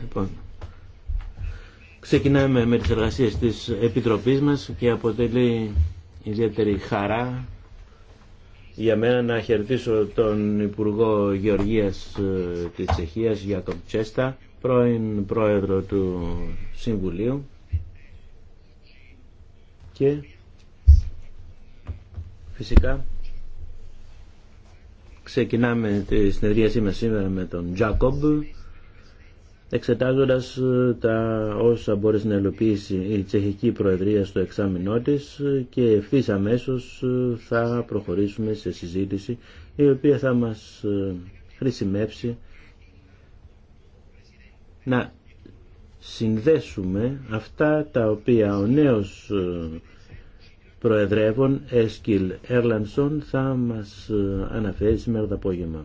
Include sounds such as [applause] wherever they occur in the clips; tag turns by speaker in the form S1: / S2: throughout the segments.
S1: Λοιπόν, ξεκινάμε με τις εργασίες της Επιτροπής μας και αποτελεί ιδιαίτερη χαρά για μένα να χαιρετήσω τον Υπουργό Γεωργίας ε, της Τσεχίας, Γιάκοπ Τσέστα, πρώην Πρόεδρο του Συμβουλίου και φυσικά Ξεκινάμε τη συνεδρίασή μας σήμερα με τον Τζάκομπ εξετάζοντας ε, τα όσα μπορείς να ελοπίσει η Τσεχική Προεδρία στο εξάμεινό της και ευθύ αμέσω ε, θα προχωρήσουμε σε συζήτηση η οποία θα μας ε, χρησιμεύσει να συνδέσουμε αυτά τα οποία ο νέος Προεδρεύων Έσκιλ Έρλανσον θα μας ε, αναφέρει σήμερα το απόγευμα.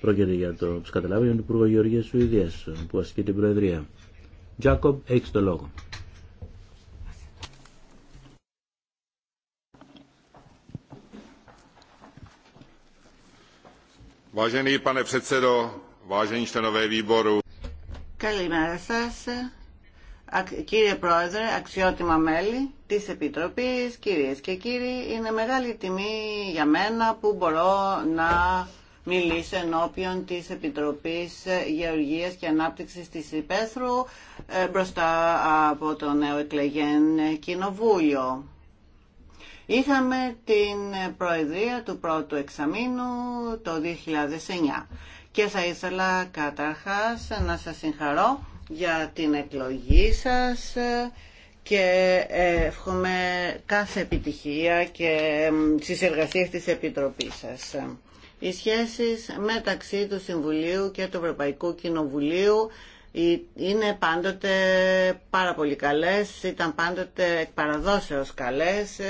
S1: Πρόκειται για το, όπως καταλάβει, τον Υπουργό Γεωργία Σουηδία που ασκεί την Προεδρία. Τζάκομπ, έχει το λόγο.
S2: Καλημέρα σας. Κύριε Πρόεδρε, αξιότιμα μέλη της Επιτροπής, κυρίες και κύριοι, είναι μεγάλη τιμή για μένα που μπορώ να μιλήσω ενώπιον της Επιτροπής Γεωργίας και Ανάπτυξης της Υπέθρου ε, μπροστά από το νέο εκλεγέν Κοινοβούλιο. Είχαμε την Προεδρία του πρώτου εξαμήνου το 2009 και θα ήθελα καταρχάς να σας συγχαρώ για την εκλογή σας και ε, εύχομαι κάθε επιτυχία και στις εργασίες της Επιτροπής σας. Οι σχέσεις μεταξύ του Συμβουλίου και του Ευρωπαϊκού Κοινοβουλίου είναι πάντοτε πάρα πολύ καλές, ήταν πάντοτε παραδόσεως καλές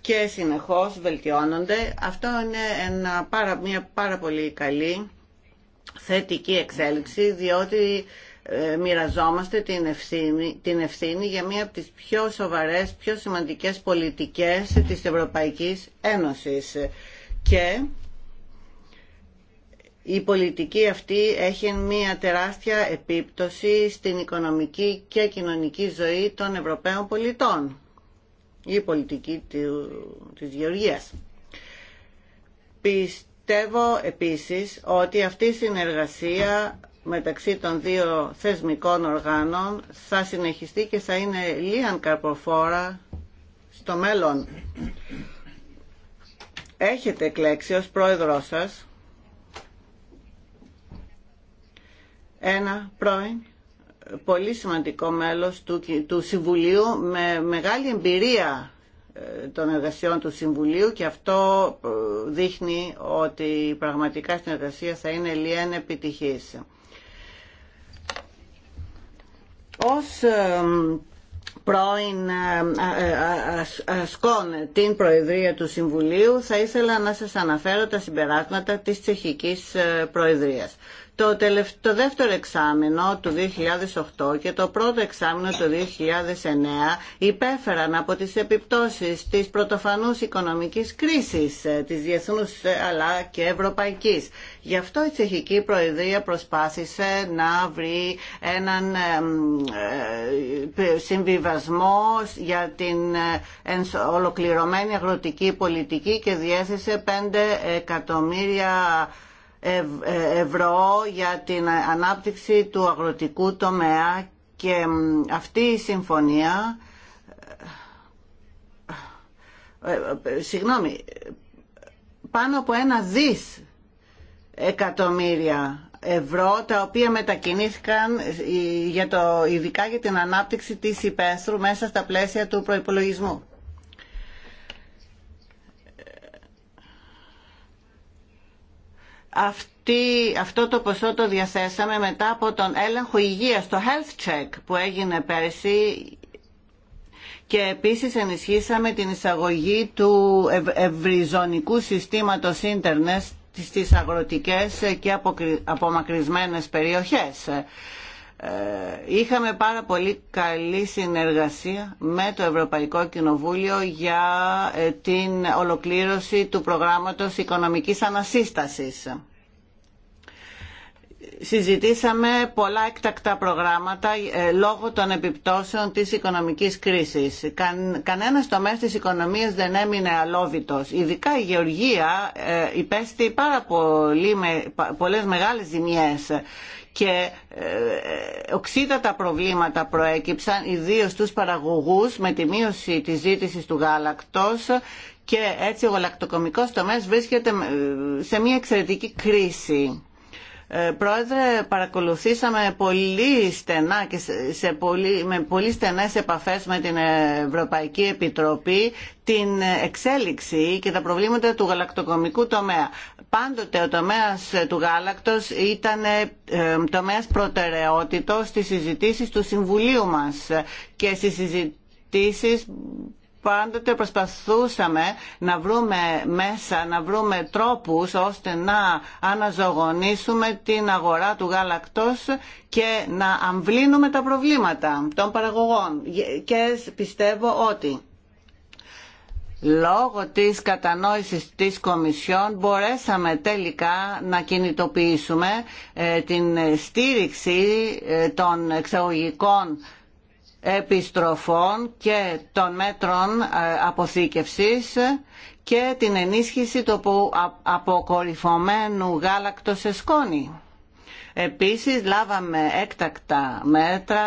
S2: και συνεχώς βελτιώνονται. Αυτό είναι ένα, μια πάρα πολύ καλή θετική εξέλιξη διότι ε, μοιραζόμαστε την ευθύνη, για μία από τις πιο σοβαρές, πιο σημαντικές πολιτικές της Ευρωπαϊκής Ένωσης. Και η πολιτική αυτή έχει μία τεράστια επίπτωση στην οικονομική και κοινωνική ζωή των Ευρωπαίων πολιτών. Η πολιτική της Γεωργίας. Πιστεύω επίσης ότι αυτή η συνεργασία μεταξύ των δύο θεσμικών οργάνων θα συνεχιστεί και θα είναι λίαν καρποφόρα στο μέλλον. Έχετε εκλέξει ως πρόεδρό σας ένα πρώην πολύ σημαντικό μέλος του, του Συμβουλίου με μεγάλη εμπειρία ε, των εργασιών του Συμβουλίου και αυτό ε, δείχνει ότι πραγματικά στην εργασία θα είναι λίγα επιτυχής ως πρώην ε, ε, ε, ασκών την Προεδρία του Συμβουλίου θα ήθελα να σας αναφέρω τα συμπεράσματα της Τσεχικής Προεδρίας το, το δεύτερο εξάμεινο του 2008 και το πρώτο εξάμεινο του 2009 υπέφεραν από τις επιπτώσεις της πρωτοφανούς οικονομικής κρίσης ε, της διεθνούς ε, αλλά και ευρωπαϊκής. Γι' αυτό η Τσεχική Προεδρία προσπάθησε να βρει έναν ε, συμβιβασμό για την ολοκληρωμένη αγροτική πολιτική και διέθεσε 5 εκατομμύρια ε, ευρώ για την ανάπτυξη του αγροτικού τομέα και αυτή η συμφωνία ε, ε, συγγνώμη πάνω από ένα δις εκατομμύρια ευρώ τα οποία μετακινήθηκαν για το, ειδικά για την ανάπτυξη της υπαίθρου μέσα στα πλαίσια του προϋπολογισμού. αυτή, αυτό το ποσό το διαθέσαμε μετά από τον έλεγχο υγείας, το health check που έγινε πέρσι και επίσης ενισχύσαμε την εισαγωγή του ευ ευρυζωνικού συστήματος ίντερνετ στις αγροτικές και απομακρυσμένες περιοχές. Ε, είχαμε πάρα πολύ καλή συνεργασία με το Ευρωπαϊκό Κοινοβούλιο για ε, την ολοκλήρωση του προγράμματος οικονομικής ανασύστασης συζητήσαμε πολλά εκτακτά προγράμματα ε, λόγω των επιπτώσεων της οικονομικής κρίσης. Καν, κανένας τομέας της οικονομίας δεν έμεινε αλόβητος. Ειδικά η γεωργία ε, υπέστη πάρα πολύ, με, πολλές μεγάλες ζημιές και ε, οξύτατα προβλήματα προέκυψαν ιδίως στους παραγωγούς με τη μείωση της ζήτησης του γάλακτος και έτσι ο γαλακτοκομικός τομέας βρίσκεται σε μια εξαιρετική κρίση ε, πρόεδρε, παρακολουθήσαμε πολύ στενά και σε πολύ, με πολύ στενές επαφές με την Ευρωπαϊκή Επιτροπή την εξέλιξη και τα προβλήματα του γαλακτοκομικού τομέα. Πάντοτε ο τομέας του γάλακτος ήταν ε, τομέας προτεραιότητος στις συζητήσεις του Συμβουλίου μας και στις συζητήσεις πάντοτε προσπαθούσαμε να βρούμε μέσα, να βρούμε τρόπους ώστε να αναζωογονήσουμε την αγορά του γάλακτος και να αμβλύνουμε τα προβλήματα των παραγωγών. Και πιστεύω ότι λόγω της κατανόησης της Κομισιόν μπορέσαμε τελικά να κινητοποιήσουμε ε, την στήριξη ε, των εξαγωγικών επιστροφών και των μέτρων ε, αποθήκευσης και την ενίσχυση του αποκορυφωμένου γάλακτος σε σκόνη. Επίσης λάβαμε έκτακτα μέτρα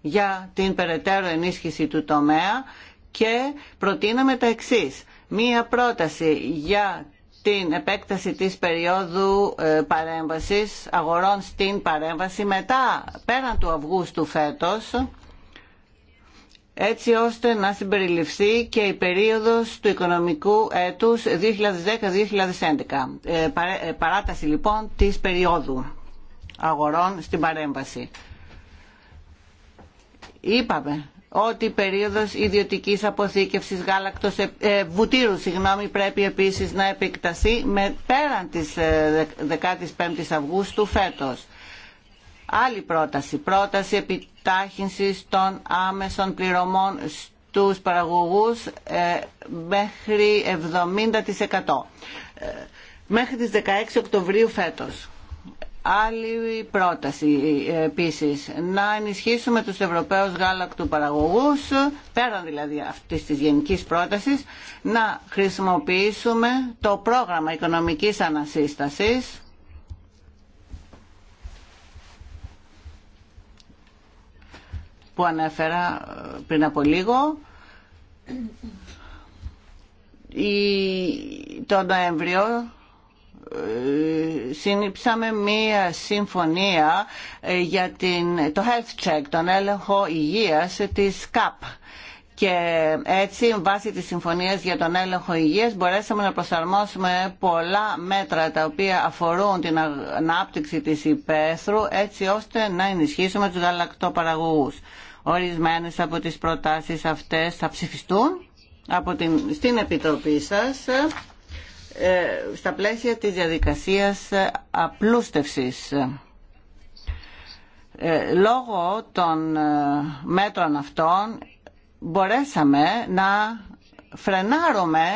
S2: για την περαιτέρω ενίσχυση του τομέα και προτείναμε τα εξής. Μία πρόταση για την επέκταση της περίοδου ε, παρέμβασης, αγορών στην παρέμβαση μετά, πέραν του Αυγούστου φέτος, έτσι ώστε να συμπεριληφθεί και η περίοδος του οικονομικού έτους 2010-2011. Ε, ε, παράταση λοιπόν της περίοδου αγορών στην παρέμβαση. Είπαμε ότι η περίοδος ιδιωτικής αποθήκευσης γάλακτος, ε, βουτύρου συγγνώμη, πρέπει επίσης να επεκταθεί με πέραν της 15ης Αυγούστου φέτος. Άλλη πρόταση, πρόταση επιτάχυνσης των άμεσων πληρωμών στους παραγωγούς ε, μέχρι 70%. Ε, μέχρι τις 16 Οκτωβρίου φέτος. Άλλη πρόταση ε, επίσης, να ενισχύσουμε τους Ευρωπαίους γάλακτου παραγωγούς, πέραν δηλαδή αυτής της γενικής πρότασης, να χρησιμοποιήσουμε το πρόγραμμα οικονομικής ανασύστασης, που ανέφερα ε, πριν από λίγο. Το Νοέμβριο ε, συνήψαμε μία συμφωνία ε, για την, το health check, τον έλεγχο υγείας της ΚΑΠ. Και έτσι, βάσει της συμφωνίας για τον έλεγχο υγείας, μπορέσαμε να προσαρμόσουμε πολλά μέτρα τα οποία αφορούν την ανάπτυξη της υπαίθρου, έτσι ώστε να ενισχύσουμε τους γαλακτοπαραγωγούς. Ορισμένες από τις προτάσεις αυτές θα ψηφιστούν από την, στην Επιτροπή σας ε, στα πλαίσια της διαδικασίας απλούστευσης. Ε, λόγω των ε, μέτρων αυτών μπορέσαμε να φρενάρουμε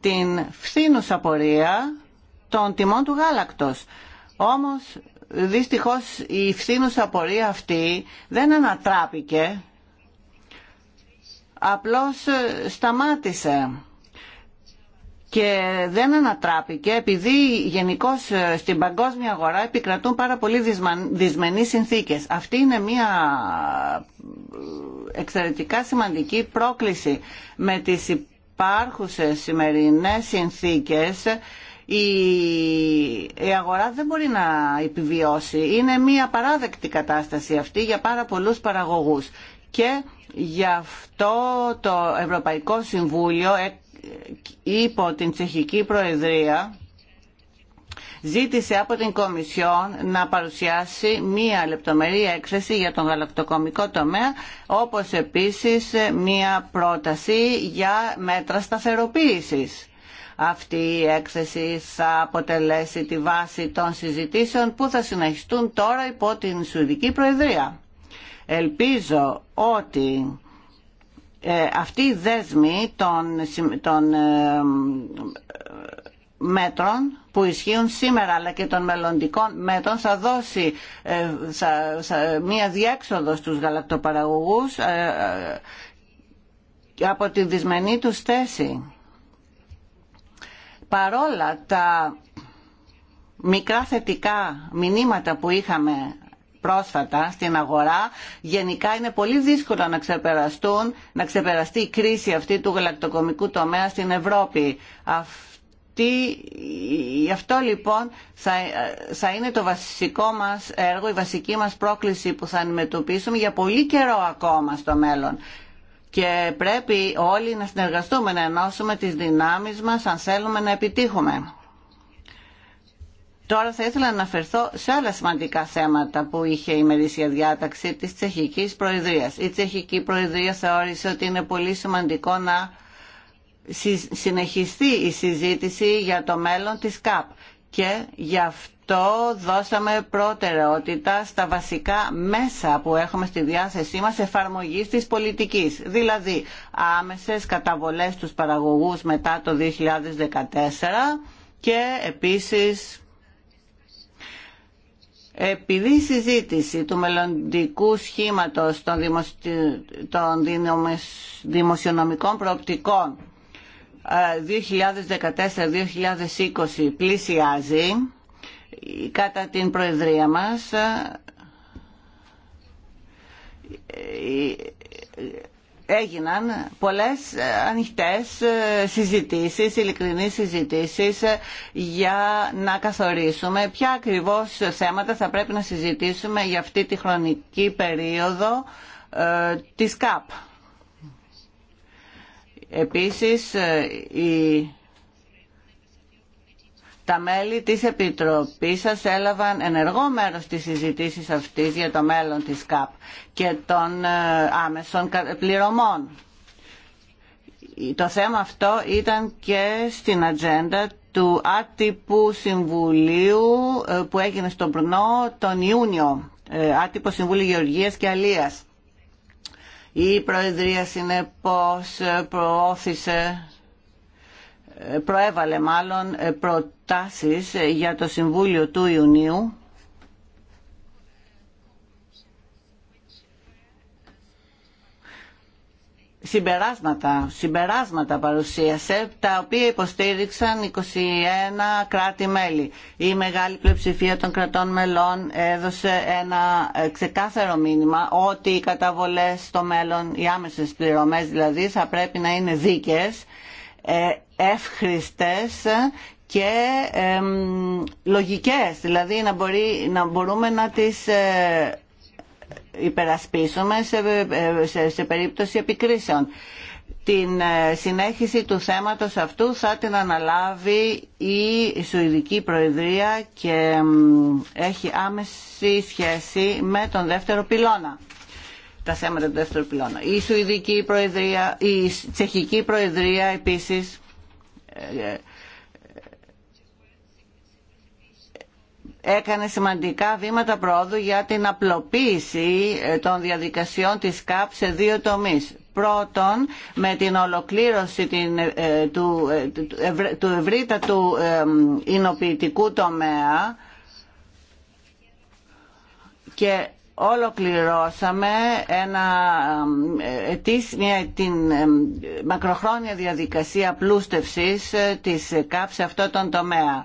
S2: την φθήνουσα πορεία των τιμών του γάλακτος. Όμως δυστυχώς η φθήνουσα πορεία αυτή δεν ανατράπηκε, απλώς ε, σταμάτησε και δεν ανατράπηκε επειδή γενικώ ε, στην παγκόσμια αγορά επικρατούν πάρα πολύ δυσμενείς συνθήκες. Αυτή είναι μια ε, εξαιρετικά σημαντική πρόκληση με τις υπάρχουσες σημερινές συνθήκες η αγορά δεν μπορεί να επιβιώσει. Είναι μια παράδεκτη κατάσταση αυτή για πάρα πολλούς παραγωγούς. Και γι' αυτό το Ευρωπαϊκό Συμβούλιο ε, υπό την Τσεχική Προεδρία ζήτησε από την Κομισιόν να παρουσιάσει μία λεπτομερή έκθεση για τον γαλακτοκομικό τομέα, όπως επίσης μία πρόταση για μέτρα σταθεροποίησης αυτή η έκθεση θα αποτελέσει τη βάση των συζητήσεων που θα συνεχιστούν τώρα υπό την Σουηδική Προεδρία. Ελπίζω ότι ε, αυτή η δέσμη των ε, μέτρων που ισχύουν σήμερα αλλά και των μελλοντικών μέτρων θα δώσει ε, μία διέξοδο στους γαλακτοπαραγωγούς από τη δυσμενή τους θέση παρόλα τα μικρά θετικά μηνύματα που είχαμε πρόσφατα στην αγορά, γενικά είναι πολύ δύσκολο να ξεπεραστούν, να ξεπεραστεί η κρίση αυτή του γαλακτοκομικού τομέα στην Ευρώπη. Αυτή, αυτό λοιπόν θα, θα είναι το βασικό μας έργο, η βασική μας πρόκληση που θα αντιμετωπίσουμε για πολύ καιρό ακόμα στο μέλλον και πρέπει όλοι να συνεργαστούμε, να ενώσουμε τις δυνάμεις μας αν θέλουμε να επιτύχουμε. Τώρα θα ήθελα να αναφερθώ σε άλλα σημαντικά θέματα που είχε η μερίσια διάταξη της Τσεχικής Προεδρίας. Η Τσεχική Προεδρία θεώρησε ότι είναι πολύ σημαντικό να συνεχιστεί η συζήτηση για το μέλλον της ΚΑΠ και γι' αυτό το δώσαμε προτεραιότητα στα βασικά μέσα που έχουμε στη διάθεσή μας εφαρμογής της πολιτικής. Δηλαδή άμεσες καταβολές στους παραγωγούς μετά το 2014 και επίσης επειδή η συζήτηση του μελλοντικού σχήματος των, δημοσιονομικών προοπτικών 2014-2020 ε, πλησιάζει, κατά την Προεδρία μας ε, ε, έγιναν πολλές ε, ανοιχτές συζητήσεις, ειλικρινείς συζητήσεις για να καθορίσουμε ποια ακριβώς θέματα θα πρέπει να συζητήσουμε για αυτή τη χρονική περίοδο της ΚΑΠ. Επίσης, η τα μέλη της Επιτροπής σας έλαβαν ενεργό μέρος της συζητήσεις αυτής για το μέλλον της ΚΑΠ και των ε, άμεσων πληρωμών. Το θέμα αυτό ήταν και στην ατζέντα του άτυπου συμβουλίου ε, που έγινε στον Πρνό τον Ιούνιο. Ε, άτυπο Συμβούλιο Γεωργίας και Αλίας. Η Προεδρία συνεπώς προώθησε προέβαλε μάλλον προ, ε, για το Συμβούλιο του Ιουνίου συμπεράσματα, συμπεράσματα παρουσίασε, τα οποία υποστήριξαν 21 κράτη-μέλη. Η μεγάλη πλειοψηφία των κρατών μελών έδωσε ένα ε, ξεκάθαρο μήνυμα ότι οι καταβολές στο μέλλον, οι άμεσες πληρωμές δηλαδή, θα πρέπει να είναι δίκαιες, ε, εύχριστες και λογικές, δηλαδή να, μπορεί, να μπορούμε να τις ε, υπερασπίσουμε σε, ε, σε, σε περίπτωση επικρίσεων. Την ε, συνέχιση του θέματος αυτού θα την αναλάβει η Σουηδική Προεδρία και έχει άμεση σχέση με τον δεύτερο πυλώνα. Τα θέματα του δεύτερου πυλώνα. Η Σουηδική Προεδρία, η Τσεχική Προεδρία επίσης έκανε σημαντικά βήματα πρόοδου για την απλοποίηση ε, των διαδικασιών της ΚΑΠ σε δύο τομείς. Πρώτον, με την ολοκλήρωση ε, του ε, ευρύτατου εινοποιητικού τομέα και ολοκληρώσαμε ένα, μια, την μακροχρόνια διαδικασία πλούστευσης της ΚΑΠ σε αυτό τον τομέα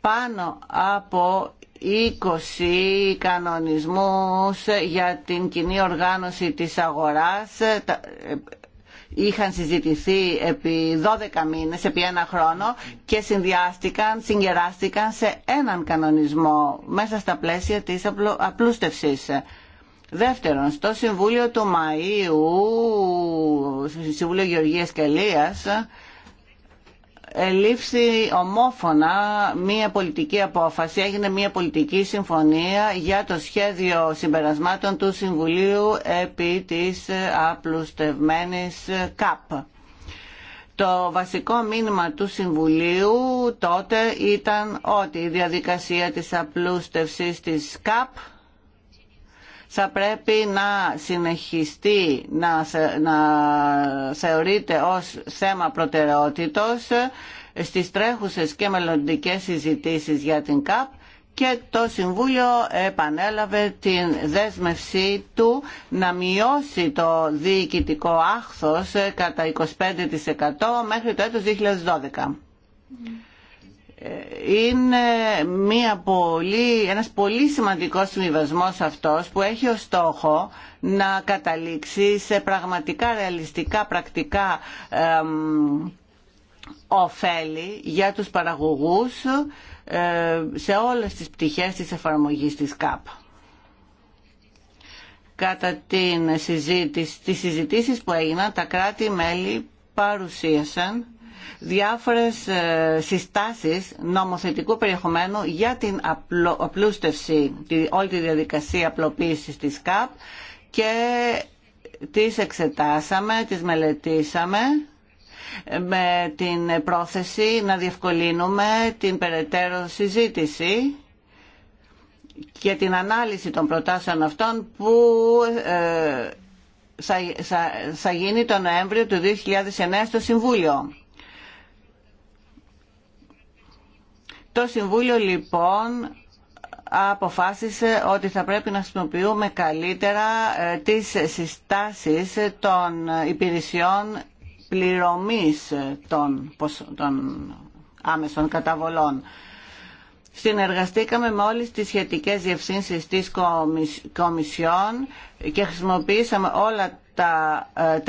S2: πάνω από 20 κανονισμούς για την κοινή οργάνωση της αγοράς ε, είχαν συζητηθεί επί 12 μήνες, επί ένα χρόνο και συνδυάστηκαν, συγκεράστηκαν σε έναν κανονισμό μέσα στα πλαίσια της απλούστευσης. Δεύτερον, στο Συμβούλιο του Μαΐου, στο Συμβούλιο Γεωργίας και ελήφθη ομόφωνα μια πολιτική απόφαση, έγινε μια πολιτική συμφωνία για το σχέδιο συμπερασμάτων του Συμβουλίου επί της απλουστευμένης ΚΑΠ. Το βασικό μήνυμα του Συμβουλίου τότε ήταν ότι η διαδικασία της απλούστευσης της ΚΑΠ θα πρέπει να συνεχιστεί να, να θεωρείται ως θέμα προτεραιότητος στις τρέχουσες και μελλοντικές συζητήσεις για την ΚΑΠ και το Συμβούλιο επανέλαβε την δέσμευσή του να μειώσει το διοικητικό άχθος κατά 25% μέχρι το έτος 2012 είναι μια πολύ, ένας πολύ σημαντικός συμβιβασμό αυτός που έχει ως στόχο να καταλήξει σε πραγματικά ρεαλιστικά πρακτικά οφέλη ωφέλη για τους παραγωγούς ε, σε όλες τις πτυχές της εφαρμογής της ΚΑΠ. Κατά την συζήτηση, τις συζητήσεις που έγιναν, τα κράτη-μέλη παρουσίασαν διάφορες ε, συστάσεις νομοθετικού περιεχομένου για την απλούστευση, όλη τη διαδικασία απλοποίησης της ΚΑΠ και τις εξετάσαμε, τις μελετήσαμε με την πρόθεση να διευκολύνουμε την περαιτέρω συζήτηση και την ανάλυση των προτάσεων αυτών που ε, θα γίνει το Νοέμβριο του 2009 στο Συμβούλιο. Το Συμβούλιο λοιπόν αποφάσισε ότι θα πρέπει να χρησιμοποιούμε καλύτερα ε, τις συστάσεις των υπηρεσιών πληρωμής των, άμεσων καταβολών. Συνεργαστήκαμε με όλες τις σχετικές διευθύνσεις της Κομισιόν και χρησιμοποίησαμε όλα τα, ε,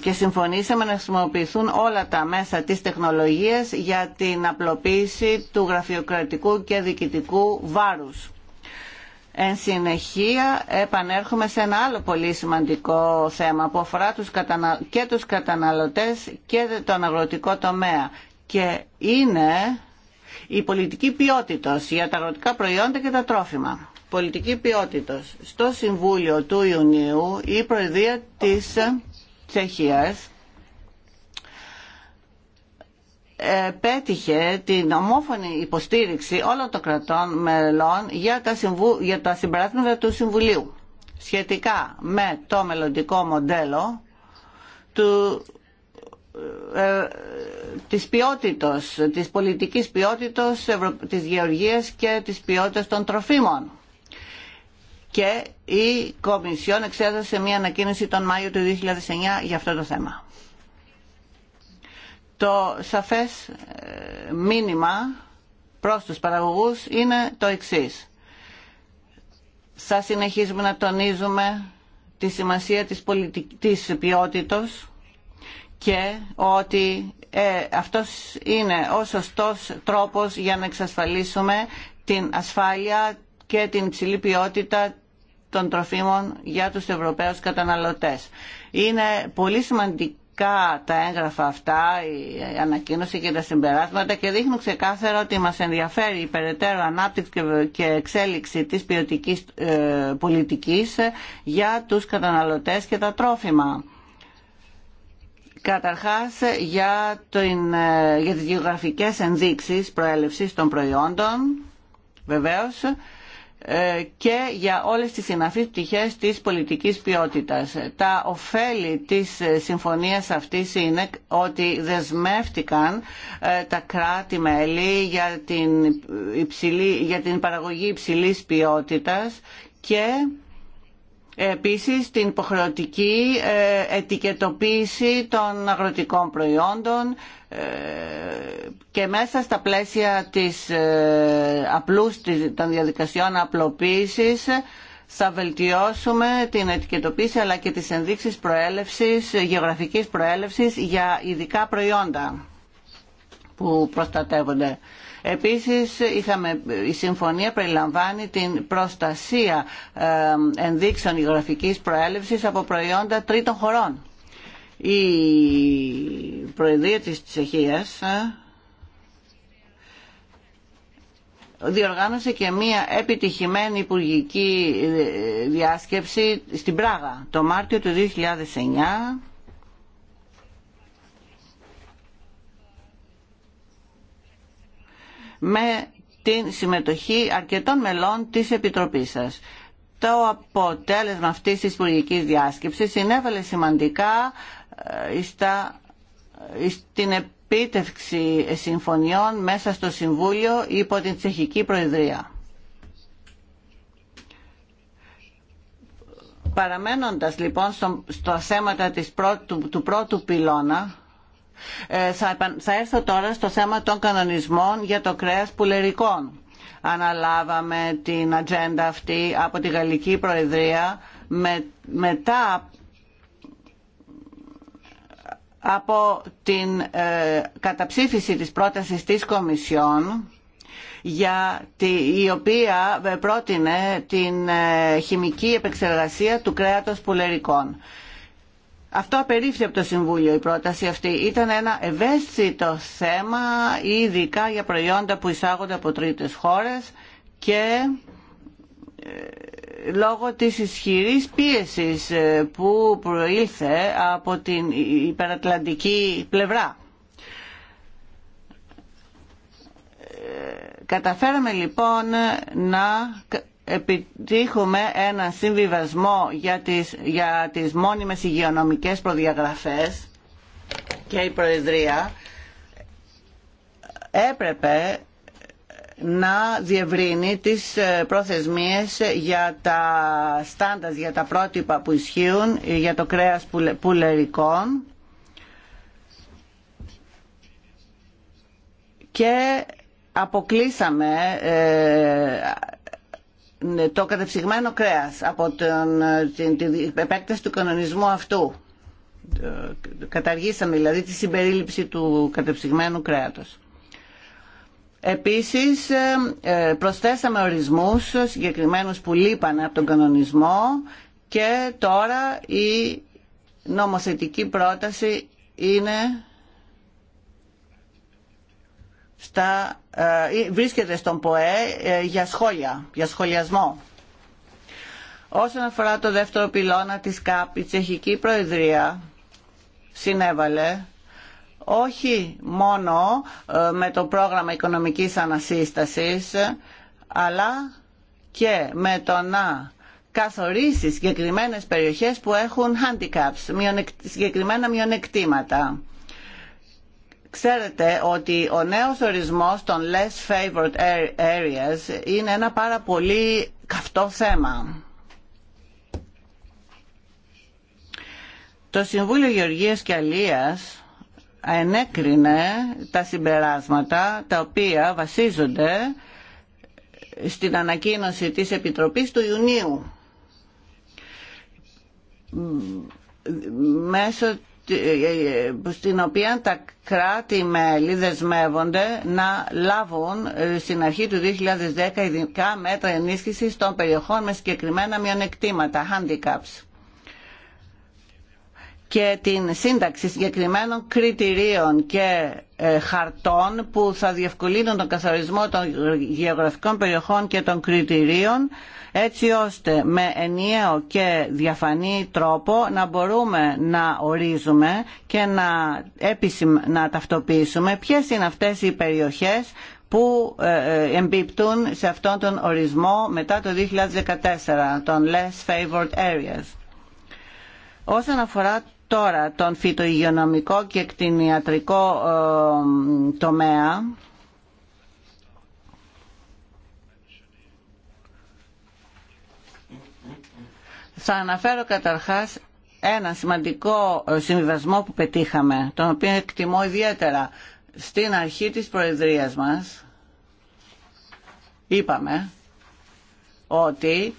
S2: και συμφωνήσαμε να χρησιμοποιηθούν όλα τα μέσα της τεχνολογίας για την απλοποίηση του γραφειοκρατικού και διοικητικού βάρους. Εν συνεχεία επανέρχομαι σε ένα άλλο πολύ σημαντικό θέμα που αφορά κατανα... και τους καταναλωτές και τον αγροτικό τομέα και είναι η πολιτική ποιότητας για τα αγροτικά προϊόντα και τα τρόφιμα πολιτική ποιότητας. Στο Συμβούλιο του Ιουνίου η Προεδρία της Τσεχίας ε, πέτυχε την ομόφωνη υποστήριξη όλων των κρατών μελών για τα, συμβου... για συμπεράσματα του Συμβουλίου σχετικά με το μελλοντικό μοντέλο του, ε, της ποιότητος, της πολιτικής ποιότητος της γεωργίας και της ποιότητας των τροφίμων και η Κομισιόν εξέδωσε μια ανακοίνωση τον Μάιο του 2009 για αυτό το θέμα. Το σαφές ε, μήνυμα προς τους παραγωγούς είναι το εξής. Θα συνεχίζουμε να τονίζουμε τη σημασία της, πολιτικής ποιότητος και ότι ε, αυτός είναι ο σωστός τρόπος για να εξασφαλίσουμε την ασφάλεια και την υψηλή ποιότητα των τροφίμων για τους Ευρωπαίους καταναλωτές. Είναι πολύ σημαντικά τα έγγραφα αυτά, η ανακοίνωση και τα συμπεράσματα και δείχνουν ξεκάθαρα ότι μας ενδιαφέρει η περαιτέρω ανάπτυξη και εξέλιξη της ποιοτικής ε, πολιτικής για τους καταναλωτές και τα τρόφιμα. Καταρχάς για, την, ε, για τις γεωγραφικές ενδείξεις προέλευσης των προϊόντων, βεβαίως, ε, και για όλες τις συναφείς πτυχές της πολιτικής ποιότητας. Τα ωφέλη της ε, συμφωνίας αυτής είναι ότι δεσμεύτηκαν ε, τα κράτη-μέλη για την, για την παραγωγή υψηλής ποιότητας και επίσης την υποχρεωτική ετικετοποίηση των αγροτικών προϊόντων και μέσα στα πλαίσια της ε, απλούς των διαδικασιών απλοποίησης θα βελτιώσουμε την ετικετοποίηση αλλά και τις ενδείξεις προέλευσης, γεωγραφικής προέλευσης για ειδικά προϊόντα που προστατεύονται. Επίσης είχαμε, η συμφωνία περιλαμβάνει την προστασία ε, ενδείξεων γεωγραφικής προέλευσης από προϊόντα τρίτων χωρών. Η Προεδρία της Τσεχίας ε, διοργάνωσε και μία επιτυχημένη υπουργική ε, διάσκεψη στην Πράγα το Μάρτιο του 2009 με την συμμετοχή αρκετών μελών της Επιτροπής σας. Το αποτέλεσμα αυτής της υπουργικής διάσκεψης συνέβαλε σημαντικά ε, ε, στην επίτευξη συμφωνιών μέσα στο Συμβούλιο υπό την Τσεχική Προεδρία. Παραμένοντας λοιπόν στο, θέματα του πρώτου πυλώνα, ε, θα έρθω τώρα στο θέμα των κανονισμών για το κρέας πουλερικών. Αναλάβαμε την ατζέντα αυτή από τη Γαλλική Προεδρία με, μετά από την ε, καταψήφιση της πρότασης της Κομισιόν για τη, η οποία ε, πρότεινε την ε, χημική επεξεργασία του κρέατος πουλερικών. Αυτό απερίφθη από το Συμβούλιο η πρόταση αυτή. Ήταν ένα ευαίσθητο θέμα ειδικά για προϊόντα που εισάγονται από τρίτες χώρες και λόγω της ισχυρής πίεσης ε, που προήλθε από την υπερατλαντική πλευρά. Ε, καταφέραμε λοιπόν να επιτύχουμε ένα συμβιβασμό για τις, για τις μόνιμες υγειονομικές προδιαγραφές και η Προεδρία έπρεπε να διευρύνει τις ε, προθεσμίες για τα στάντας, για τα πρότυπα που ισχύουν ε, για το κρέας πουλερικών και αποκλείσαμε ε, το κατεψυγμένο κρέας από την, επέκταση του κανονισμού αυτού. Καταργήσαμε δηλαδή τη συμπερίληψη του κατεψυγμένου κρέατος. Επίσης ε, ε, προσθέσαμε ορισμούς συγκεκριμένους που λείπανε από τον κανονισμό και τώρα η νομοθετική πρόταση είναι στα, ε, βρίσκεται στον ΠΟΕ για σχόλια, για σχολιασμό. Όσον αφορά το δεύτερο πυλώνα της ΚΑΠ, η Τσεχική Προεδρία συνέβαλε όχι μόνο ε, με το πρόγραμμα οικονομικής ανασύστασης αλλά και με το να καθορίσει συγκεκριμένε περιοχές που έχουν handicaps, συγκεκριμένα μειονεκτήματα. Ξέρετε ότι ο νέος ορισμός των less favored areas είναι ένα πάρα πολύ καυτό θέμα. Το Συμβούλιο Γεωργίας και Αλίας ενέκρινε τα συμπεράσματα τα οποία βασίζονται στην ανακοίνωση της Επιτροπής του Ιουνίου μέσω στην οποία τα κράτη-μέλη δεσμεύονται να λάβουν ε, στην αρχή του 2010 ειδικά μέτρα ενίσχυσης των περιοχών με συγκεκριμένα μειονεκτήματα, handicaps και την σύνταξη συγκεκριμένων κριτηρίων και ε, χαρτών που θα διευκολύνουν τον καθορισμό των γεωγραφικών περιοχών και των κριτηρίων έτσι ώστε με ενιαίο και διαφανή τρόπο να μπορούμε να ορίζουμε και να, να ταυτοποιήσουμε ποιες είναι αυτές οι περιοχές που ε, ε, εμπίπτουν σε αυτόν τον ορισμό μετά το 2014 των Less Favored Areas. Όσον αφορά Τώρα, τον φυτοϊγειονομικό και κτηνιατρικό ε, τομέα, θα αναφέρω καταρχάς ένα σημαντικό ε, συμβιβασμό που πετύχαμε, τον οποίο εκτιμώ ιδιαίτερα. Στην αρχή της Προεδρίας μας είπαμε ότι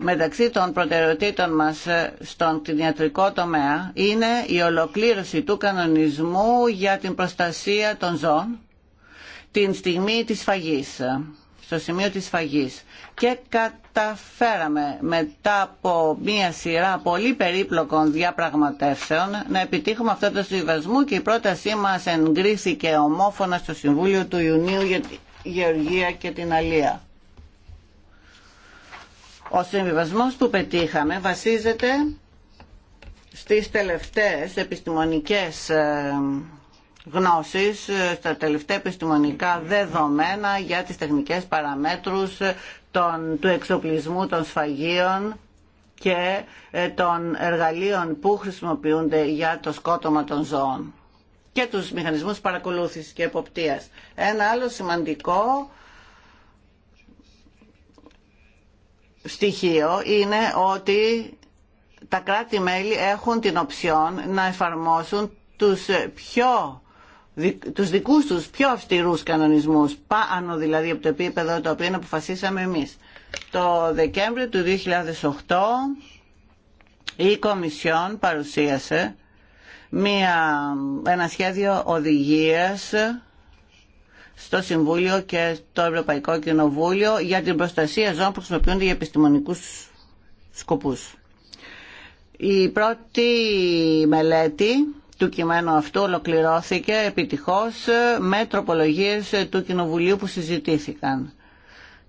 S2: μεταξύ των προτεραιοτήτων μας ε, στον κτηνιατρικό τομέα είναι η ολοκλήρωση του κανονισμού για την προστασία των ζώων την στιγμή της φαγής, ε, στο σημείο της φαγής. Και καταφέραμε μετά από μία σειρά πολύ περίπλοκων διαπραγματεύσεων να επιτύχουμε αυτό το συμβασμό και η πρότασή μας εγκρίθηκε ομόφωνα στο Συμβούλιο του Ιουνίου για τη Γεωργία και την Αλία. Ο συμβιβασμός που πετύχαμε βασίζεται στις τελευταίες επιστημονικές ε, γνώσεις, ε, στα τελευταία επιστημονικά δεδομένα για τις τεχνικές παραμέτρους ε, των, του εξοπλισμού των σφαγίων και των εργαλείων που χρησιμοποιούνται για το σκότωμα των ζώων και τους μηχανισμούς παρακολούθησης και εποπτείας. Ένα άλλο σημαντικό στοιχείο είναι ότι τα κράτη-μέλη έχουν την οψιόν να εφαρμόσουν τους πιο τους δικούς τους πιο αυστηρούς κανονισμούς, πάνω δηλαδή από το επίπεδο το οποίο αποφασίσαμε εμείς. Το Δεκέμβριο του 2008 η Κομισιόν παρουσίασε μια, ένα σχέδιο οδηγίας στο Συμβούλιο και το Ευρωπαϊκό Κοινοβούλιο για την προστασία ζώων που χρησιμοποιούνται για επιστημονικούς σκοπούς. Η πρώτη μελέτη του κειμένου αυτού ολοκληρώθηκε επιτυχώς με τροπολογίες του Κοινοβουλίου που συζητήθηκαν.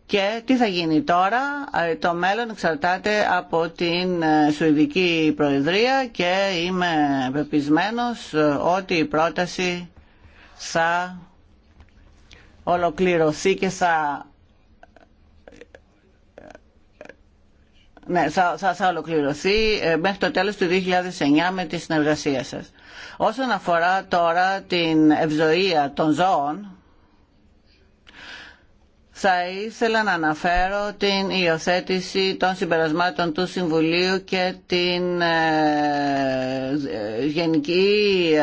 S2: Και τι θα γίνει τώρα, ε, το μέλλον εξαρτάται από την ε, Σουηδική Προεδρία και είμαι πεπισμένος ε, ότι η πρόταση θα ολοκληρωθεί και θα ναι, θα, θα, θα ολοκληρωθεί ε, μέχρι το τέλος του 2009 με τη συνεργασία σας. Όσον αφορά τώρα την ευζοία των ζώων, θα ήθελα να αναφέρω την υιοθέτηση των συμπερασμάτων του Συμβουλίου και την ε, γενική ε,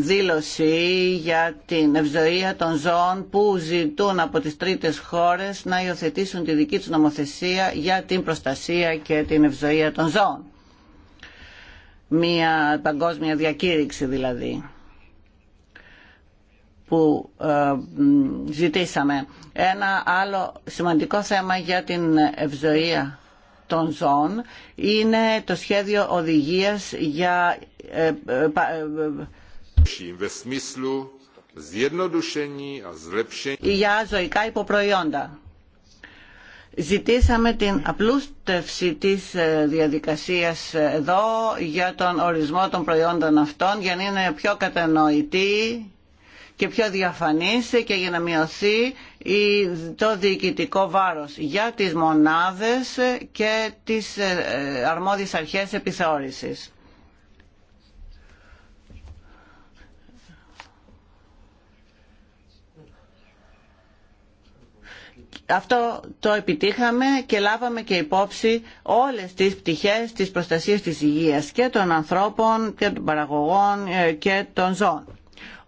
S2: δήλωση για την ευζοία των ζώων που ζητούν από τις τρίτες χώρες να υιοθετήσουν τη δική τους νομοθεσία για την προστασία και την ευζοία των ζώων. Μια παγκόσμια διακήρυξη δηλαδή που ε, ζητήσαμε. Ένα άλλο σημαντικό θέμα για την ευζοία των ζώων είναι το σχέδιο οδηγίας για ε, ε, ζωικά υποπροϊόντα. Ζητήσαμε την απλούστευση της διαδικασίας εδώ για τον ορισμό των προϊόντων αυτών για να είναι πιο κατανοητή και πιο διαφανής και για να μειωθεί το διοικητικό βάρος για τις μονάδες και τις ε, αρμόδιες αρχές επιθεώρησης. Αυτό το επιτύχαμε και λάβαμε και υπόψη όλες τις πτυχές της προστασίας της υγείας και των ανθρώπων και των παραγωγών ε, και των ζώων.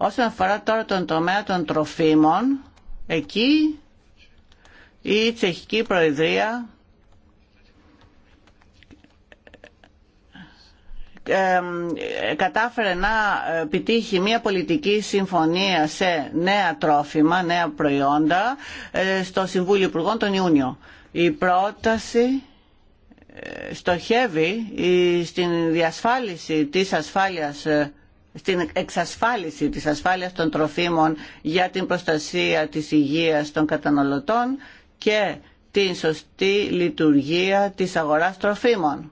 S2: Όσον αφορά τώρα τον τομέα των τροφίμων, εκεί η Τσεχική Προεδρία κατάφερε να επιτύχει μια πολιτική συμφωνία σε νέα τρόφιμα, νέα προϊόντα ε, στο Συμβούλιο Υπουργών τον Ιούνιο. Η πρόταση ε, στοχεύει ε, στην διασφάλιση της ασφάλειας στην εξασφάλιση της ασφάλειας των τροφίμων για την προστασία της υγείας των καταναλωτών και την σωστή λειτουργία της αγοράς τροφίμων.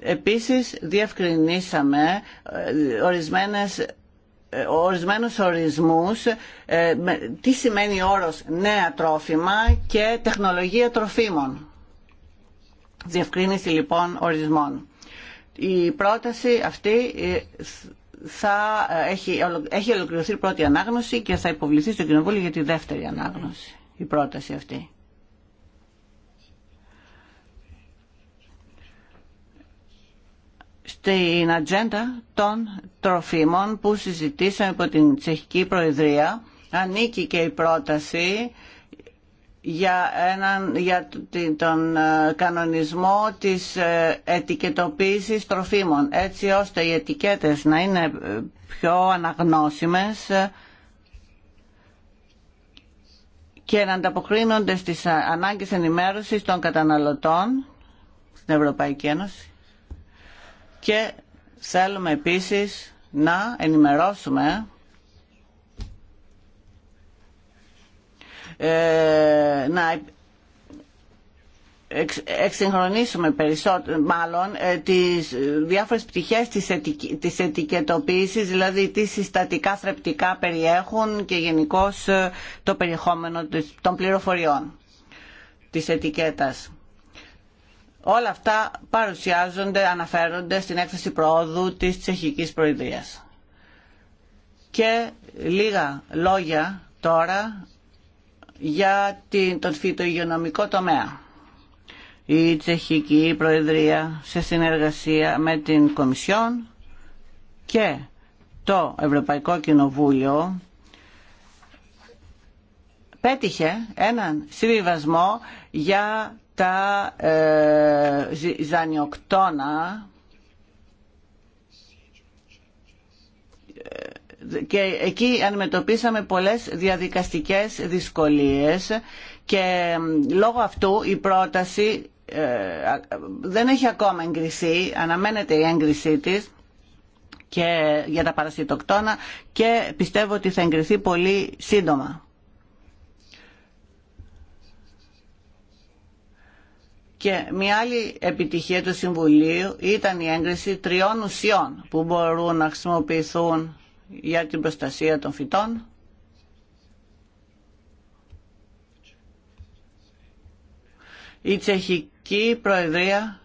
S2: Επίσης διευκρινίσαμε ε, ορισμένες ε, ορισμένους ορισμούς ε, τι σημαίνει όρος νέα τρόφιμα και τεχνολογία τροφίμων. Διευκρίνηση λοιπόν ορισμών. Η πρόταση αυτή θα ε, έχει, έχει ολοκληρωθεί η πρώτη ανάγνωση και θα υποβληθεί στο Κοινοβούλιο για τη δεύτερη ανάγνωση, η πρόταση αυτή. Στην ατζέντα των τροφίμων που συζητήσαμε από την Τσεχική Προεδρία ανήκει και η πρόταση για, έναν, για τον ε, κανονισμό της ε, ετικετοποίησης τροφίμων έτσι ώστε οι ετικέτες να είναι ε, πιο αναγνώσιμες και να ανταποκρίνονται στις ανάγκες ενημέρωσης των καταναλωτών στην Ευρωπαϊκή Ένωση και θέλουμε επίσης να ενημερώσουμε Ε, να εξυγχρονίσουμε περισσότερο, μάλλον ε, τις διάφορες πτυχές της, ετικ... ετικετοποίησης, δηλαδή τι συστατικά θρεπτικά περιέχουν και γενικώ ε, το περιεχόμενο των πληροφοριών της ετικέτας. Όλα αυτά παρουσιάζονται, αναφέρονται στην έκθεση προόδου της Τσεχικής Προεδρίας. Και λίγα λόγια τώρα για την, τον φυτοϊγειονομικό τομέα. Η Τσεχική Προεδρία σε συνεργασία με την Κομισιόν και το Ευρωπαϊκό Κοινοβούλιο πέτυχε έναν συμβιβασμό για τα ε, ζανιοκτώνα ε, και εκεί αντιμετωπίσαμε πολλές διαδικαστικές δυσκολίες και λόγω αυτού η πρόταση ε, δεν έχει ακόμα εγκριθεί, αναμένεται η έγκρισή της και για τα παρασιτοκτόνα και πιστεύω ότι θα εγκριθεί πολύ σύντομα. Και μια άλλη επιτυχία του Συμβουλίου ήταν η έγκριση τριών ουσιών που μπορούν να χρησιμοποιηθούν για την προστασία των φυτών. Η Τσεχική Προεδρία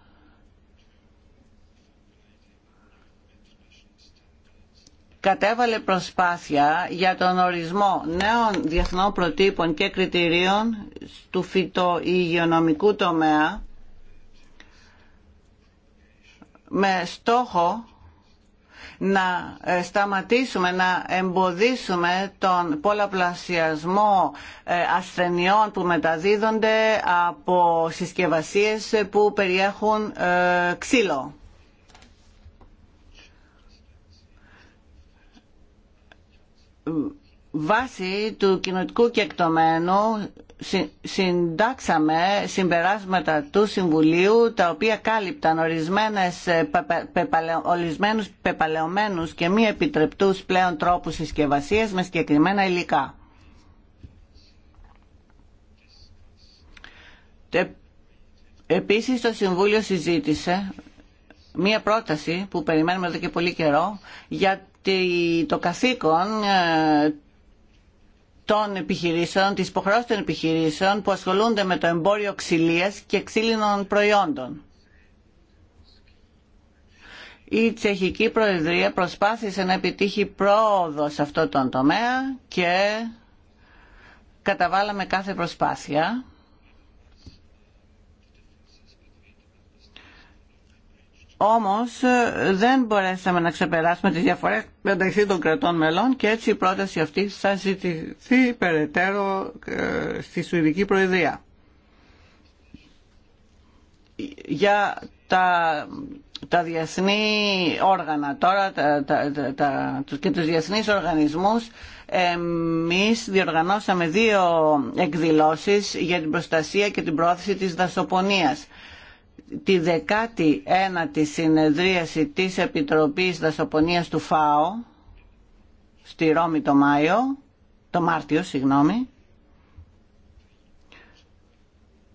S2: κατέβαλε προσπάθεια για τον ορισμό νέων διεθνών προτύπων και κριτηρίων του φυτοϊγειονομικού τομέα με στόχο να σταματήσουμε, να εμποδίσουμε τον πολλαπλασιασμό ασθενειών που μεταδίδονται από συσκευασίες που περιέχουν ξύλο. Βάσει του κοινωτικού κεκτομένου συντάξαμε συμπεράσματα του Συμβουλίου τα οποία κάλυπταν ορισμένες, ε, ορισμένους πεπαλαιωμένους και μη επιτρεπτούς πλέον τρόπους συσκευασία με συγκεκριμένα υλικά. Ε, επίσης το Συμβούλιο συζήτησε μία πρόταση που περιμένουμε εδώ και πολύ καιρό για το καθήκον ε, των επιχειρήσεων, τις υποχρεώσεις των επιχειρήσεων που ασχολούνται με το εμπόριο ξυλίας και ξύλινων προϊόντων. Η Τσεχική Προεδρία προσπάθησε να επιτύχει πρόοδο σε αυτό τον τομέα και καταβάλαμε κάθε προσπάθεια Όμως ε, δεν μπορέσαμε να ξεπεράσουμε τις διαφορές μεταξύ των κρατών μελών και έτσι η πρόταση αυτή θα ζητηθεί περαιτέρω ε, στη Σουηδική Προεδρία. Για τα, τα διεθνή όργανα τώρα τα, τα, και τους διεθνείς οργανισμούς εμείς διοργανώσαμε δύο εκδηλώσεις για την προστασία και την πρόθεση της δασοπονίας τη 19η συνεδρίαση της Επιτροπής Δασοπονίας του ΦΑΟ στη Ρώμη το Μάιο, το Μάρτιο, συγγνώμη,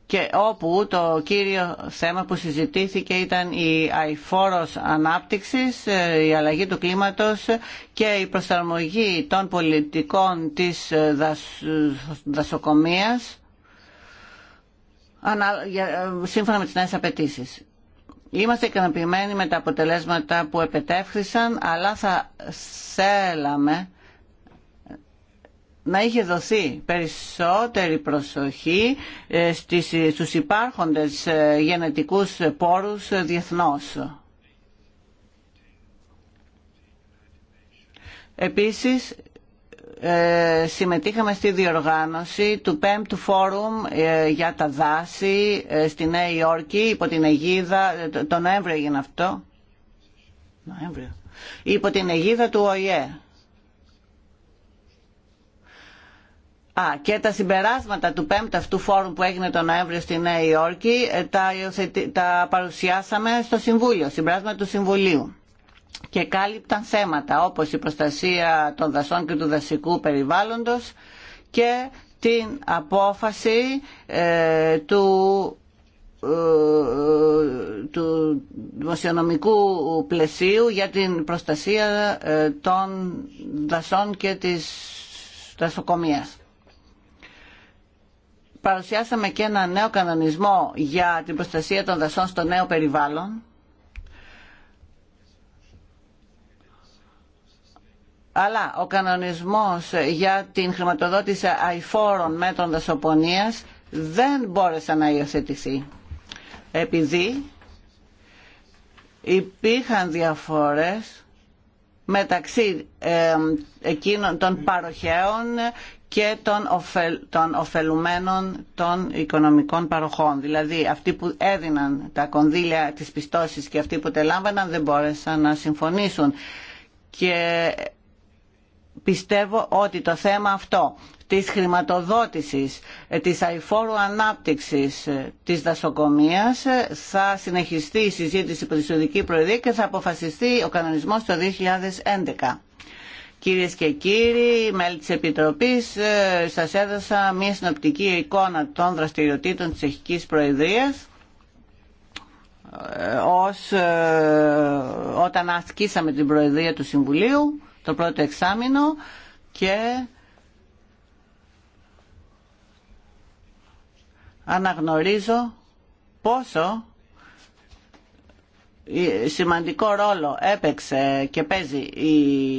S2: και όπου το κύριο θέμα που συζητήθηκε ήταν η αηφόρος ανάπτυξης, η αλλαγή του κλίματος και η προσαρμογή των πολιτικών της δασ... δασοκομείας ε, σύμφωνα με τις νέες απαιτήσει. Είμαστε ικανοποιημένοι με τα αποτελέσματα που επετεύχθησαν, αλλά θα θέλαμε να είχε δοθεί περισσότερη προσοχή ε, στις, στους υπάρχοντες ε, γενετικούς πόρους διεθνώς. Επίσης, ε, συμμετείχαμε στη διοργάνωση του 5ου Φόρουμ ε, για τα δάση ε, στη Νέα Υόρκη υπό την αιγίδα, το Νοέμβριο έγινε αυτό, Νοέμβριο, υπό την αιγίδα του ΟΗΕ. Α, και τα συμπεράσματα του 5ου αυτού φόρουμ που έγινε τον Νοέμβριο στη Νέα Υόρκη τα, τα παρουσιάσαμε στο Συμβούλιο, συμπεράσματα του Συμβουλίου και κάλυπταν θέματα όπως η προστασία των δασών και του δασικού περιβάλλοντος και την απόφαση ε, του ε, του δημοσιονομικού πλαισίου για την προστασία ε, των δασών και της δασοκομείας. Παρουσιάσαμε και ένα νέο κανονισμό για την προστασία των δασών στο νέο περιβάλλον Αλλά ο κανονισμός για την χρηματοδότηση αηφόρων μέτρων δασοπονίας δεν μπόρεσε να υιοθετηθεί. Επειδή υπήρχαν διαφορές μεταξύ εκείνων των παροχαίων και των, των ωφελουμένων των οικονομικών παροχών. Δηλαδή αυτοί που έδιναν τα κονδύλια της πιστώσης και αυτοί που τελάμβαναν δεν μπόρεσαν να συμφωνήσουν. Και πιστεύω ότι το θέμα αυτό της χρηματοδότησης, ε, της αηφόρου ανάπτυξης ε, της δασοκομείας ε, θα συνεχιστεί η συζήτηση που τη Προεδρία και θα αποφασιστεί ο κανονισμός το 2011. Κυρίες και κύριοι, μέλη της Επιτροπής, σας έδωσα μια συνοπτική εικόνα των δραστηριοτήτων της Τσεχικής Προεδρίας ως, όταν ασκήσαμε την Προεδρία του Συμβουλίου το πρώτο εξάμεινο και αναγνωρίζω πόσο σημαντικό ρόλο έπαιξε και παίζει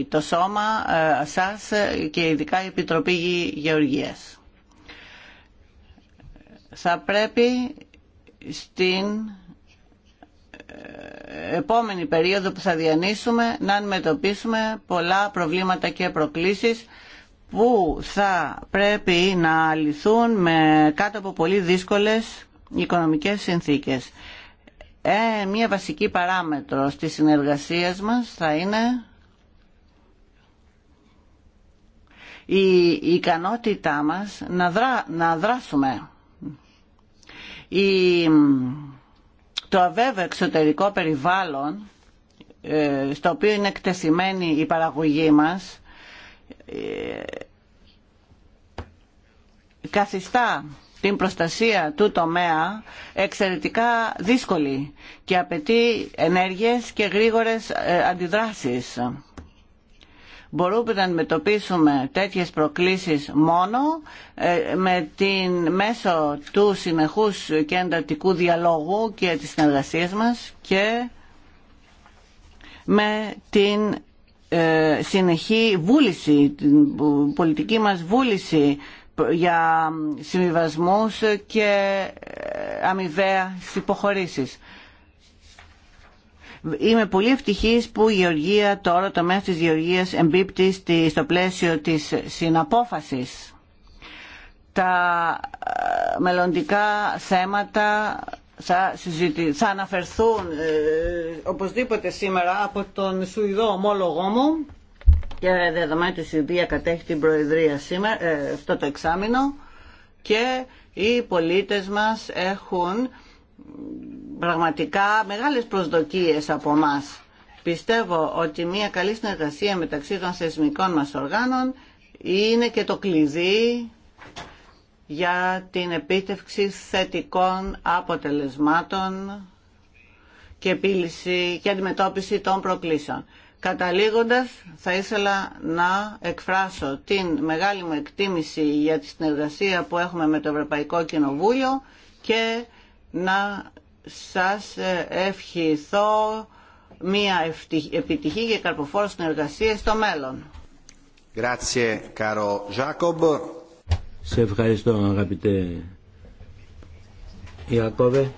S2: το σώμα ε, σας και ειδικά η Επιτροπή Γεωργίας. Θα πρέπει στην επόμενη περίοδο που θα διανύσουμε να αντιμετωπίσουμε πολλά προβλήματα και προκλήσεις που θα πρέπει να λυθούν με κάτω από πολύ δύσκολες οικονομικές συνθήκες. Ε, μια βασική παράμετρο της συνεργασίας μας θα είναι η ικανότητά μας να, να δράσουμε. Η το αβέβαιο εξωτερικό περιβάλλον ε, στο οποίο είναι εκτεθειμένη η παραγωγή μας ε, καθιστά την προστασία του τομέα εξαιρετικά δύσκολη και απαιτεί ενέργειες και γρήγορες ε, αντιδράσεις. Μπορούμε να αντιμετωπίσουμε τέτοιες προκλήσεις μόνο ε, με την, μέσω του συνεχούς και εντατικού διαλόγου και της συνεργασίας μας και με την ε, συνεχή βούληση, την πολιτική μας βούληση για συμβιβασμούς και ε, αμοιβαία υποχωρήσεις. Είμαι πολύ ευτυχής που η Γεωργία, τώρα το μέσο της Γεωργίας εμπίπτει στο πλαίσιο της συναπόφασης. Τα ε, μελλοντικά θέματα θα, θα αναφερθούν ε, οπωσδήποτε σήμερα από τον Σουηδό ομόλογό μου και δεδομένου ότι η Σουηδία κατέχει την Προεδρία σήμερα, ε, αυτό το εξάμεινο και οι πολίτες μας έχουν πραγματικά μεγάλες προσδοκίες από μας. Πιστεύω ότι μια καλή συνεργασία μεταξύ των θεσμικών μας οργάνων είναι και το κλειδί για την επίτευξη θετικών αποτελεσμάτων και επίλυση και αντιμετώπιση των προκλήσεων. Καταλήγοντας, θα ήθελα να εκφράσω την μεγάλη μου εκτίμηση για τη συνεργασία που έχουμε με το Ευρωπαϊκό Κοινοβούλιο και να σας ευχηθώ μια επιτυχή και καρποφόρο συνεργασία στο μέλλον.
S1: Σε ευχαριστώ αγαπητέ Ιακώβε.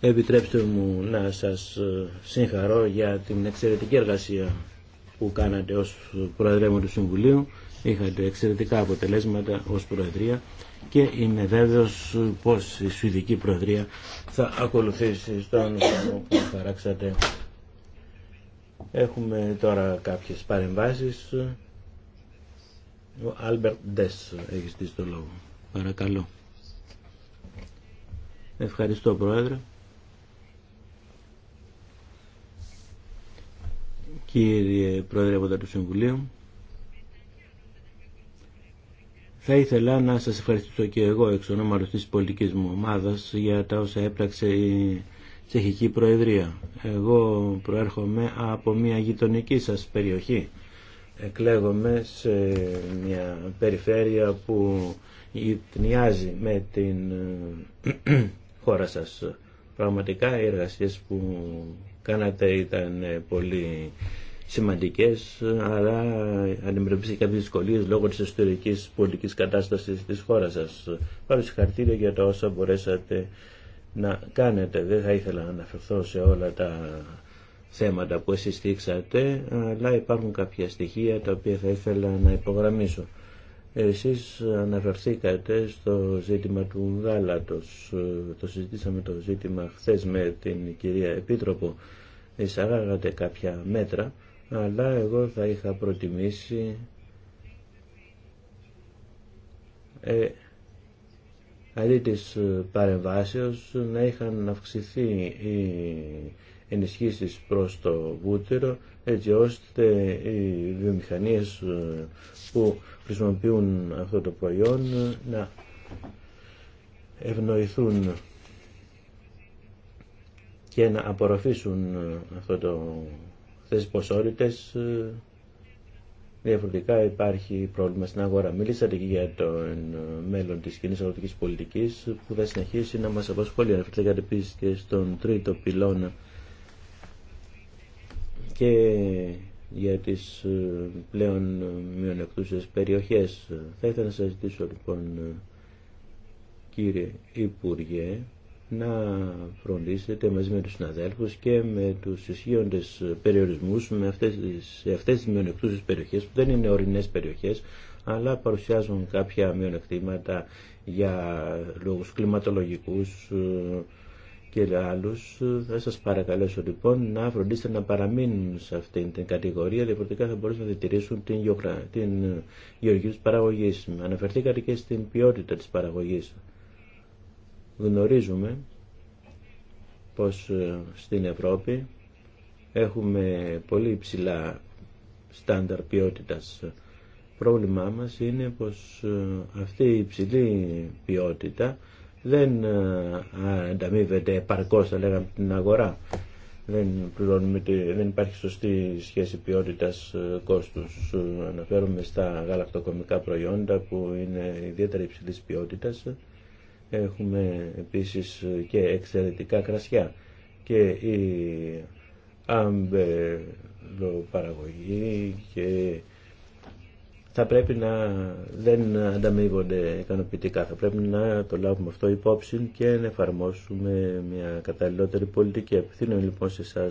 S1: Επιτρέψτε μου να σας συγχαρώ για την εξαιρετική εργασία που κάνατε ως Προεδρέμον του Συμβουλίου. Είχατε εξαιρετικά αποτελέσματα ως Προεδρία και είναι βέβαιος πως η Σουηδική Προεδρία θα ακολουθήσει στον δρόμο που χαράξατε. Έχουμε τώρα κάποιες παρεμβάσεις. Ο Άλμπερτ Ντες έχει στήσει το λόγο. Παρακαλώ. Ευχαριστώ Πρόεδρε. Κύριε Πρόεδρε από το Συμβουλίο... Θα ήθελα να σας ευχαριστήσω και εγώ εξ ονόματος της πολιτικής μου ομάδας για τα όσα έπραξε η Τσεχική Προεδρία. Εγώ προέρχομαι από μια γειτονική σας περιοχή. Εκλέγομαι σε μια περιφέρεια που γυπνιάζει με την ε, [clears throat] χώρα σας. Πραγματικά οι εργασίες που κάνατε ήταν πολύ Σημαντικέ, αλλά αντιμετωπίσετε κάποιε δυσκολίε λόγω τη ιστορικής πολιτική κατάσταση της χώρα σα. Πάλι συγχαρητήρια για τα όσα μπορέσατε να κάνετε. Δεν θα ήθελα να αναφερθώ σε όλα τα θέματα που εσείς στήξατε, αλλά υπάρχουν κάποια στοιχεία τα οποία θα ήθελα να υπογραμμίσω. Εσείς αναφερθήκατε στο ζήτημα του γάλατος. Το συζητήσαμε το ζήτημα χθε με την κυρία Επίτροπο. Εισαγάγατε κάποια μέτρα αλλά εγώ θα είχα προτιμήσει ε, αντί της παρεμβάσεως να είχαν αυξηθεί οι ενισχύσεις προς το βούτυρο έτσι ώστε οι βιομηχανίες που χρησιμοποιούν αυτό το προϊόν να ευνοηθούν και να απορροφήσουν αυτό το αυτές τις ποσότητες ε, διαφορετικά υπάρχει πρόβλημα στην αγορά. Μιλήσατε και για το ε, μέλλον της κοινή αγροτικής πολιτικής που θα συνεχίσει να μας απασχολεί. Αναφερθήκατε επίση και στον τρίτο πυλώνα και για τις ε, πλέον μειονεκτούσες περιοχές. Θα ήθελα να σας ζητήσω λοιπόν κύριε Υπουργέ να φροντίσετε μαζί με τους συναδέλφους και με τους ισχύοντες περιορισμούς με αυτές τις, σε αυτές τις μειονεκτούσες περιοχές που δεν είναι ορεινές περιοχές αλλά παρουσιάζουν κάποια μειονεκτήματα για λόγους κλιματολογικούς ε, και άλλους. Θα σας παρακαλέσω λοιπόν να φροντίσετε να παραμείνουν σε αυτήν την κατηγορία διαφορετικά θα μπορούσαν να διατηρήσουν την, γεωργία την γεωργική τους παραγωγής. Αναφερθήκατε και στην ποιότητα της παραγωγής Γνωρίζουμε πως ε, στην Ευρώπη έχουμε πολύ υψηλά στάνταρ ποιότητας. Πρόβλημά μας είναι πως ε, αυτή η υψηλή ποιότητα δεν ε, ανταμείβεται επαρκώς θα λέγαμε την αγορά. Δεν, πληρώνουμε, δεν υπάρχει σωστή σχέση ποιότητας κόστους. Αναφέρομαι στα γαλακτοκομικά προϊόντα που είναι ιδιαίτερα υψηλής ποιότητας Έχουμε επίσης και εξαιρετικά κρασιά και η αμπελοπαραγωγή και θα πρέπει να δεν ανταμείβονται ικανοποιητικά. Θα πρέπει να το λάβουμε αυτό υπόψη και να εφαρμόσουμε μια καταλληλότερη πολιτική. Επιθύνω λοιπόν σε εσά,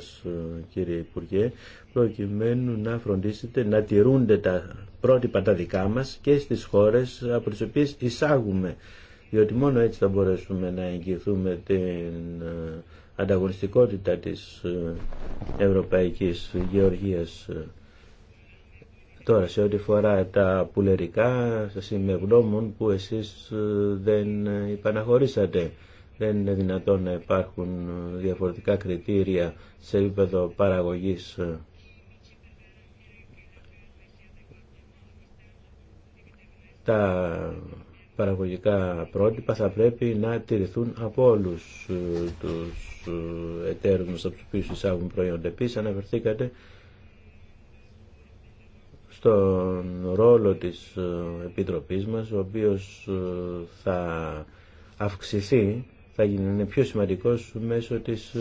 S1: κύριε Υπουργέ, προκειμένου να φροντίσετε να τηρούνται τα πρότυπα τα δικά μας και στις χώρες από τις οποίες εισάγουμε διότι μόνο έτσι θα μπορέσουμε να εγγυηθούμε την ε, ανταγωνιστικότητα της ε, ευρωπαϊκής γεωργίας. Τώρα, σε ό,τι φορά τα πουλερικά, σε είμαι που εσείς ε, δεν υπαναχωρήσατε. Δεν είναι δυνατόν να υπάρχουν διαφορετικά κριτήρια σε επίπεδο παραγωγής τα παραγωγικά πρότυπα θα πρέπει να τηρηθούν από όλου ε, του ε, εταίρους μας από τους οποίους εισάγουν προϊόντα. Επίσης αναφερθήκατε στον ρόλο της ε, Επιτροπής μας, ο οποίος θα αυξηθεί, θα γίνει πιο σημαντικός μέσω της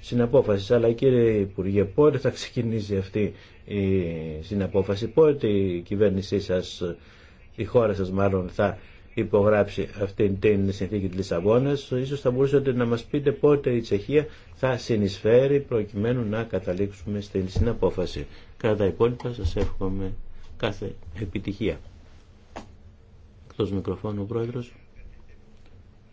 S1: συναπόφασης. Αλλά κύριε Υπουργέ, πότε θα ξεκινήσει αυτή η συναπόφαση, πότε η κυβέρνησή σας η χώρα σας μάλλον θα υπογράψει αυτήν την συνθήκη της Λισαβόνας, ίσως θα μπορούσατε να μας πείτε πότε η Τσεχία θα συνεισφέρει προκειμένου να καταλήξουμε στην συναπόφαση. Κατά τα υπόλοιπα σας εύχομαι κάθε επιτυχία. Εκτός μικροφώνου ο Πρόεδρος.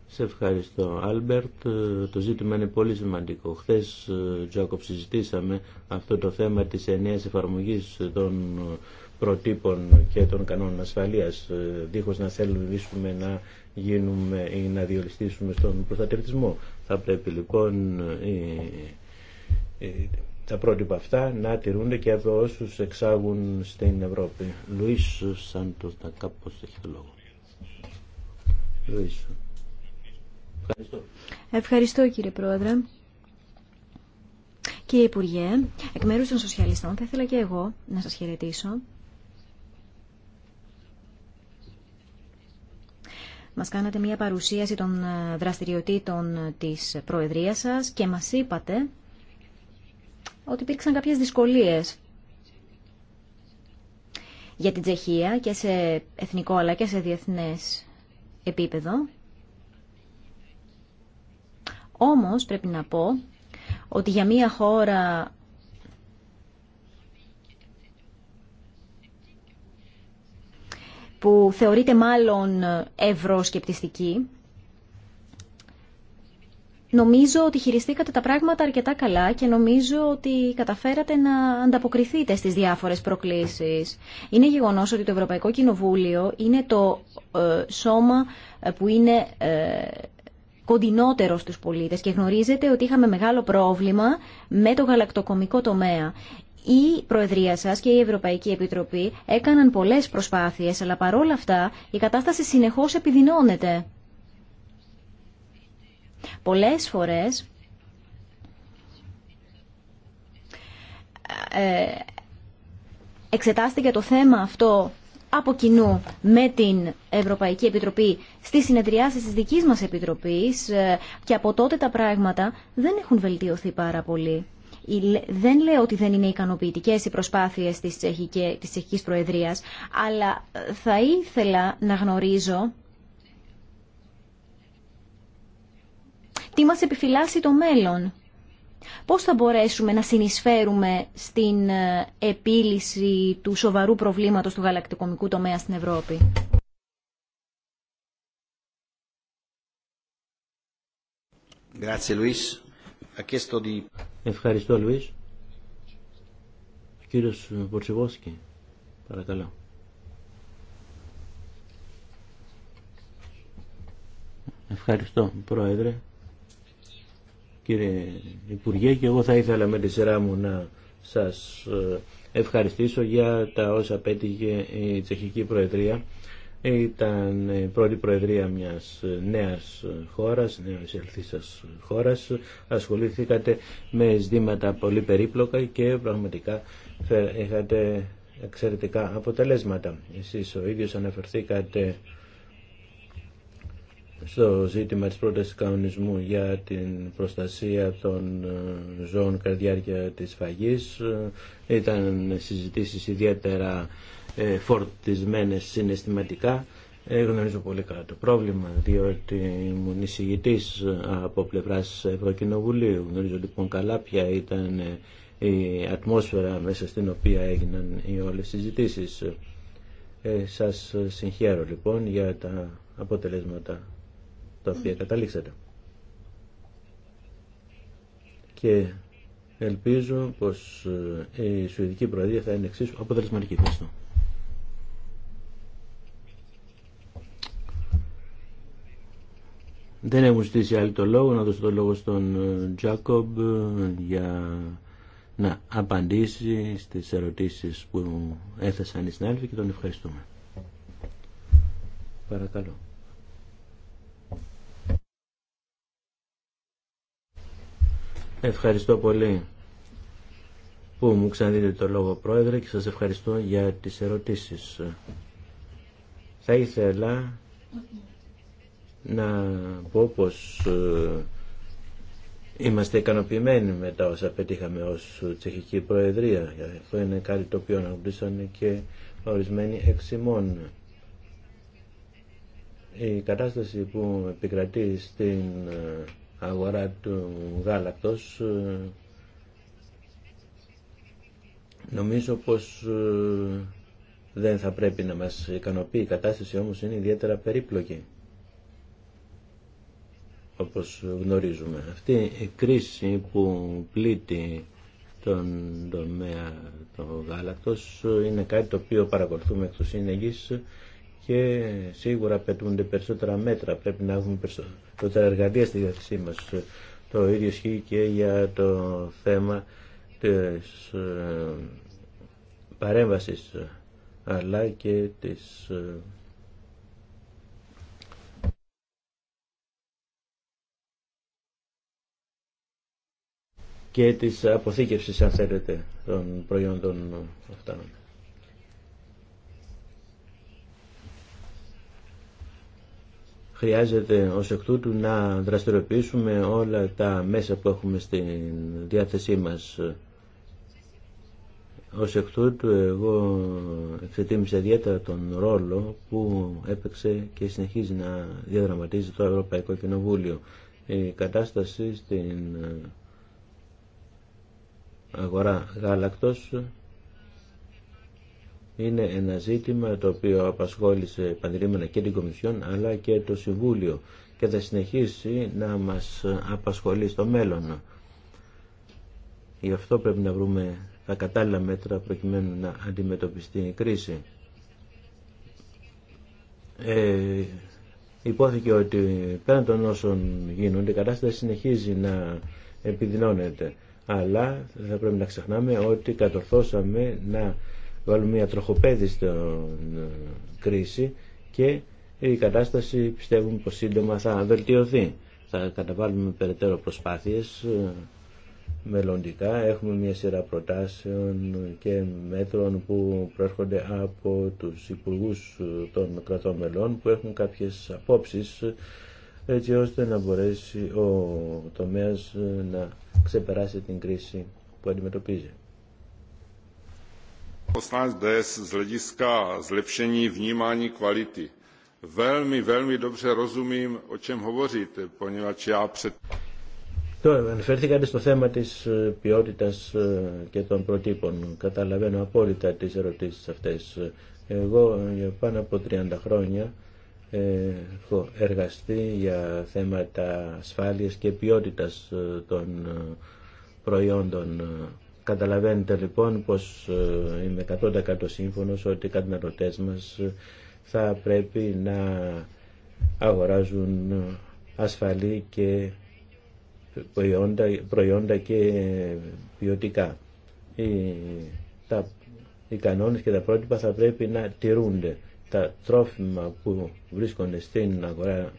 S1: Σε ευχαριστώ, Άλμπερτ. Το ζήτημα είναι πολύ σημαντικό. Χθε, ε, Τζάκοπ, συζητήσαμε αυτό το θέμα της ενιαίας εφαρμογής των ε, προτύπων και των κανόνων ασφαλείας, ε, δίχως να θέλουμε να γίνουμε ή να διολυστήσουμε στον προστατευτισμό. Θα πρέπει λοιπόν ε, ε, τα πρότυπα αυτά να τηρούνται και από όσου εξάγουν στην Ευρώπη. Λουίς Σάντος να κάπως έχει το λόγο.
S3: Ευχαριστώ. κύριε Πρόεδρε. Κύριε Υπουργέ, εκ μέρους των Σοσιαλιστών θα ήθελα και εγώ να σας χαιρετήσω Μας κάνατε μια παρουσίαση των ε, δραστηριοτήτων της Προεδρίας σας και μας είπατε ότι υπήρξαν κάποιες δυσκολίες για την Τσεχία και σε εθνικό αλλά και σε διεθνές επίπεδο. Όμως πρέπει να πω ότι για μια χώρα που θεωρείται μάλλον ευρωσκεπτιστική. Νομίζω ότι χειριστήκατε τα πράγματα αρκετά καλά και νομίζω ότι καταφέρατε να ανταποκριθείτε στις διάφορες προκλήσεις. Είναι γεγονός ότι το Ευρωπαϊκό Κοινοβούλιο είναι το ε, σώμα ε, που είναι ε, κοντινότερο στους πολίτες και γνωρίζετε ότι είχαμε μεγάλο πρόβλημα με το γαλακτοκομικό τομέα η Προεδρία σας και η Ευρωπαϊκή Επιτροπή έκαναν πολλές προσπάθειες, αλλά παρόλα αυτά η κατάσταση συνεχώς επιδεινώνεται. Πολλές φορές ε, εξετάστηκε το θέμα αυτό από κοινού με την Ευρωπαϊκή Επιτροπή στη συνεδριάση της δικής μας Επιτροπής ε, και από τότε τα πράγματα δεν έχουν βελτιωθεί πάρα πολύ. Δεν λέω ότι δεν είναι ικανοποιητικέ οι προσπάθειες της Τσεχικής Προεδρίας, αλλά ε, θα ήθελα να γνωρίζω τι μας επιφυλάσσει το μέλλον. Πώς θα μπορέσουμε να συνεισφέρουμε στην ε, επίλυση του σοβαρού προβλήματος του γαλακτικομικού τομέα στην Ευρώπη.
S4: Grazie Luis.
S1: Ευχαριστώ, Λουίς. Κύριο κύριος παρακαλώ. Ευχαριστώ, Πρόεδρε. Κύριε Υπουργέ, και εγώ θα ήθελα με τη σειρά μου να σας ευχαριστήσω για τα όσα πέτυχε η Τσεχική Προεδρία ήταν η ε, πρώτη προεδρία μιας ε, νέας ε, χώρας, νέας ελθίσας χώρας. Ασχολήθηκατε με ζητήματα πολύ περίπλοκα και πραγματικά είχατε εξαιρετικά αποτελέσματα. Εσείς ο ίδιος αναφερθήκατε στο ζήτημα της πρότασης κανονισμού για την προστασία των ζώων κατά της φαγής. Ήταν συζητήσεις ιδιαίτερα ε, φορτισμένες συναισθηματικά. Ε, γνωρίζω πολύ καλά το πρόβλημα, διότι ήμουν εισηγητή ε, από πλευρά Ευρωκοινοβουλίου. Γνωρίζω λοιπόν καλά ποια ήταν η ατμόσφαιρα μέσα στην οποία έγιναν οι όλες οι συζητήσεις. Ε, σας συγχαίρω λοιπόν για τα αποτελέσματα τα οποία καταλήξατε. Και ελπίζω πως η Σουηδική Προεδρία θα είναι εξίσου αποτελεσματική. Ευχαριστώ. Δεν έχουν στήσει άλλη το λόγο. Να δώσω το λόγο στον ε, Τζάκομπ ε, για να απαντήσει στις ερωτήσεις που έθεσαν οι συνάδελφοι και τον ευχαριστούμε. Παρακαλώ. Ευχαριστώ πολύ που μου ξαναδείτε το λόγο πρόεδρε και σας ευχαριστώ για τις ερωτήσεις. Θα ήθελα να πω πως ε, είμαστε ικανοποιημένοι με τα όσα πετύχαμε ως τσεχική προεδρία. Αυτό είναι κάτι το οποίο αναγνωρίσανε και ορισμένοι εξημών. Η κατάσταση που επικρατεί στην ε, αγορά του γάλακτος ε, νομίζω πως δεν θα πρέπει να μας ικανοποιεί. Η κατάσταση όμως είναι ιδιαίτερα περίπλοκη όπως γνωρίζουμε. Αυτή η κρίση που πλήττει τον τομέα του γάλακτος είναι κάτι το οποίο παρακολουθούμε εκ του και σίγουρα απαιτούνται περισσότερα μέτρα. Πρέπει να έχουμε περισσότερα εργαλεία στη διάθεσή μας. Το ίδιο ισχύει και για το θέμα της ε, παρέμβασης αλλά και της ε, και της αποθήκευσης αν θέλετε των προϊόντων αυτών. Χρειάζεται ως εκ τούτου να δραστηριοποιήσουμε όλα τα μέσα που έχουμε στη διάθεσή μας. Ως εκ τούτου εγώ εξετίμησα ιδιαίτερα τον ρόλο που έπαιξε και συνεχίζει να διαδραματίζει το Ευρωπαϊκό Κοινοβούλιο. Η κατάσταση στην αγορά γάλακτος είναι ένα ζήτημα το οποίο απασχόλησε επανειλημμένα και την Κομισιόν αλλά και το Συμβούλιο και θα συνεχίσει να μας απασχολεί στο μέλλον. Γι' αυτό πρέπει να βρούμε τα κατάλληλα μέτρα προκειμένου να αντιμετωπιστεί η κρίση. Ε, υπόθηκε ότι πέραν των όσων γίνονται η κατάσταση συνεχίζει να επιδεινώνεται αλλά θα πρέπει να ξεχνάμε ότι κατορθώσαμε να βάλουμε μια τροχοπέδη ε, κρίση και η κατάσταση πιστεύουμε πως σύντομα θα βελτιωθεί. Θα καταβάλουμε περαιτέρω προσπάθειες ε, μελλοντικά. Έχουμε μια σειρά προτάσεων και μέτρων που προέρχονται από τους υπουργούς ε, των κρατών μελών που έχουν κάποιες απόψεις έτσι ώστε να μπορέσει ο τομέας ε, να ξεπεράσει την κρίση που αντιμετωπίζει.
S2: Poslanec
S1: στο θέμα της ε, ποιότητας ε, και των προτύπων. Καταλαβαίνω απόλυτα τις ερωτήσεις αυτές. Εγώ για πάνω από 30 χρόνια έχω ε, εργαστεί για θέματα ασφάλειας και ποιότητας ε, των ε, προϊόντων. Καταλαβαίνετε λοιπόν πως είμαι 100% σύμφωνος ότι οι καταναλωτές μας θα πρέπει να αγοράζουν ασφαλή και προϊόντα, και ποιοτικά. Οι, τα, οι κανόνες και τα πρότυπα θα πρέπει να τηρούνται τα τρόφιμα που βρίσκονται στην αγορά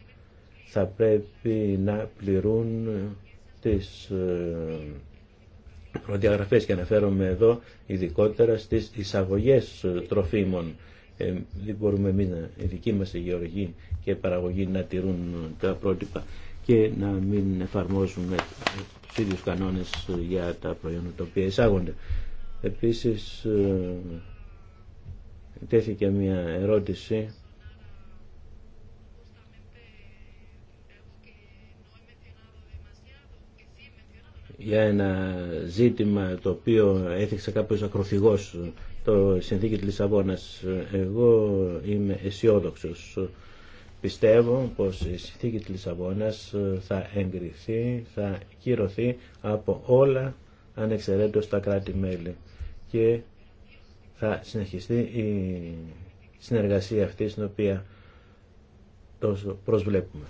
S1: θα πρέπει να πληρούν τις ε, προδιαγραφές και αναφέρομαι εδώ ειδικότερα στις εισαγωγές τροφίμων. Ε, δεν μπορούμε εμείς, οι δικοί μας και παραγωγή να τηρούν τα πρότυπα και να μην εφαρμόζουμε τους ίδιους κανόνες για τα προϊόντα τα οποία εισάγονται. Επίσης ε, τέθηκε μια ερώτηση για ένα ζήτημα το οποίο έθιξε κάποιος ακροθυγός το συνθήκη της Λισαβόνας. Εγώ είμαι αισιόδοξο. Πιστεύω πως η συνθήκη της Λισαβόνας θα εγκριθεί, θα κυρωθεί από όλα ανεξαιρέτως τα κράτη-μέλη και θα συνεχιστεί η συνεργασία αυτή στην οποία τόσο προσβλέπουμε.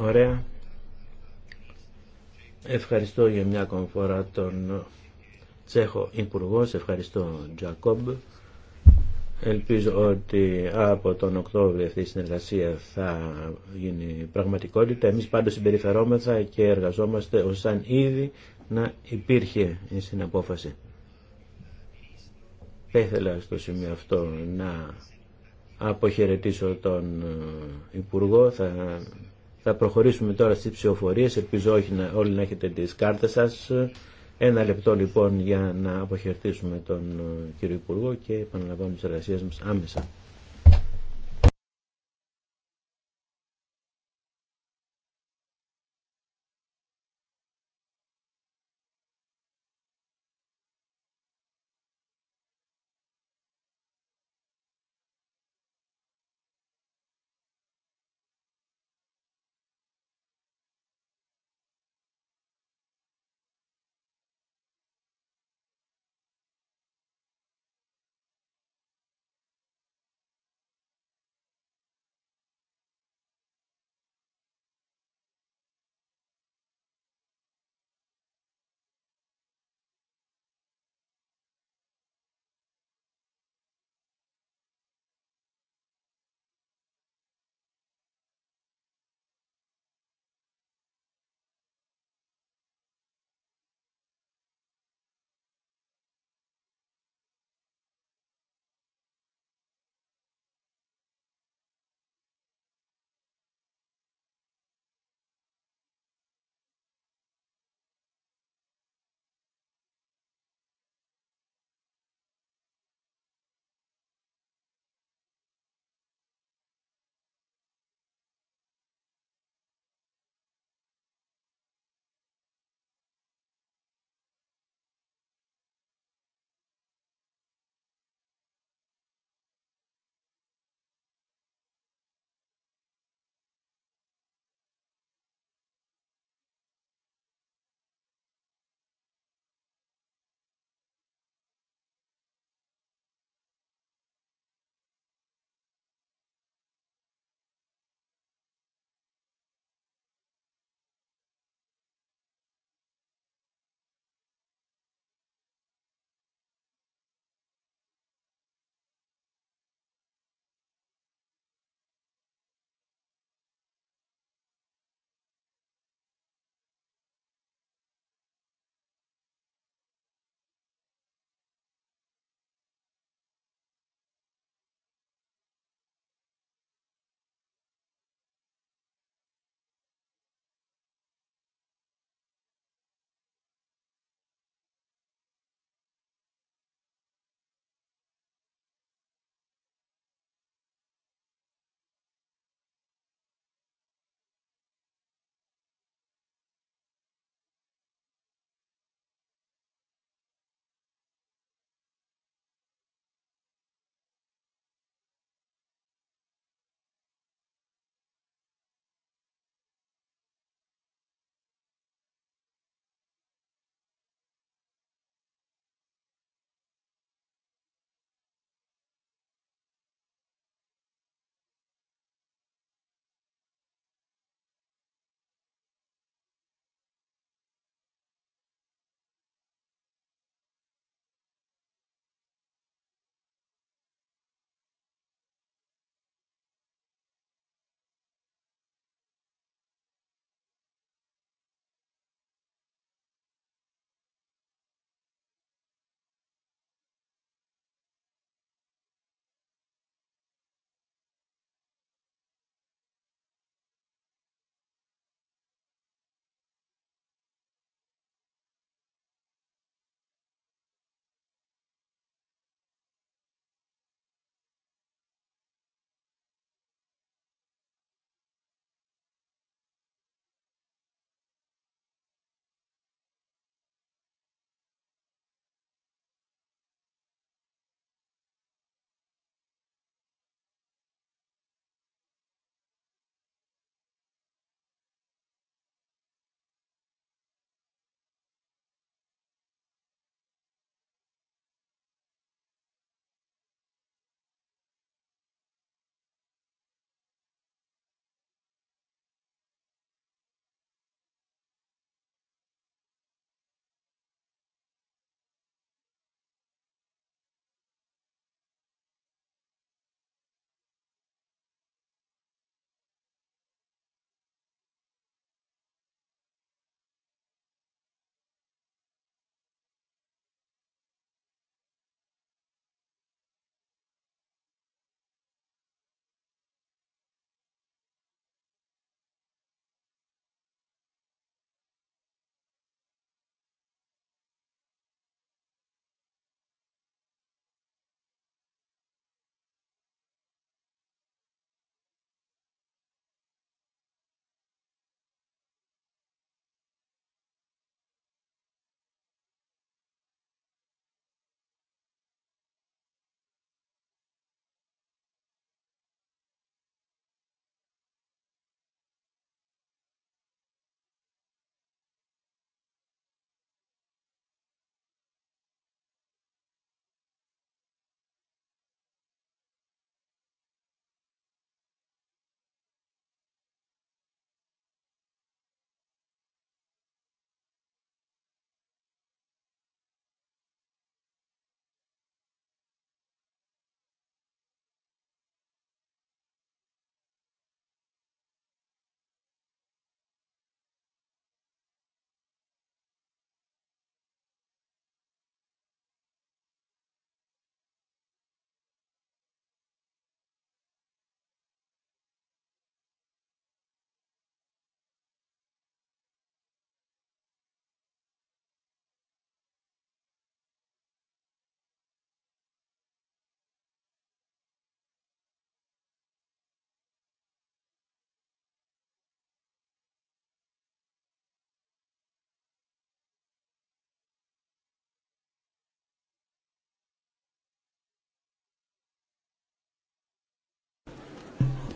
S1: Ωραία. Ευχαριστώ για μια ακόμη φορά τον Τσέχο Υπουργό, ευχαριστώ Τζακόμπ. Ελπίζω ότι από τον Οκτώβριο αυτή η συνεργασία θα γίνει πραγματικότητα. Εμείς πάντως συμπεριφερόμεθα και εργαζόμαστε ως αν ήδη να υπήρχε η συναπόφαση. Θα ήθελα στο σημείο αυτό να αποχαιρετήσω τον ε, Υπουργό. Θα, θα προχωρήσουμε τώρα στις ψηφοφορίες. Ελπίζω όχι να, όλοι να έχετε τις κάρτες σας. Ένα λεπτό λοιπόν για να αποχαιρετήσουμε τον ε, κύριο Υπουργό και επαναλαμβάνουμε τις εργασίες μας άμεσα.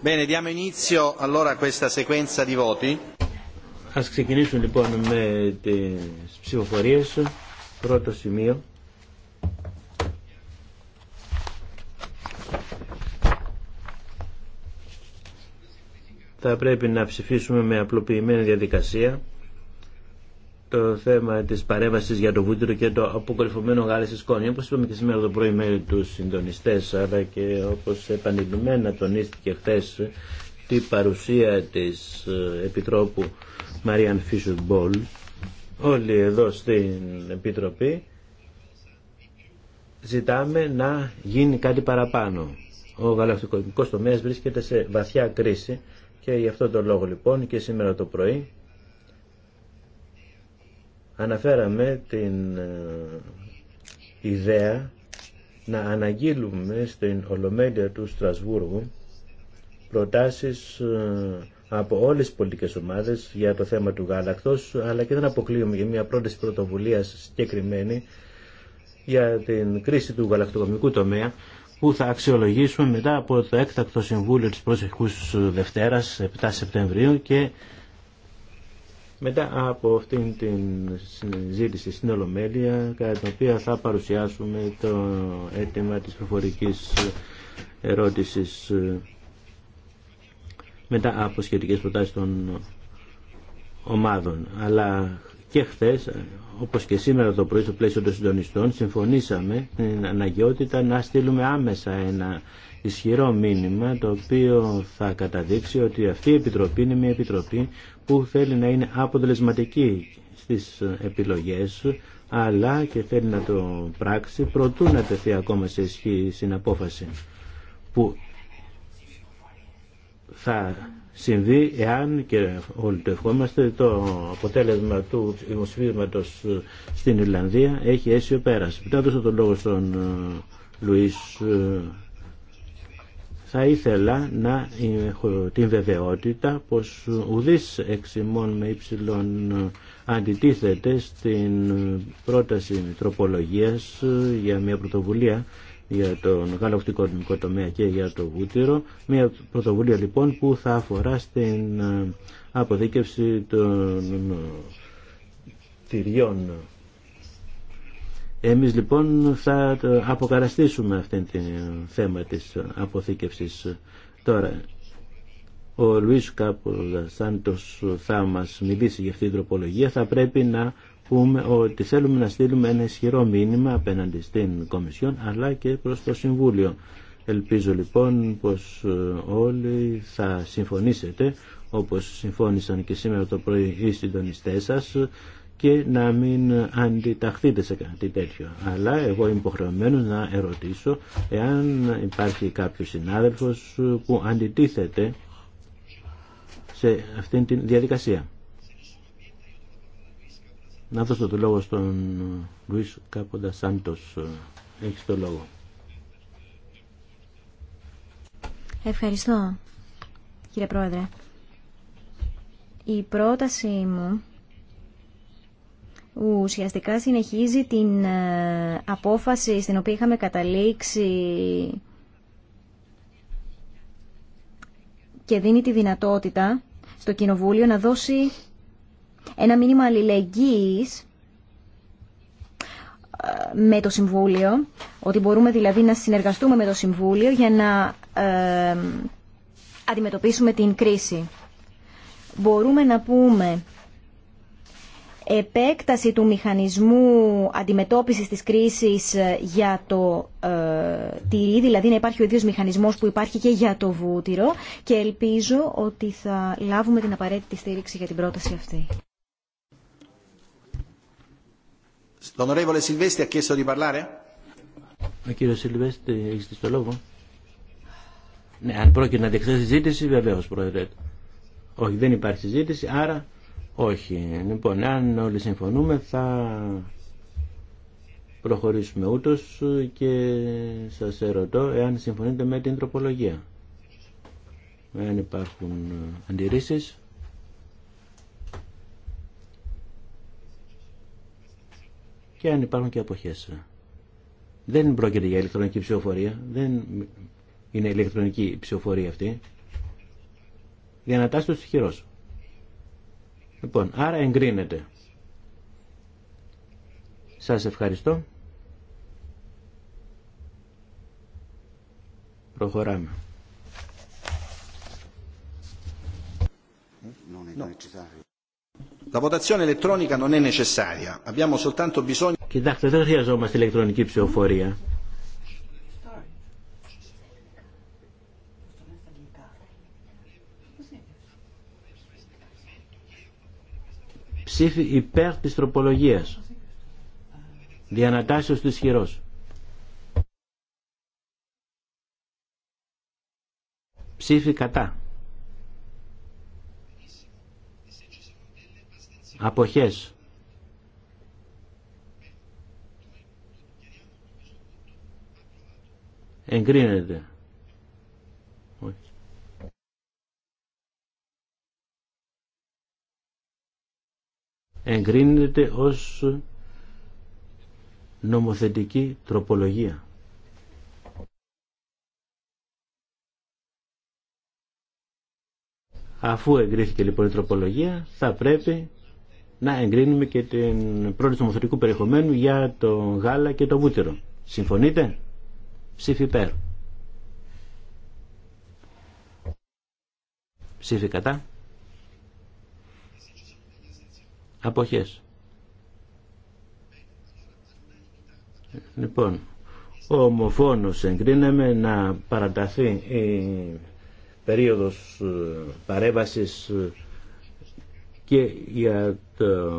S4: Bene, diamo inizio allora a questa sequenza
S1: Ας ξεκινήσουμε λοιπόν με τις ψηφοφορίες. Πρώτο σημείο. Θα πρέπει να ψηφίσουμε με απλοποιημένη διαδικασία το θέμα της παρέμβασης για το βούτυρο και το αποκορυφωμένο γάλα στη σκόνη. Όπως είπαμε και σήμερα το πρωί με τους συντονιστές, αλλά και όπως επανειλημμένα τονίστηκε χθε τη παρουσία της ε, Επιτρόπου Μαριάν Φίσουμπολ. Μπολ, όλοι εδώ στην Επιτροπή, ζητάμε να γίνει κάτι παραπάνω. Ο γαλακτοκομικός τομέας βρίσκεται σε βαθιά κρίση και γι' αυτό τον λόγο λοιπόν και σήμερα το πρωί αναφέραμε την ε, ιδέα να αναγγείλουμε στην Ολομέλεια του Στρασβούργου προτάσεις ε, από όλες τις πολιτικές ομάδες για το θέμα του γάλακτος, αλλά και δεν αποκλείουμε για μια πρόταση πρωτοβουλία συγκεκριμένη για την κρίση του γαλακτοκομικού τομέα που θα αξιολογήσουμε μετά από το έκτακτο συμβούλιο της προσεχούς Δευτέρας 7 Σεπτεμβρίου και μετά από αυτήν την συζήτηση στην Ολομέλεια, κατά την οποία θα παρουσιάσουμε το αίτημα της προφορικής ερώτησης ε, μετά από σχετικές προτάσεις των ομάδων. Αλλά και χθε, όπως και σήμερα το πρωί στο πλαίσιο των συντονιστών, συμφωνήσαμε την αναγκαιότητα να στείλουμε άμεσα ένα ισχυρό μήνυμα το οποίο θα καταδείξει ότι αυτή η Επιτροπή είναι μια Επιτροπή που θέλει να είναι αποτελεσματική στις επιλογές αλλά και θέλει να το πράξει προτού να τεθεί ακόμα σε ισχύ στην απόφαση που θα συμβεί εάν και όλοι το ευχόμαστε το αποτέλεσμα του δημοψηφίσματος στην Ιρλανδία έχει αίσιο πέρας. δώσω τον λόγο στον ε, Λουίς ε, θα ήθελα να έχω την βεβαιότητα πως ουδής εξημών με ύψιλον αντιτίθεται στην πρόταση τροπολογίας για μια πρωτοβουλία για τον νομικό τομέα και για το βούτυρο. Μια πρωτοβουλία λοιπόν που θα αφορά στην αποδίκευση των τυριών εμείς λοιπόν θα αποκαραστήσουμε αυτή την θέμα της αποθήκευσης. Τώρα, ο Λουίς Κάπουλα Σάντος θα μας μιλήσει για αυτή την τροπολογία, θα πρέπει να πούμε ότι θέλουμε να στείλουμε ένα ισχυρό μήνυμα απέναντι στην Κομισιόν αλλά και προς το Συμβούλιο. Ελπίζω λοιπόν πως όλοι θα συμφωνήσετε όπως συμφώνησαν και σήμερα το πρωί οι συντονιστές σας και να μην αντιταχθείτε σε κάτι τέτοιο. Αλλά εγώ είμαι υποχρεωμένο να ερωτήσω εάν υπάρχει κάποιος συνάδελφος που αντιτίθεται σε αυτήν την διαδικασία. Να δώσω το λόγο στον Λουίς Κάποντα Σάντος. Έχεις το λόγο.
S3: Ευχαριστώ, κύριε Πρόεδρε. Η πρόταση μου ουσιαστικά συνεχίζει την ε, απόφαση στην οποία είχαμε καταλήξει και δίνει τη δυνατότητα στο Κοινοβούλιο να δώσει ένα μήνυμα αλληλεγγύης ε, με το Συμβούλιο, ότι μπορούμε δηλαδή να συνεργαστούμε με το Συμβούλιο για να ε, αντιμετωπίσουμε την κρίση. Μπορούμε να πούμε επέκταση του μηχανισμού αντιμετώπισης της κρίσης ε, για το ε, τυρί, δηλαδή να υπάρχει ο ίδιος μηχανισμός που υπάρχει και για το βούτυρο και ελπίζω ότι θα λάβουμε την απαραίτητη στήριξη για την πρόταση αυτή.
S1: Σιλβέστη, έχεις το λόγο. Ναι, αν πρόκειται να συζήτηση, βεβαίως, πρόεδρε. Όχι, δεν υπάρχει συζήτηση, άρα όχι. Λοιπόν, αν όλοι συμφωνούμε θα προχωρήσουμε ούτως και σας ερωτώ εάν συμφωνείτε με την τροπολογία. Εάν υπάρχουν αντιρρήσεις. Και αν υπάρχουν και αποχές. Δεν πρόκειται για ηλεκτρονική ψηφοφορία. Δεν είναι ηλεκτρονική ψηφοφορία αυτή. το χειρός. Λοιπόν, άρα εγκρίνεται. Σας ευχαριστώ.
S4: Προχωράμε. La votazione elettronica non è necessaria. Abbiamo soltanto bisogno... Κοιτάξτε, δεν χρειαζόμαστε ηλεκτρονική ψηφοφορία.
S1: ψήφι υπέρ της τροπολογίας. Διανατάσεως του ισχυρός. Ψήφι κατά. Αποχές. Εγκρίνεται. εγκρίνεται ως νομοθετική τροπολογία. Αφού εγκρίθηκε λοιπόν η τροπολογία, θα πρέπει να εγκρίνουμε και την πρόληψη νομοθετικού περιεχομένου για το γάλα και το βούτυρο. Συμφωνείτε? Ψήφι υπέρ. Ψήφι κατά. αποχές. Λοιπόν, ομοφόνος εγκρίναμε να παραταθεί η περίοδος ε, παρέβασης ε, και για το,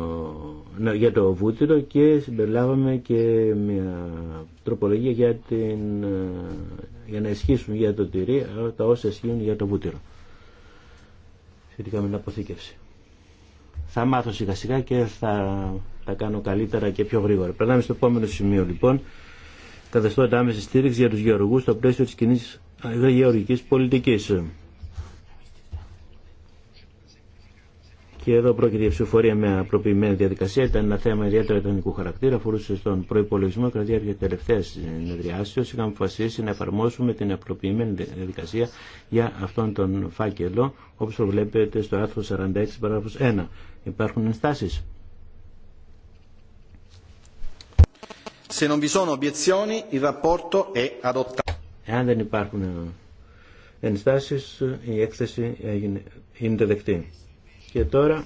S1: για το βούτυρο και συμπεριλάβαμε και μια τροπολογία για, την, ε, για να ισχύσουν για το τυρί τα όσα ισχύουν για το βούτυρο σχετικά με την αποθήκευση θα μάθω σιγά σιγά και θα τα κάνω καλύτερα και πιο γρήγορα. Περνάμε στο επόμενο σημείο λοιπόν. τα άμεση στήριξη για του γεωργού στο πλαίσιο τη κοινή γεωργική πολιτική. Και εδώ πρόκειται η ψηφοφορία με απλοποιημένη διαδικασία. Ήταν ένα θέμα ιδιαίτερα εθνικού χαρακτήρα, αφορούσε στον προπολογισμό τη διάρκεια τελευταία συνεδριάσεω. Είχαμε αποφασίσει να εφαρμόσουμε την απλοποιημένη διαδικασία για αυτόν τον φάκελο, όπω βλέπετε στο άρθρο 46, παράγραφο 1. Υπάρχουν ενστάσει. Εάν δεν υπάρχουν ενστάσεις, η έκθεση είναι δεκτή. Και τώρα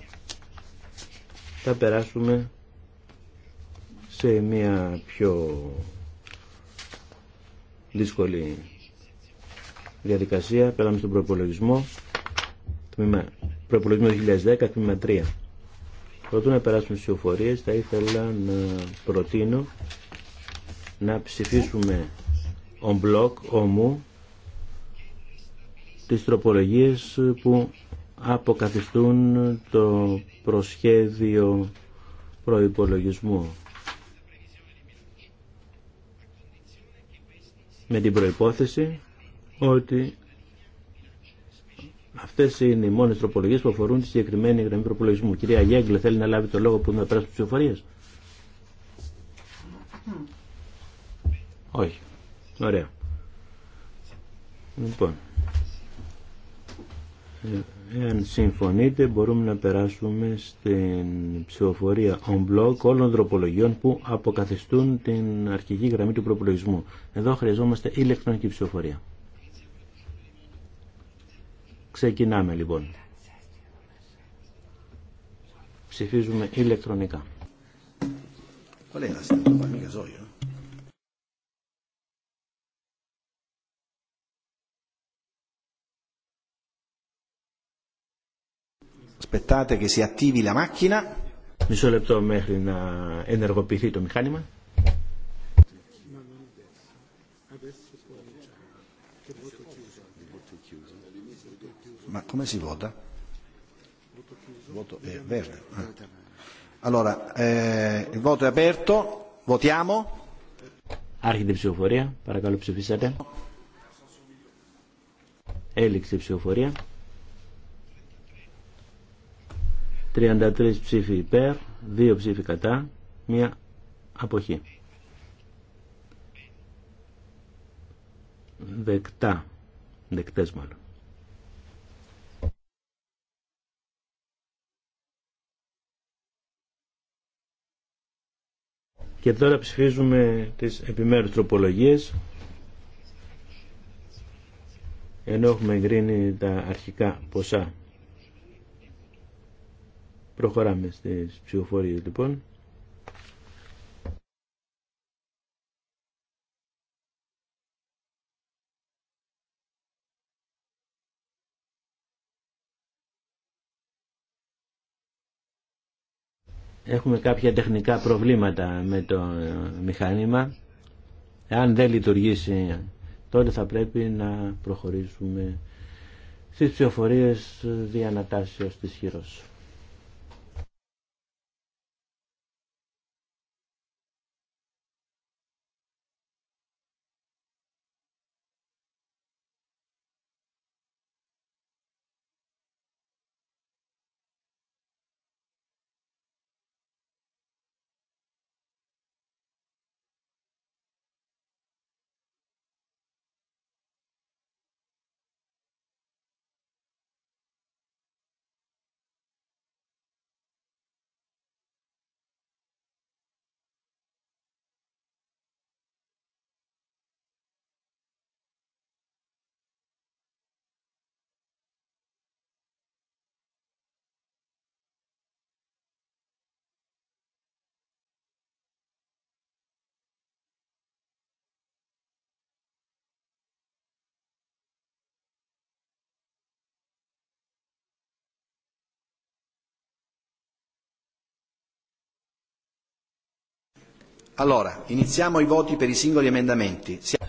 S1: θα περάσουμε σε μια πιο δύσκολη διαδικασία. Πέραμε στον προπολογισμό, προπολογισμό 2010, τμήμα 3. Προτού να περάσουμε στις οφορίες, θα ήθελα να προτείνω να ψηφίσουμε on block, ομού, τις τροπολογίες που αποκαθιστούν το προσχέδιο προϋπολογισμού. Με την προϋπόθεση ότι αυτές είναι οι μόνες τροπολογίες που αφορούν τη συγκεκριμένη γραμμή προϋπολογισμού. Κυρία Γέγκλε θέλει να λάβει το λόγο που πρέπει στις ψηφοφορίες. Όχι. Ωραία. Λοιπόν. Ε, Εάν συμφωνείτε μπορούμε να περάσουμε στην ψηφοφορία on block όλων των τροπολογιών που αποκαθιστούν την αρχική γραμμή του προπολογισμού. Εδώ χρειαζόμαστε ηλεκτρονική ψηφοφορία. Ξεκινάμε λοιπόν. Ψηφίζουμε ηλεκτρονικά.
S4: Πολύ Aspettate che si attivi la macchina. Mi sono letto meglio na energopirito meccanima. Adesso puoi che voto chiuso, chiuso. Ma come si vota? Voto chiuso. Voto è verde. Allora, eh il voto è aperto, votiamo di a ridipsioforia, paracolpsi Elix
S1: di l'expsioforia. 33 ψήφοι υπέρ, 2 ψήφοι κατά, μία αποχή. Δεκτά, δεκτές μάλλον. Και τώρα ψηφίζουμε τις επιμέρους τροπολογίες ενώ έχουμε εγκρίνει τα αρχικά ποσά. Προχωράμε στις ψηφοφορίες λοιπόν. Έχουμε κάποια τεχνικά προβλήματα με το μηχάνημα. Αν δεν λειτουργήσει τότε θα πρέπει να προχωρήσουμε στις ψηφοφορίες διανατάσσεως της χειρός.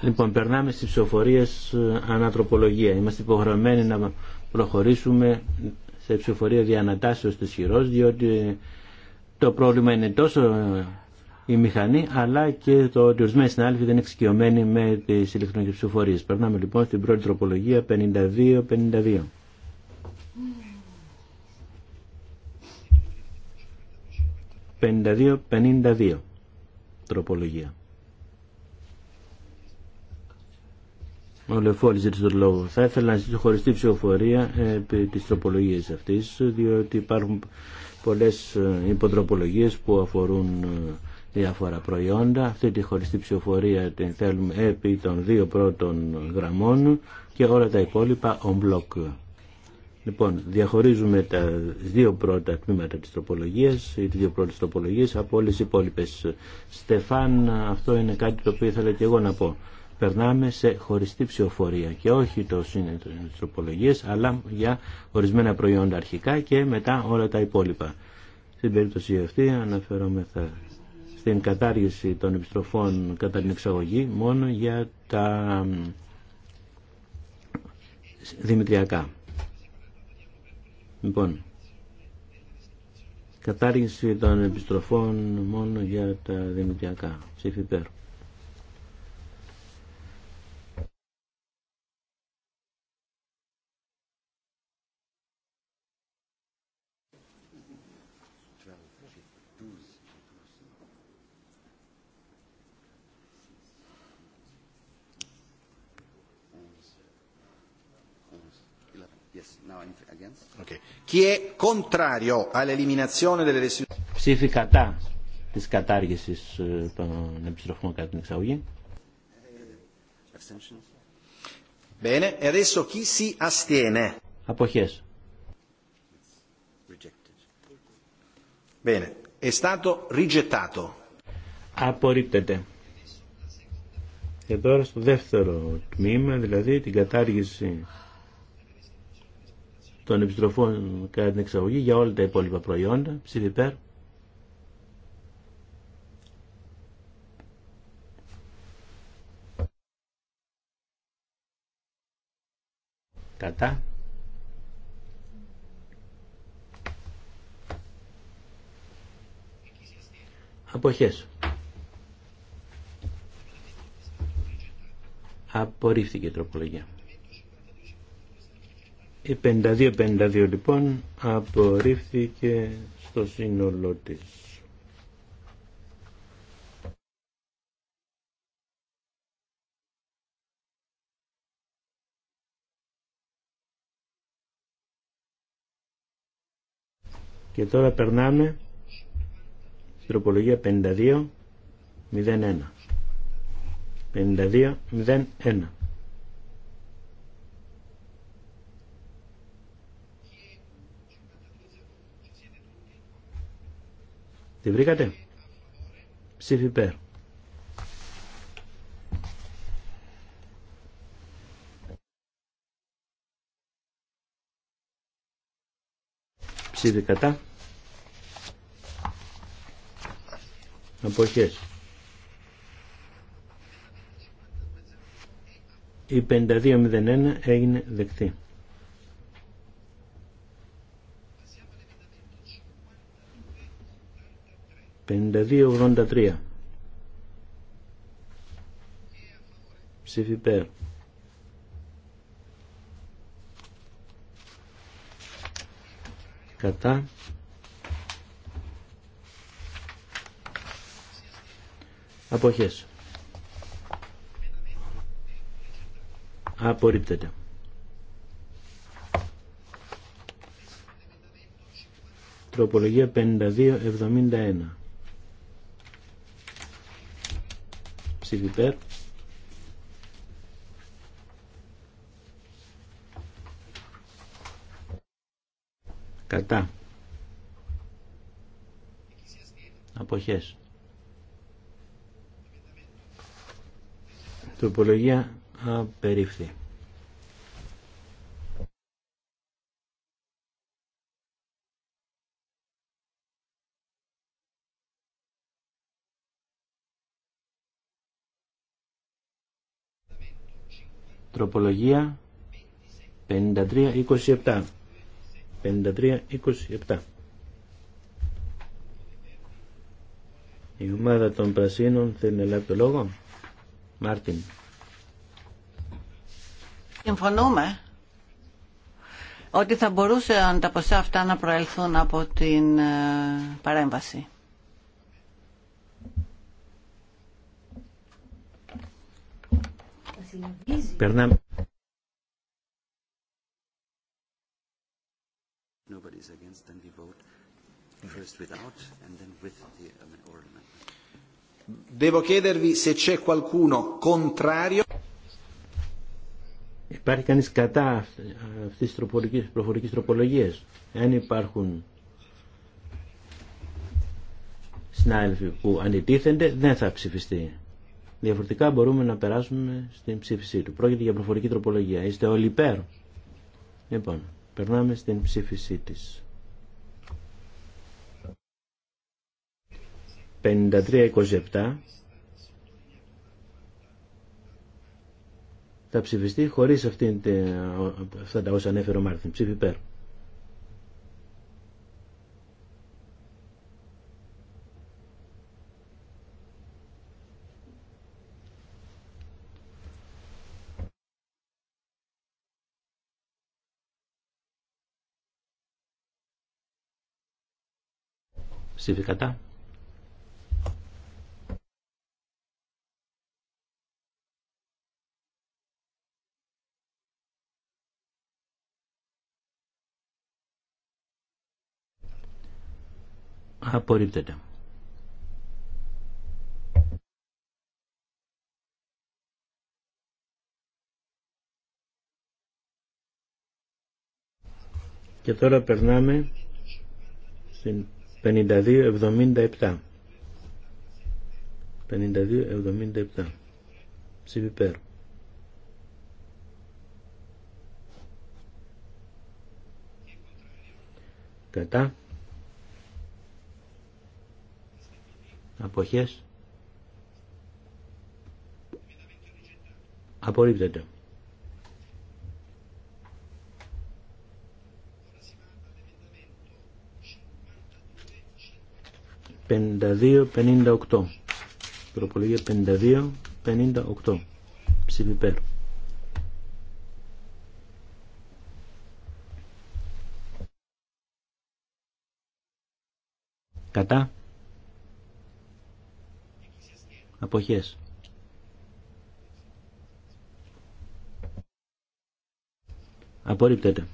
S1: Λοιπόν, περνάμε στις ψηφοφορίες ε, ανατροπολογία. Είμαστε υποχρεωμένοι να προχωρήσουμε σε ψηφοφορία διανατάσεως της χειρός, διότι ε, το πρόβλημα είναι τόσο ε, η μηχανή, αλλά και το ότι ορισμένοι συνάδελφοι δεν είναι εξοικειωμένοι με τις ηλεκτρονικές ψηφοφορίες. Περνάμε λοιπόν στην πρώτη τροπολογία 52-52. Πενήντα 52, 52 τροπολογία. Ο Λεφόλη ζήτησε τον λόγο. Θα ήθελα να ζητήσω χωριστή ψηφοφορία ε, επί τη τροπολογία αυτή, διότι υπάρχουν πολλέ ε, υποτροπολογίε που αφορούν ε, διάφορα προϊόντα. Αυτή τη χωριστή ψηφοφορία την θέλουμε επί των δύο πρώτων γραμμών και όλα τα υπόλοιπα on block. Λοιπόν, διαχωρίζουμε τα δύο πρώτα τμήματα της τροπολογίας ή τις δύο πρώτες τροπολογίες από όλες τις υπόλοιπες. Στεφάν, αυτό είναι κάτι το οποίο ήθελα και εγώ να πω. Περνάμε σε χωριστή ψηφοφορία και όχι το σύνδετο της τροπολογίας, αλλά για ορισμένα προϊόντα αρχικά και μετά όλα τα υπόλοιπα. Στην περίπτωση αυτή αναφερόμεθα στην κατάργηση των επιστροφών κατά την εξαγωγή μόνο για τα δημητριακά. Λοιπόν, κατάργηση των επιστροφών μόνο για τα δημητριακά. Ψήφι
S4: Okay. Chi è contrario all'eliminazione delle Ψήφι κατά της κατάργησης
S1: ε, των επιστροφών κατά την εξαγωγή.
S4: Bene, e adesso chi si astiene? Αποχές. Bene, è stato rigettato.
S1: Απορρίπτεται. Και τώρα στο δεύτερο τμήμα, δηλαδή την κατάργηση των επιστροφών κατά την εξαγωγή για όλα τα υπόλοιπα προϊόντα. ψηφιπέρ Κατά. Αποχές. Απορρίφθηκε η τροπολογία. Η 52-52 λοιπόν απορρίφθηκε στο σύνολό τη Και τώρα περνάμε στην τροπολογία 52-01. 52-01. Τη βρήκατε. Ψήφι υπέρ. Ψήφι κατά. Αποχές. Η 5201 έγινε δεκτή. 52 ψήφι υπέρ κατά αποχές απορρίπτεται τροπολογία 52-71 κατά αποχές τροπολογία απερίφθη τροπολογία 53-27. 53-27. Η ομάδα των Πρασίνων θέλει να λάβει το λόγο. Μάρτιν.
S2: Συμφωνούμε ότι θα μπορούσαν τα ποσά αυτά να προέλθουν από την ε, παρέμβαση.
S1: Περνάμε.
S4: Devo chiedervi se c'è qualcuno contrario.
S1: Υπάρχει κανείς κατά αυτής της προφορικής τροπολογίας. Αν υπάρχουν συνάδελφοι που αντιτίθενται, δεν θα ψηφιστεί. Διαφορετικά μπορούμε να περάσουμε στην ψήφισή του. Πρόκειται για προφορική τροπολογία. Είστε όλοι υπέρ. Λοιπόν, περνάμε στην ψήφισή της. 53-27 θα ψηφιστεί χωρίς αυτά τα όσα ανέφερε ο Μάρτιν. Ψήφι υπέρ. Ψήφι Απορρίπτεται. Και τώρα περνάμε στην 52 77 52-77. 77 Cipeper Che controllo? C'è da 52-58. Τροπολογία 52-58. Ψήφι ψηφιπερ Κατά. Αποχές. Απορρίπτεται.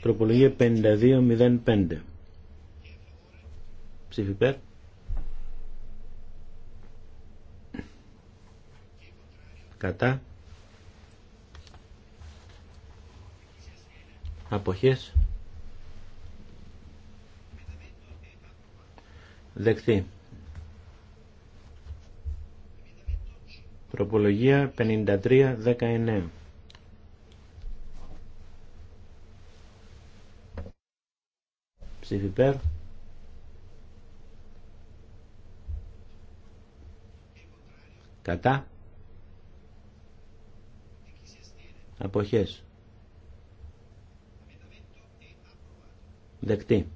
S1: Τροπολογία 5205. Ψήφι Κατά. Αποχές. Δεκτή. Τροπολογία 5319. ψήφι υπέρ κατά αποχές δεκτή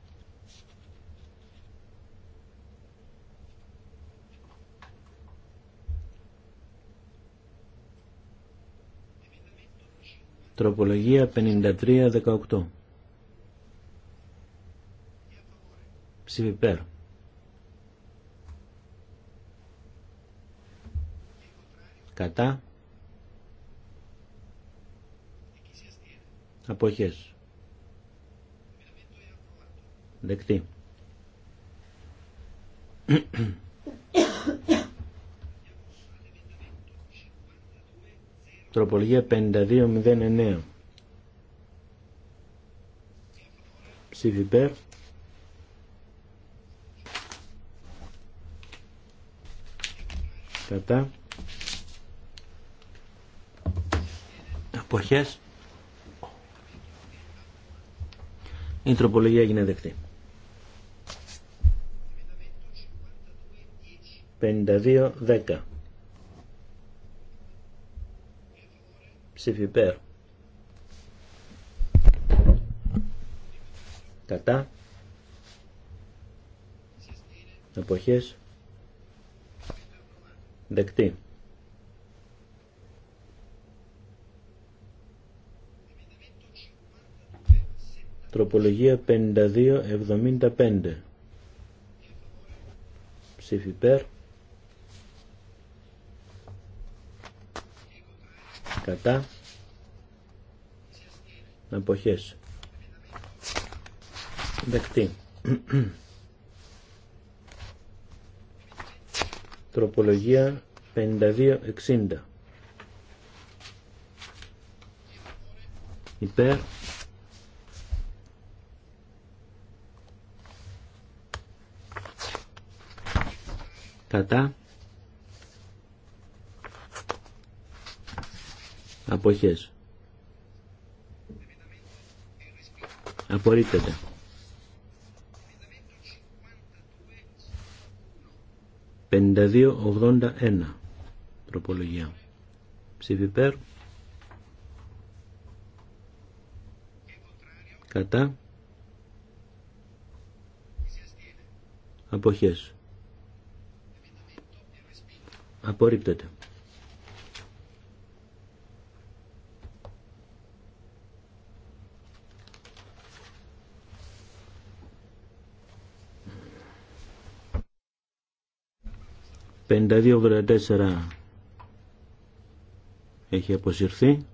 S1: Τροπολογία 53-18 ψηφιπερ Κατά. Αποχές. Δεκτή. Τροπολογία 5209. Ψήφι κατά αποχές η τροπολογία έγινε δεκτή 52-10 ψήφι κατά εποχές Δεκτή. Τροπολογία 52-75. Ψήφι υπέρ. Κατά. Αποχές. Δεκτή. τροπολογία 5260. Υπέρ. Κατά. Αποχές. Απορρίπτεται. 5281 τροπολογία ψήφι περ κατά αποχές απορρίπτεται 52-84 έχει αποσυρθεί.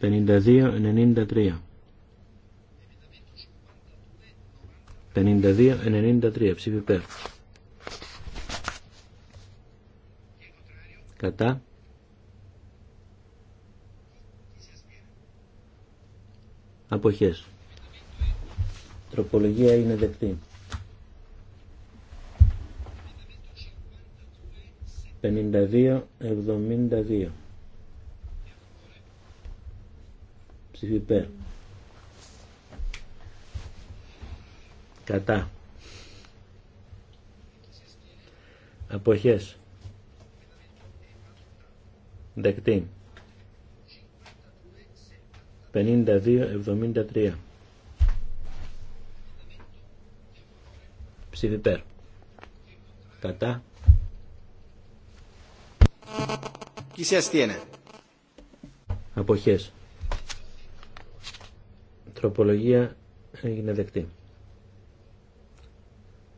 S1: 52-93. 52-93 ψήφι υπέρ. Κατά. Αποχές τροπολογία είναι δεκτή. 52-72 ψήφι υπέρ. Κατά. Αποχές. Δεκτή. 52-73 Κατά. περ. Κατά. Αποχές. Τροπολογία έγινε δεκτή.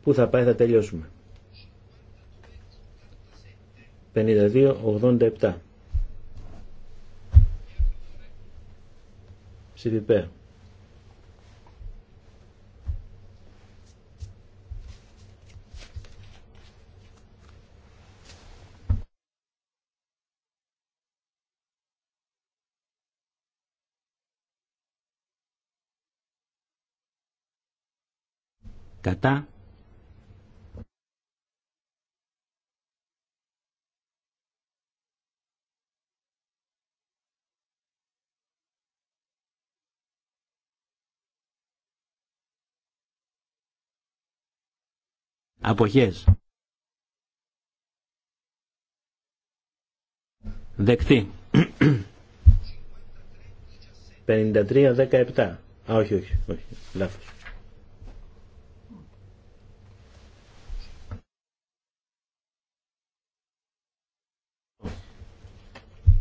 S1: Πού θα πάει θα τελειώσουμε. 52-87. Ψηφιπέρ.
S4: Κατά. Αποχές.
S1: Δεκτή. 53-17. Α, όχι, όχι, όχι. Λάθος.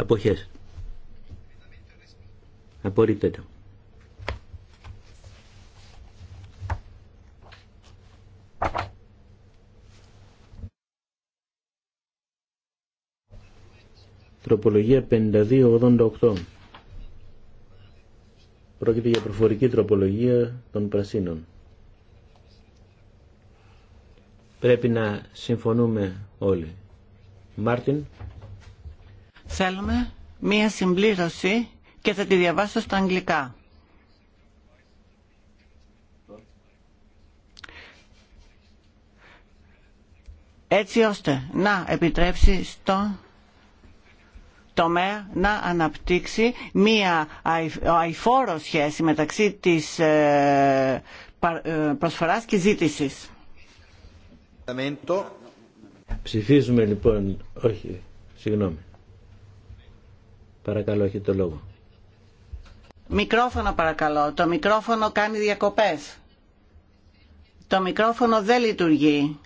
S1: Αποχές. Απορρίπτεται. Τροπολογία 5288. Πρόκειται για προφορική τροπολογία των πρασίνων. Πρέπει να συμφωνούμε όλοι. Μάρτιν.
S2: Θέλουμε μία συμπλήρωση και θα τη διαβάσω στα αγγλικά. έτσι ώστε να επιτρέψει στο τομέα να αναπτύξει μία αηφόρο σχέση μεταξύ της ε, ε, προσφοράς και ζήτησης.
S1: Ψηφίζουμε λοιπόν, όχι, συγγνώμη. Παρακαλώ, έχετε το λόγο.
S2: Μικρόφωνο παρακαλώ. Το μικρόφωνο κάνει διακοπές. Το μικρόφωνο δεν λειτουργεί.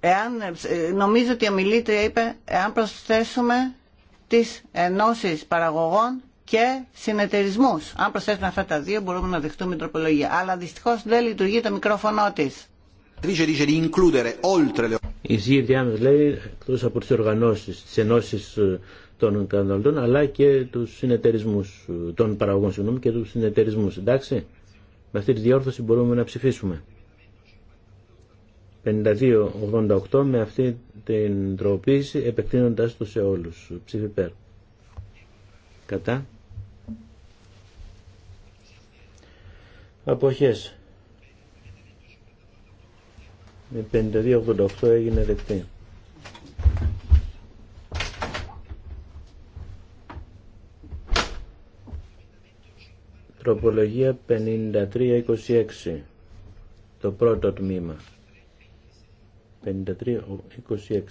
S2: Εάν, ε, νομίζω ότι η ομιλήτρια είπε, εάν προσθέσουμε τις ενώσεις παραγωγών και συνεταιρισμού. Αν προσθέσουμε αυτά τα δύο μπορούμε να δεχτούμε τροπολογία. Αλλά δυστυχώ δεν λειτουργεί το μικρόφωνο τη.
S1: Η ΣΥΔΙΑ λέει εκτό από τι οργανώσει, τι ενώσει ε, των καταναλωτών αλλά και του συνεταιρισμού ε, των παραγωγών συγγνώμη και του συνεταιρισμού. Εντάξει, με αυτή τη διόρθωση μπορούμε να ψηφίσουμε. 52-88 με αυτή την τροποποίηση επεκτείνοντας το σε όλους. Ψήφι πέρα. Κατά. αποχές. Με 52-88 έγινε δεκτή. Τροπολογία 53-26 το πρώτο τμήμα. 53-26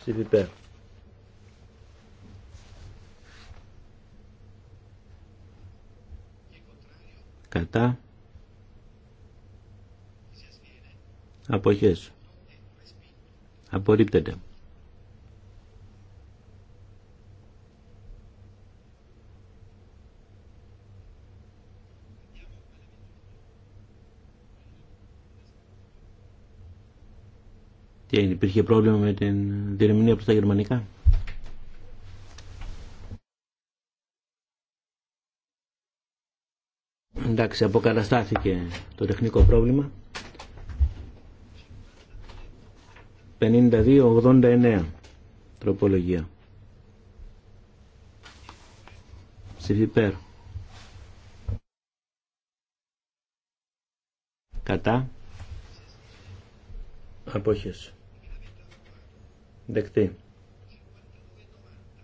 S1: ψηφιπέρ. κατά αποχές απορρίπτεται υπήρχε πρόβλημα με την διερμηνία από τα γερμανικά Εντάξει, αποκαταστάθηκε το τεχνικό πρόβλημα. 52-89 τροπολογία. Ψηφιπέρ. Κατά. Απόχες. Δεκτή.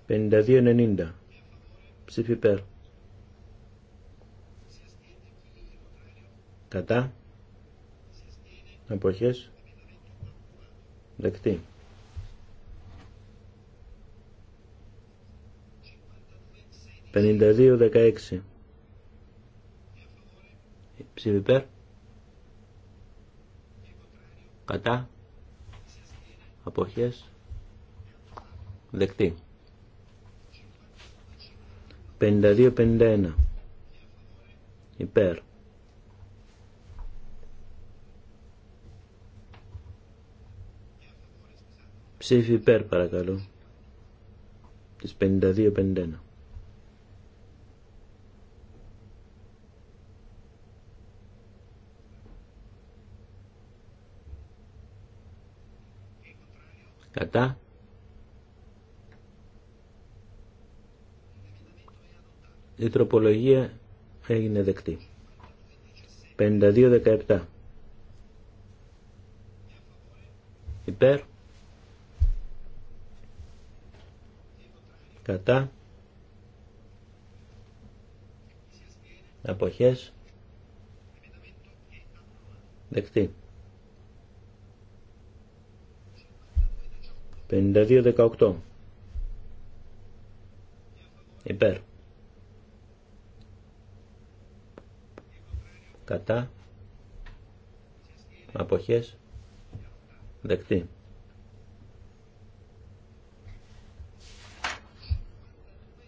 S1: 52-90. Ψηφιπέρ. κατά εποχές δεκτή 52-16 ψήφι περ κατά αποχές δεκτή 52-51 υπέρ Ψήφι υπέρ παρακαλώ. Τις 52-51. Κατά. Η τροπολογία έγινε δεκτή. 52-17. Υπέρ. κατά αποχές δεκτή 52-18 υπέρ κατά αποχές δεκτή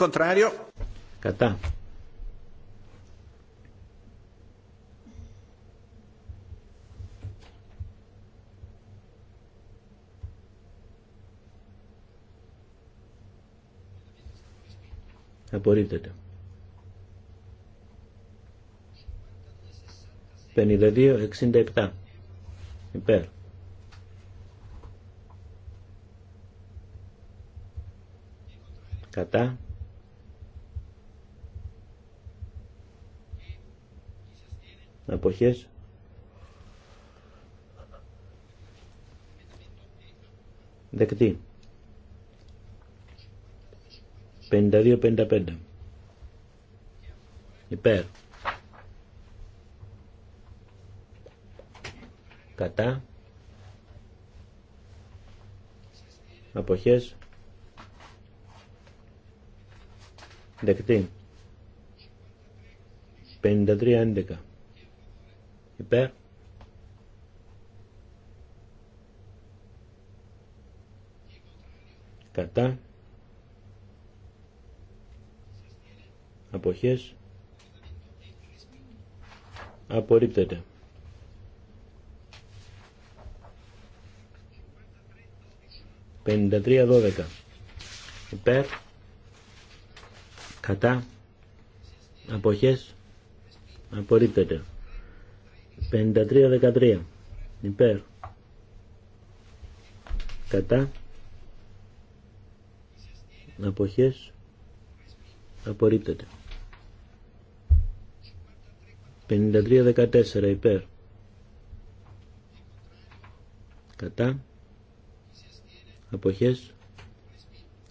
S1: contrario? Κατά. Απορρίπτεται. 52-67. Υπέρ. Κατά. αποχές δεκτή 52-55 υπέρ κατά αποχές δεκτή 53-11 υπέρ κατά αποχές απορρίπτεται 53-12 υπέρ κατά αποχές απορρίπτεται 53-13 υπέρ κατά αποχές απορρίπτεται 53-14 υπέρ κατά αποχές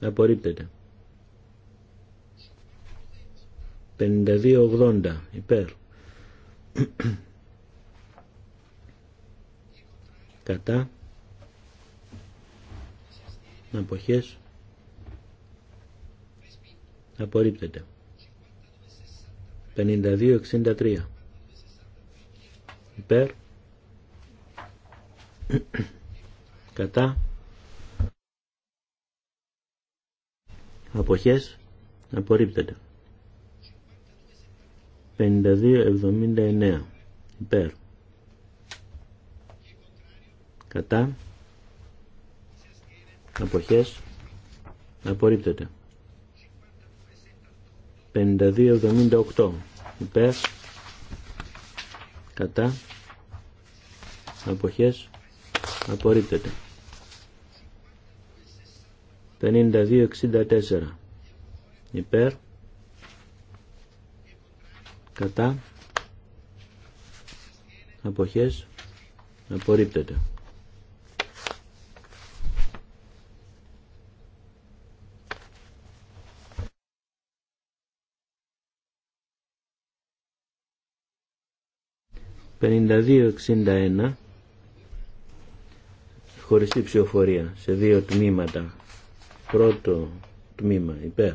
S1: απορρίπτεται 52-80 υπέρ κατά αποχές απορρίπτεται 52-63 υπέρ κατά αποχές απορρίπτεται 52-79 υπέρ κατά αποχές απορρίπτεται 52-78 υπέρ κατά αποχές απορρίπτεται 52-64 υπέρ κατά αποχές απορρίπτεται 52-61 χωριστή ψηφοφορία σε δύο τμήματα. Πρώτο τμήμα υπέρ.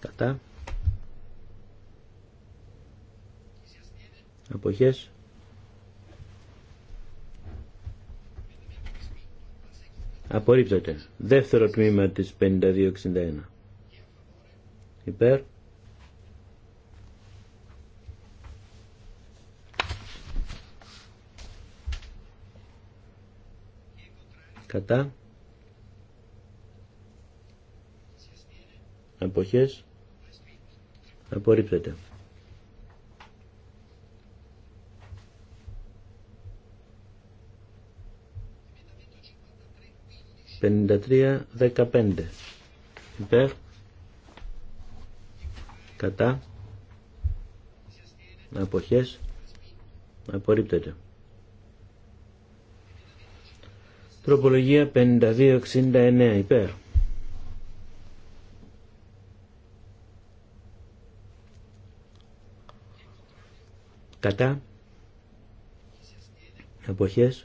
S1: Κατά. αποχές απορρίπτεται δεύτερο τμήμα της 5261 υπέρ κατά αποχές απορρίπτεται 53-15 υπέρ κατά αποχές απορρίπτεται τροπολογία 52-69 υπέρ κατά αποχές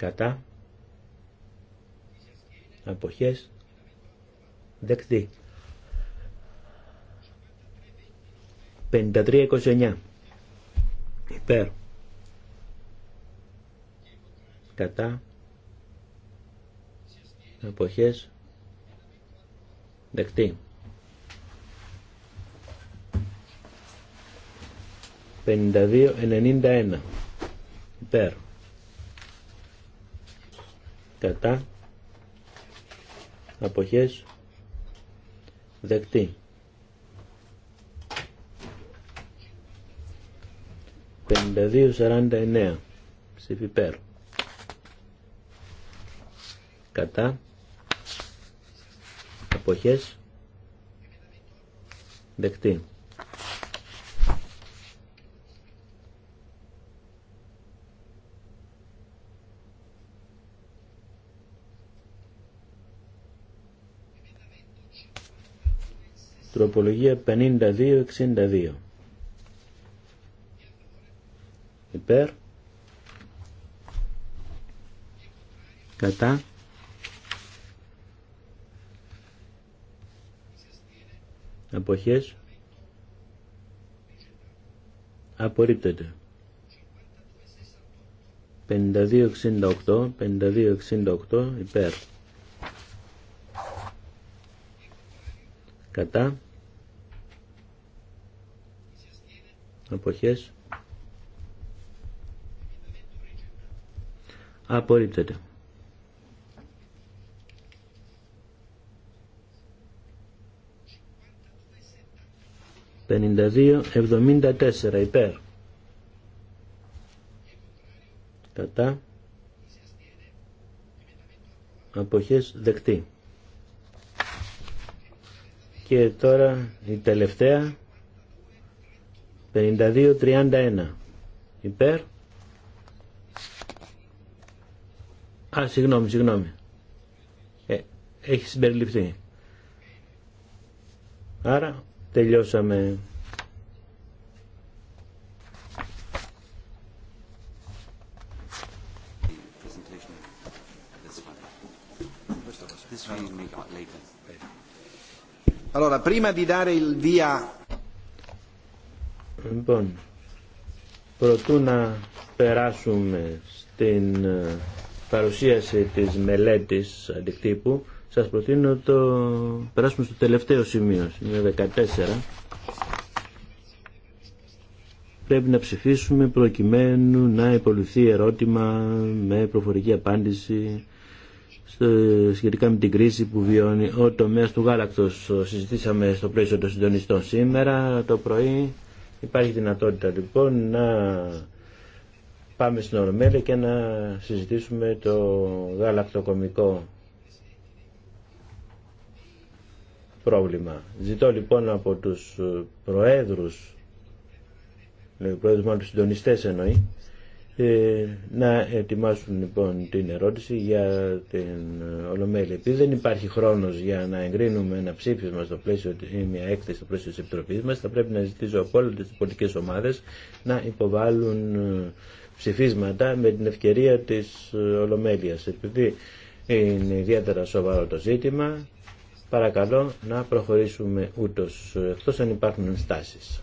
S1: κατά αποχές δεκτή 53-29 υπέρ κατά αποχές δεκτή 52-91 υπέρ κατά αποχές δεκτή 52-49 ψήφι κατά αποχές δεκτή προπολογια 52 52-62. Υπέρ. Κατά. Αποχές. Απορρίπτεται. 52-68, 52-68, υπέρ. Κατά. εποχές απορρίπτεται. Πενήντα εβδομήντα υπέρ. Κατά. Αποχές δεκτή. Και τώρα η τελευταία 52-31 υπέρ Α, συγγνώμη, συγγνώμη. Ε, έχει συμπεριληφθεί. Άρα, τελειώσαμε.
S4: Allora, prima di dare il via
S1: Λοιπόν, προτού να περάσουμε στην ε, παρουσίαση της μελέτης αντικτύπου, σας προτείνω το περάσουμε στο τελευταίο σημείο, σημείο 14. Πρέπει να ψηφίσουμε προκειμένου να υπολουθεί ερώτημα με προφορική απάντηση σχετικά με την κρίση που βιώνει ο τομέας του γάλακτος. Συζητήσαμε στο πλαίσιο των συντονιστών σήμερα το πρωί. Υπάρχει δυνατότητα λοιπόν να πάμε στην Ορμέλη και να συζητήσουμε το γαλακτοκομικό πρόβλημα. Ζητώ λοιπόν από τους προέδρους, λέει μάλλον τους συντονιστές εννοεί, ε, να ετοιμάσουν λοιπόν την ερώτηση για την Ολομέλη. Επειδή δεν υπάρχει χρόνος για να εγκρίνουμε ένα ψήφισμα στο πλαίσιο ή μια έκθεση στο πλαίσιο τη Επιτροπή θα πρέπει να ζητήσω από όλε τι πολιτικές ομάδες να υποβάλουν ε, ψηφίσματα με την ευκαιρία της ε, Ολομέλειας. Επειδή είναι ιδιαίτερα σοβαρό το ζήτημα, παρακαλώ να προχωρήσουμε ούτω εκτό αν υπάρχουν ενστάσεις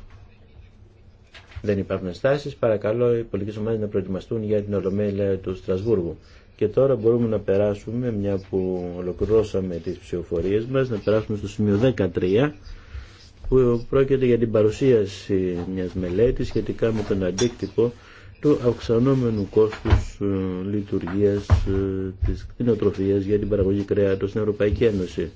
S1: δεν υπάρχουν στάσεις. παρακαλώ οι πολιτικοί ομάδε να προετοιμαστούν για την Ολομέλεια του Στρασβούργου. Και τώρα μπορούμε να περάσουμε, μια που ολοκληρώσαμε τις ψηφοφορίες μας, να περάσουμε στο σημείο 13, που πρόκειται για την παρουσίαση μιας μελέτης σχετικά με τον αντίκτυπο του αυξανόμενου κόστου ε, λειτουργίας ε, της κτηνοτροφίας για την παραγωγή κρέατος στην Ευρωπαϊκή Ένωση.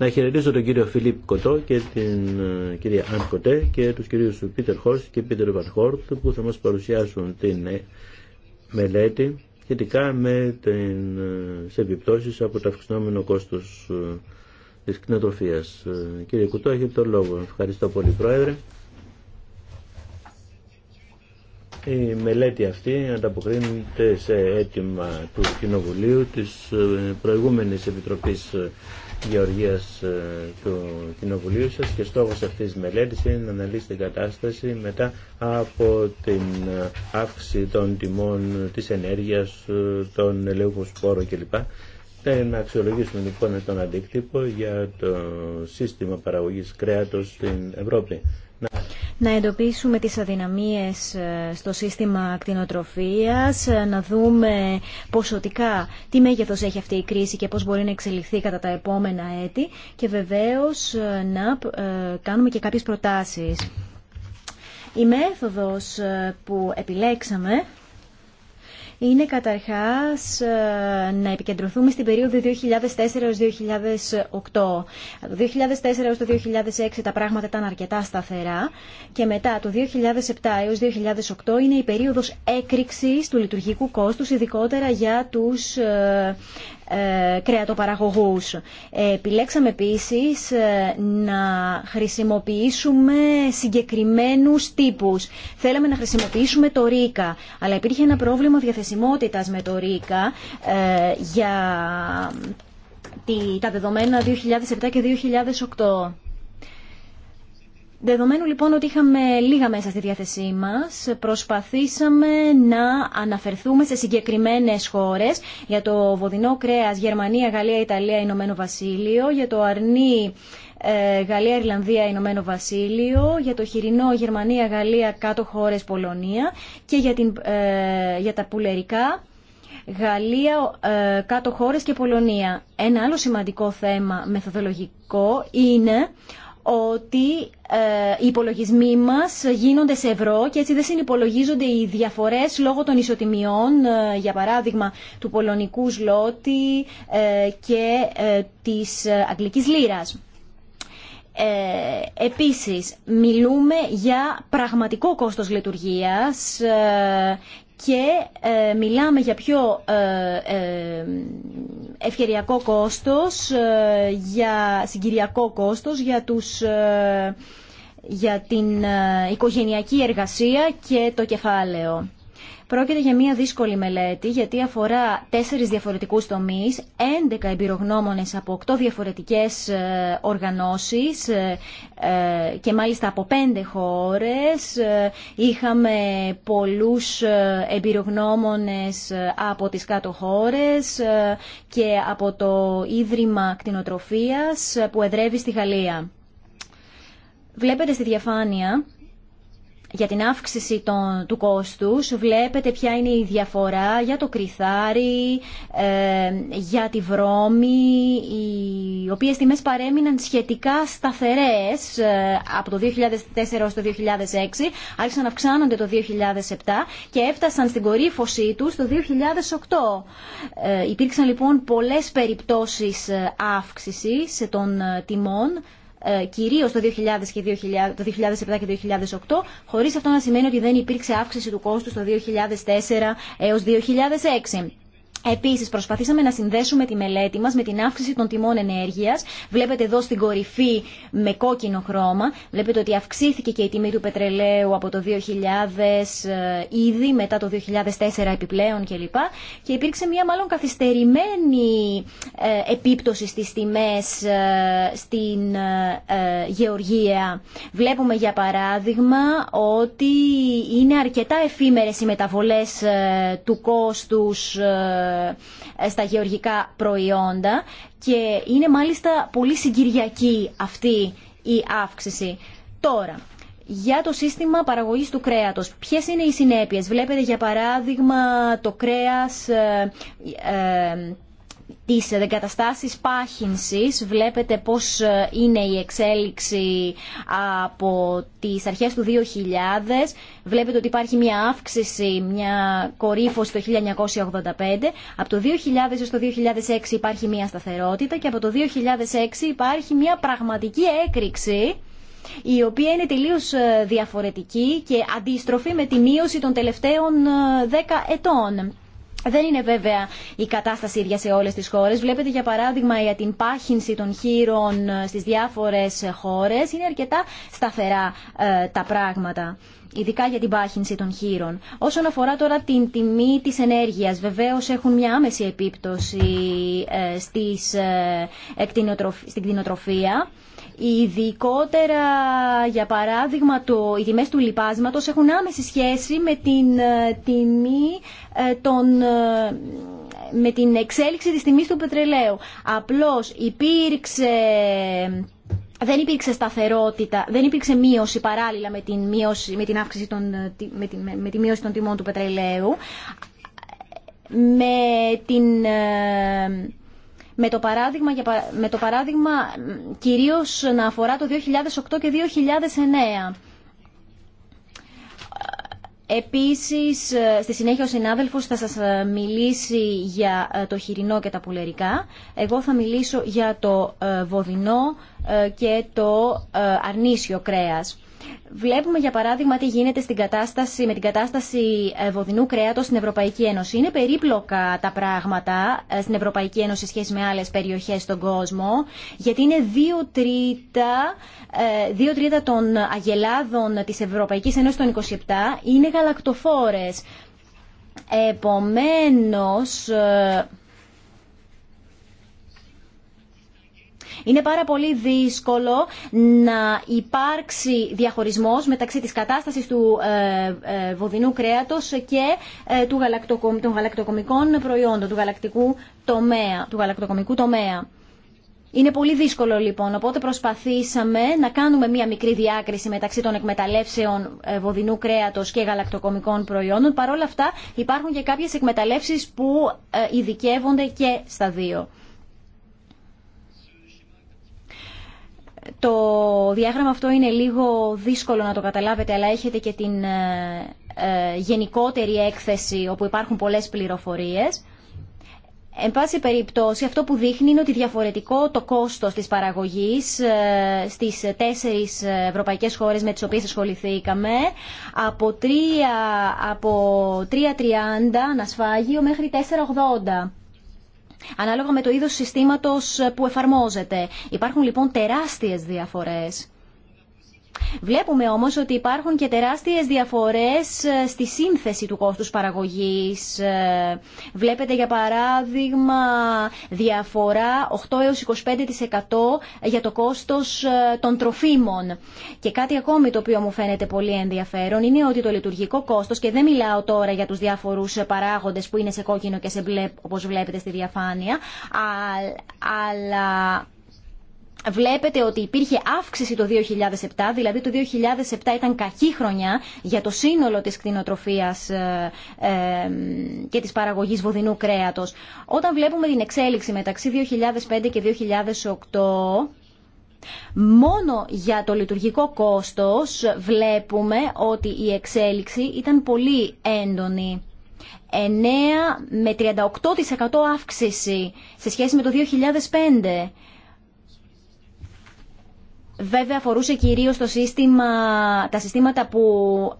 S1: Να χαιρετήσω τον κύριο Φιλίπ Κοτό και την ε, κυρία Αν Κοτέ και τους κυρίους Πίτερ Χόρτ και Πίτερ Χόρτ που θα μας παρουσιάσουν την ε, μελέτη σχετικά με ε, τις επιπτώσεις από το αυξανόμενο κόστος της κτηνοτροφίας. Κύριε Κοτό, έχετε το λόγο. Ευχαριστώ πολύ, Πρόεδρε. Η μελέτη αυτή ανταποκρίνεται σε αίτημα του Κοινοβουλίου της προηγούμενης Επιτροπής Γεωργίας ε, του Κοινοβουλίου σας και στόχος αυτής της μελέτης είναι να αναλύσει την κατάσταση μετά από την ε, αύξηση των τιμών της ενέργειας, ε, των ελέγχων σπόρων κλπ. Να αξιολογήσουμε λοιπόν τον αντίκτυπο για το σύστημα παραγωγής κρέατος στην Ευρώπη
S3: να εντοπίσουμε τις αδυναμίες ε, στο σύστημα ακτινοτροφίας, ε, να δούμε ποσοτικά τι μέγεθος έχει αυτή η κρίση και πώς μπορεί να εξελιχθεί κατά τα επόμενα έτη και βεβαίως ε, να κάνουμε και κάποιες προτάσεις. Η μέθοδος που επιλέξαμε είναι καταρχάς ε, να επικεντρωθούμε στην περίοδο 2004 2008. Το 2004 το 2006 τα πράγματα ήταν αρκετά σταθερά και μετά το 2007 2008 είναι η περίοδος έκρηξης του λειτουργικού κόστους, ειδικότερα για τους ε, ε, κρεατοπαραγωγούς. Ε, επιλέξαμε επίσης ε, να χρησιμοποιήσουμε συγκεκριμένους τύπους. Θέλαμε να χρησιμοποιήσουμε το ρίκα, αλλά υπήρχε ένα πρόβλημα διαθεσιμότητας με το ρίκα για τα δεδομένα 2007 και 2008. Δεδομένου λοιπόν ότι είχαμε λίγα μέσα στη διάθεσή μας, προσπαθήσαμε να αναφερθούμε σε συγκεκριμένες χώρες για το βοδινό κρέας Γερμανία, Γαλλία, Ιταλία, Ηνωμένο Βασίλειο, για το αρνί ε, Γαλλία, Ιρλανδία, Ηνωμένο Βασίλειο, για το χοιρινό Γερμανία, Γαλλία, κάτω χώρες Πολωνία και για, την, ε, για τα πουλερικά Γαλλία, ε, κάτω χώρες και Πολωνία. Ένα άλλο σημαντικό θέμα μεθοδολογικό είναι ότι ε, οι υπολογισμοί μας γίνονται σε ευρώ και έτσι δεν συνυπολογίζονται οι διαφορές λόγω των ισοτιμιών, ε, για παράδειγμα του πολωνικού σλότη ε, και της αγγλικής λύρας. επίσης, μιλούμε για πραγματικό κόστος λειτουργίας και ε, μιλάμε για πιο ε, ε, ευκαιριακό κόστος, για συγκυριακό κόστος για τους για την οικογενειακή εργασία και το κεφάλαιο. Πρόκειται για μια δύσκολη μελέτη γιατί αφορά τέσσερις διαφορετικούς τομείς, 11 εμπειρογνώμονε από 8 διαφορετικές ε, οργανώσεις ε, ε, και μάλιστα από 5 χώρες. Είχαμε πολλούς εμπειρογνώμονε από τις κάτω χώρες και από το Ίδρυμα Κτηνοτροφίας που εδρεύει στη Γαλλία. Βλέπετε στη διαφάνεια για την αύξηση των, του κόστους βλέπετε ποια είναι η διαφορά για το κρυθάρι, ε, για τη βρώμη, οι οποίες τιμές παρέμειναν σχετικά σταθερές ε, από το 2004 ως το 2006, άρχισαν να αυξάνονται το 2007 και έφτασαν στην κορύφωσή τους το 2008. Ε, υπήρξαν λοιπόν πολλές περιπτώσεις ε, αύξησης των τιμών ε, κυρίως το 2000 και το 2007 και 2008, χωρίς αυτό να σημαίνει ότι δεν υπήρξε αύξηση του κόστου το 2004 έως 2006. Επίση, προσπαθήσαμε να συνδέσουμε τη μελέτη μας με την αύξηση των τιμών ενέργειας. Βλέπετε εδώ στην κορυφή με κόκκινο χρώμα. Βλέπετε ότι αυξήθηκε και η τιμή του πετρελαίου από το 2000 ε, ήδη, μετά το 2004 επιπλέον κλπ. Και υπήρξε μια μάλλον καθυστερημένη ε, επίπτωση στις τιμές ε, στην γεωργία. Βλέπουμε για παράδειγμα ότι είναι αρκετά εφήμερε οι μεταβολές του κόστους ε, στα γεωργικά προϊόντα και είναι μάλιστα πολύ συγκυριακή αυτή η αύξηση. Τώρα, για το σύστημα παραγωγής του κρέατος. Ποιες είναι οι συνέπειες. Βλέπετε για παράδειγμα το κρέας ε, ε, τις εγκαταστάσεις πάχυνσης βλέπετε πώς ε, είναι η εξέλιξη από τις αρχές του 2000 βλέπετε ότι υπάρχει μια αύξηση, μια κορύφωση το 1985 από το 2000 έως το 2006 υπάρχει μια σταθερότητα και από το 2006 υπάρχει μια πραγματική έκρηξη η οποία είναι τελείως ε, διαφορετική και αντίστροφη με τη μείωση των τελευταίων 10 ε, ετών. Δεν είναι βέβαια η κατάσταση ίδια σε όλες τις χώρες. Βλέπετε για παράδειγμα για την πάχυνση των χείρων ε, στις διάφορες χώρες. Είναι αρκετά σταθερά ε, τα πράγματα, ειδικά για την πάχυνση των χείρων. Όσον αφορά τώρα την τιμή της ενέργειας, βεβαίως έχουν μια άμεση επίπτωση ε, στις, στην κτηνοτροφία. Ειδικότερα, για παράδειγμα, το, οι τιμές του λιπάσματος έχουν άμεση σχέση με την ε, τιμή ε, των ε, με την εξέλιξη της τιμής του πετρελαίου. Απλώς υπήρξε δεν υπήρξε σταθερότητα, δεν υπήρξε μείωση παράλληλα με την, μείωση, με την, αύξηση των, με, την, με τη μείωση των τιμών του πετρελαίου. Με την, με το παράδειγμα, με το παράδειγμα κυρίως να αφορά το 2008 και 2009. Επίσης, ε, στη συνέχεια ο συνάδελφος θα σας ε, μιλήσει για ε, το χοιρινό και τα πουλερικά. Εγώ θα μιλήσω για το βοδινό και το αρνίσιο κρέας. Βλέπουμε για παράδειγμα τι γίνεται στην κατάσταση, με την κατάσταση ε, βοδινού κρέατος στην Ευρωπαϊκή Ένωση. Είναι περίπλοκα τα πράγματα ε, στην Ευρωπαϊκή Ένωση σχέση με άλλες περιοχές στον κόσμο, γιατί είναι δύο τρίτα, ε, δύο τρίτα των αγελάδων της Ευρωπαϊκής Ένωσης των 27 είναι γαλακτοφόρες. Επομένως, Είναι πάρα πολύ δύσκολο να υπάρξει διαχωρισμός μεταξύ της κατάστασης του ε, ε, βοδινού κρέατος και ε, των γαλακτοκομικών προϊόντων, του, γαλακτικού τομέα, του γαλακτοκομικού τομέα. Είναι πολύ δύσκολο λοιπόν, οπότε προσπαθήσαμε να κάνουμε μία μικρή διάκριση μεταξύ των εκμεταλλεύσεων βοδινού κρέατος και γαλακτοκομικών προϊόντων. Παρ' όλα αυτά υπάρχουν και κάποιες εκμεταλλεύσεις που ειδικεύονται και στα δύο. Το διάγραμμα αυτό είναι λίγο δύσκολο να το καταλάβετε, αλλά έχετε και την ε, ε, γενικότερη έκθεση όπου υπάρχουν πολλές πληροφορίες. Εν πάση περιπτώσει, αυτό που δείχνει είναι ότι διαφορετικό το κόστος της παραγωγής ε, στις τέσσερις ευρωπαϊκές χώρες με τις οποίες ασχοληθήκαμε από 3,30 από ανασφάγιο μέχρι 4,80 ανάλογα με το είδος συστήματος που εφαρμόζεται. Υπάρχουν λοιπόν τεράστιες διαφορές. Βλέπουμε όμως ότι υπάρχουν και τεράστιες διαφορές ε, στη σύνθεση του κόστους παραγωγής. Ε, βλέπετε για παράδειγμα διαφορά 8 έως 25% για το κόστος ε, των τροφίμων. Και κάτι ακόμη το οποίο μου φαίνεται πολύ ενδιαφέρον είναι ότι το λειτουργικό κόστος και δεν μιλάω τώρα για τους διάφορους παράγοντες που είναι σε κόκκινο και σε μπλε όπως βλέπετε στη διαφάνεια αλλά Βλέπετε ότι υπήρχε αύξηση το 2007, δηλαδή το 2007 ήταν κακή χρονιά για το σύνολο της κτηνοτροφίας ε, και της παραγωγής βοδινού κρέατος. Όταν βλέπουμε την εξέλιξη μεταξύ 2005 και 2008... Μόνο για το λειτουργικό κόστος βλέπουμε ότι η εξέλιξη ήταν πολύ έντονη. 9 με 38% αύξηση σε σχέση με το 2005 βέβαια αφορούσε κυρίως το σύστημα, τα συστήματα που,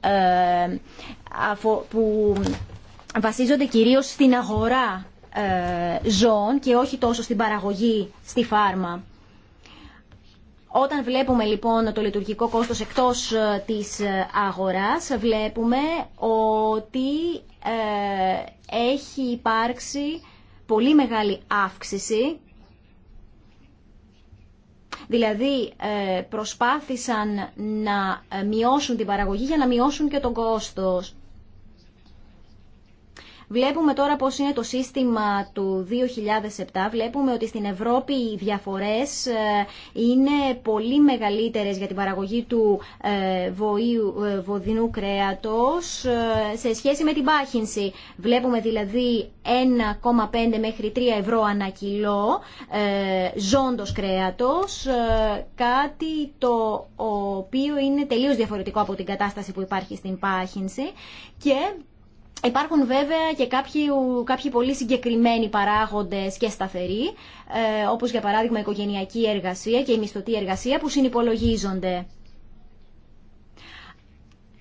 S3: ε, που βασίζονται κυρίως στην αγορά ε, ζώων και όχι τόσο στην παραγωγή στη φάρμα. Όταν βλέπουμε λοιπόν το λειτουργικό κόστος εκτός ε, της ε, αγοράς, βλέπουμε ότι έχει υπάρξει πολύ μεγάλη αύξηση Δηλαδή ε, προσπάθησαν να ε, μειώσουν την παραγωγή για να μειώσουν και τον κόστος. Βλέπουμε τώρα πώς είναι το σύστημα του 2007. Βλέπουμε ότι στην Ευρώπη οι διαφορές ε, είναι πολύ μεγαλύτερες για την παραγωγή του ε, ε, βοδινού κρέατος σε σχέση με την πάχυνση. Βλέπουμε δηλαδή 1,5 μέχρι 3 ευρώ ανά κιλό ζώντος κρέατος, κάτι το οποίο είναι τελείως διαφορετικό από την κατάσταση που υπάρχει στην πάχυνση και Υπάρχουν βέβαια και κάποιοι, πολύ συγκεκριμένοι παράγοντες και σταθεροί, ε, όπως για παράδειγμα η οικογενειακή εργασία και η μισθωτή εργασία που συνυπολογίζονται.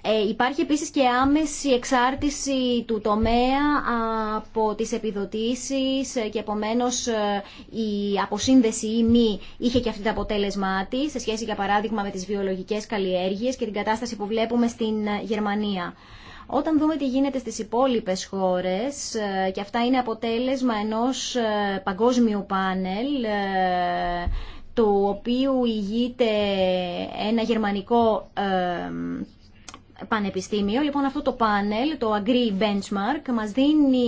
S3: Ε, υπάρχει επίσης και άμεση εξάρτηση του τομέα από τις επιδοτήσεις ε, και επομένως ε, η αποσύνδεση ή μη είχε και αυτή το αποτέλεσμά τη σε σχέση για παράδειγμα με τις βιολογικές καλλιέργειες και την κατάσταση που βλέπουμε στην Γερμανία. Όταν δούμε τι γίνεται στις υπόλοιπες χώρες, ε, και αυτά είναι αποτέλεσμα ενός ε, παγκόσμιου πάνελ, ε, του οποίου ηγείται ένα γερμανικό πανεπιστήμιο. Λοιπόν, αυτό το πάνελ, το Agri Benchmark, μας δίνει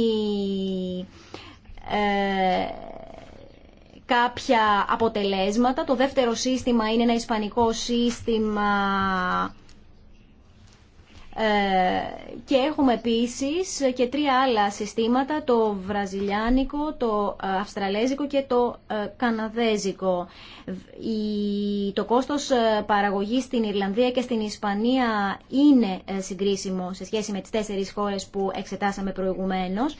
S3: κάποια αποτελέσματα. Το δεύτερο σύστημα είναι ένα ισπανικό σύστημα ε, και έχουμε επίσης και τρία άλλα συστήματα, το βραζιλιάνικο, το ε, αυστραλέζικο και το ε, καναδέζικο. Το κόστος παραγωγής στην Ιρλανδία και στην Ισπανία είναι συγκρίσιμο σε σχέση με τις τέσσερις χώρες που εξετάσαμε προηγουμένως,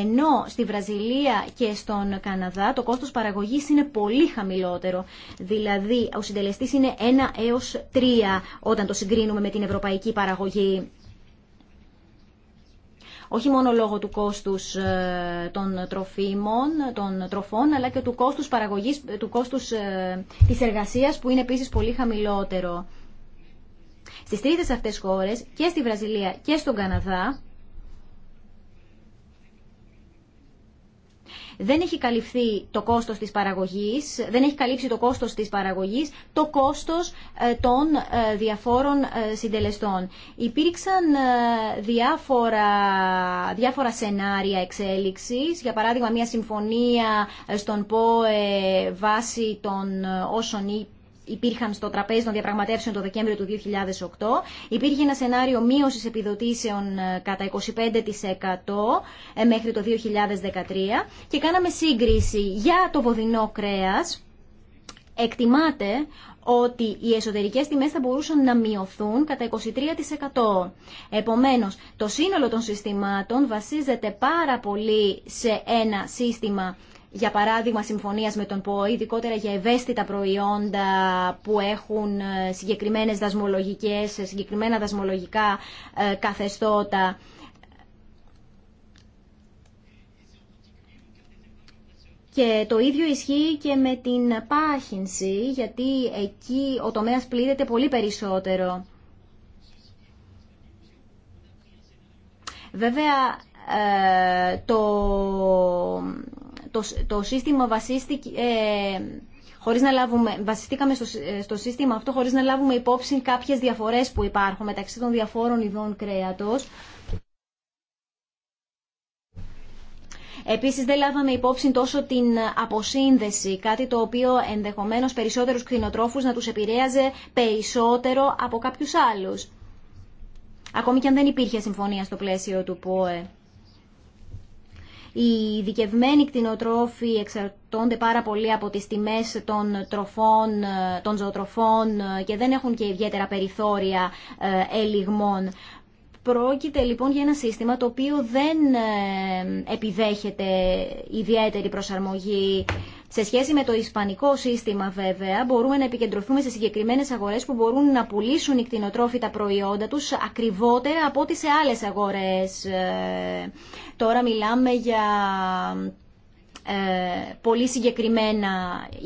S3: ενώ στη Βραζιλία και στον Καναδά το κόστος παραγωγής είναι πολύ χαμηλότερο. Δηλαδή ο συντελεστής είναι 1 έως 3 όταν το συγκρίνουμε με την ευρωπαϊκή παραγωγή όχι μόνο λόγω του κόστους ε, των τροφίμων, των τροφών, αλλά και του κόστους παραγωγής, ε, του κόστους ε, της εργασίας που είναι επίσης πολύ χαμηλότερο. Στις τρίτες αυτές χώρες, και στη Βραζιλία και στον Καναδά, δεν έχει καλυφθεί το κόστος της παραγωγής, δεν έχει καλύψει το κόστος της παραγωγής, το κόστος ε, των ε, διαφόρων ε, συντελεστών. Υπήρξαν διάφορα, διάφορα σενάρια εξέλιξης, για παράδειγμα μια συμφωνία στον ΠΟΕ βάσει των όσων υπήρχαν στο τραπέζι των διαπραγματεύσεων το Δεκέμβριο του 2008. Υπήρχε ένα σενάριο μείωσης επιδοτήσεων κατά 25% ε, μέχρι το 2013 και κάναμε σύγκριση για το βοδινό κρέας. Εκτιμάται ότι οι εσωτερικές τιμές θα μπορούσαν να μειωθούν κατά 23%. Επομένως, το σύνολο των συστημάτων βασίζεται πάρα πολύ σε ένα σύστημα για παράδειγμα συμφωνίας με τον ΠΟΗ, ειδικότερα για ευαίσθητα προϊόντα που έχουν ε, συγκεκριμένες δασμολογικές, ε, συγκεκριμένα δασμολογικά ε, καθεστώτα. Και το ίδιο ισχύει και με την πάχυνση, γιατί εκεί ο τομέας πλήρεται πολύ περισσότερο. Βέβαια, το το, το σύστημα βασίστηκε... Ε, χωρίς να λάβουμε, βασιστήκαμε ε, στο, σύστημα αυτό χωρίς να λάβουμε υπόψη κάποιες διαφορές που υπάρχουν μεταξύ των διαφόρων ειδών κρέατος. Επίσης δεν λάβαμε υπόψη τόσο την αποσύνδεση, κάτι το οποίο ενδεχομένως περισσότερους κτηνοτρόφους να τους επηρέαζε περισσότερο από κάποιους άλλους. Ακόμη και αν δεν υπήρχε συμφωνία στο πλαίσιο του ΠΟΕ. Οι ειδικευμένοι κτηνοτρόφοι εξαρτώνται πάρα πολύ από τις τιμές των, τροφών, των ζωοτροφών ε, και δεν έχουν και ιδιαίτερα περιθώρια ε, ελιγμών. Πρόκειται λοιπόν για ένα σύστημα το οποίο δεν ε, επιδέχεται ιδιαίτερη προσαρμογή. Σε σχέση με το ισπανικό σύστημα βέβαια μπορούμε να επικεντρωθούμε σε συγκεκριμένες αγορές που μπορούν να πουλήσουν οι κτηνοτρόφοι τα προϊόντα τους ακριβότερα από ό,τι σε άλλες αγορές. Ε, τώρα μιλάμε για ε, πολύ συγκεκριμένα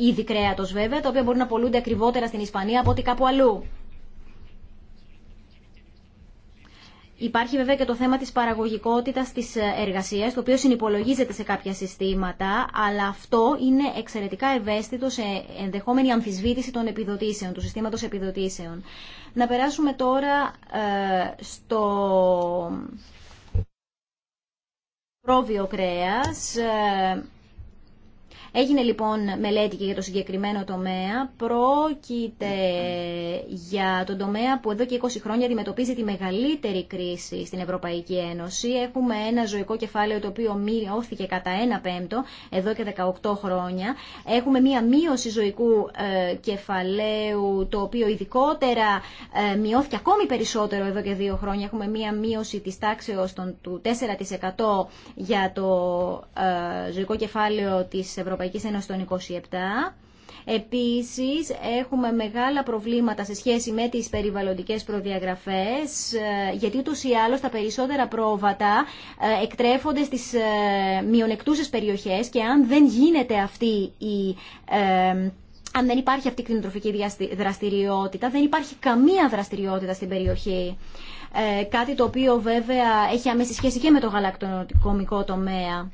S3: είδη κρέατος βέβαια, τα οποία μπορούν να πουλούνται ακριβότερα στην Ισπανία από ό,τι κάπου αλλού. Υπάρχει βέβαια και το θέμα της παραγωγικότητας της ε, εργασίας, το οποίο συνυπολογίζεται σε κάποια συστήματα, αλλά αυτό είναι εξαιρετικά ευαίσθητο σε ενδεχόμενη αμφισβήτηση των επιδοτήσεων, του συστήματος επιδοτήσεων. Να περάσουμε τώρα ε, στο πρόβιο κρέας ε, Έγινε λοιπόν μελέτη και για το συγκεκριμένο τομέα. Πρόκειται για τον τομέα που εδώ και 20 χρόνια αντιμετωπίζει τη μεγαλύτερη κρίση στην Ευρωπαϊκή Ένωση. Έχουμε ένα ζωικό κεφάλαιο το οποίο μειώθηκε κατά 1 πέμπτο εδώ και 18 χρόνια. Έχουμε μία μείωση ζωικού ε, κεφαλαίου το οποίο ειδικότερα ε, μειώθηκε ακόμη περισσότερο εδώ και δύο χρόνια. Έχουμε μία μείωση της τάξεως του 4% για το ε, ζωικό κεφάλαιο της Ευρωπαϊκής Ευρωπαϊκής Ένωσης των Επίσης, έχουμε μεγάλα προβλήματα σε σχέση με τις περιβαλλοντικές προδιαγραφές, ε, γιατί ούτως ή άλλως τα περισσότερα πρόβατα ε, εκτρέφονται στις ε, μειονεκτούσες περιοχές και αν δεν γίνεται αυτή η αν δεν υπάρχει αυτή η κτηνοτροφική δραστηριότητα, δεν υπάρχει καμία δραστηριότητα στην περιοχή. κάτι το οποίο βέβαια έχει αμέσως σχέση και με το γαλακτοκομικό τομέα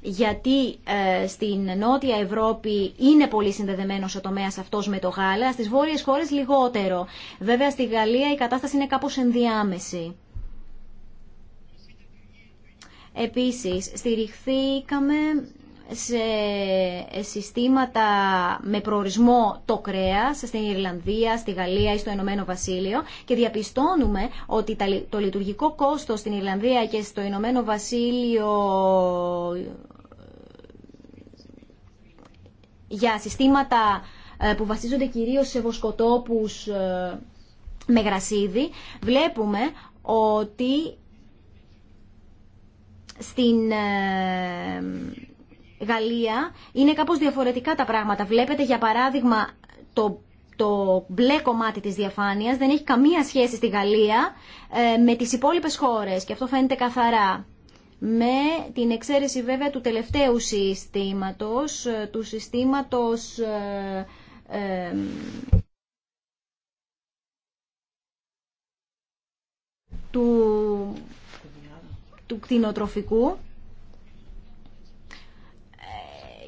S3: γιατί ε, στην Νότια Ευρώπη είναι πολύ συνδεδεμένο ο τομέα αυτός με το γάλα, στις βόρειες χώρες λιγότερο. Βέβαια στη Γαλλία η κατάσταση είναι κάπως ενδιάμεση. Επίσης, στηριχθήκαμε σε συστήματα με προορισμό το κρέας στην Ιρλανδία, στη Γαλλία ή στο Ηνωμένο Βασίλειο και διαπιστώνουμε ότι το λειτουργικό κόστος στην Ιρλανδία και στο Ηνωμένο Βασίλειο ε, για συστήματα ε, που βασίζονται κυρίως σε βοσκοτόπους ε, με γρασίδι, βλέπουμε ότι στην Γαλλία είναι κάπως διαφορετικά τα πράγματα. Βλέπετε για παράδειγμα το το μπλε κομμάτι της διαφάνειας δεν έχει καμία σχέση στη Γαλλία ε, με τις υπόλοιπες χώρες και αυτό φαίνεται καθαρά. Με την εξαίρεση βέβαια του τελευταίου συστήματος, ε, του συστήματος ε, του, του κτηνοτροφικού,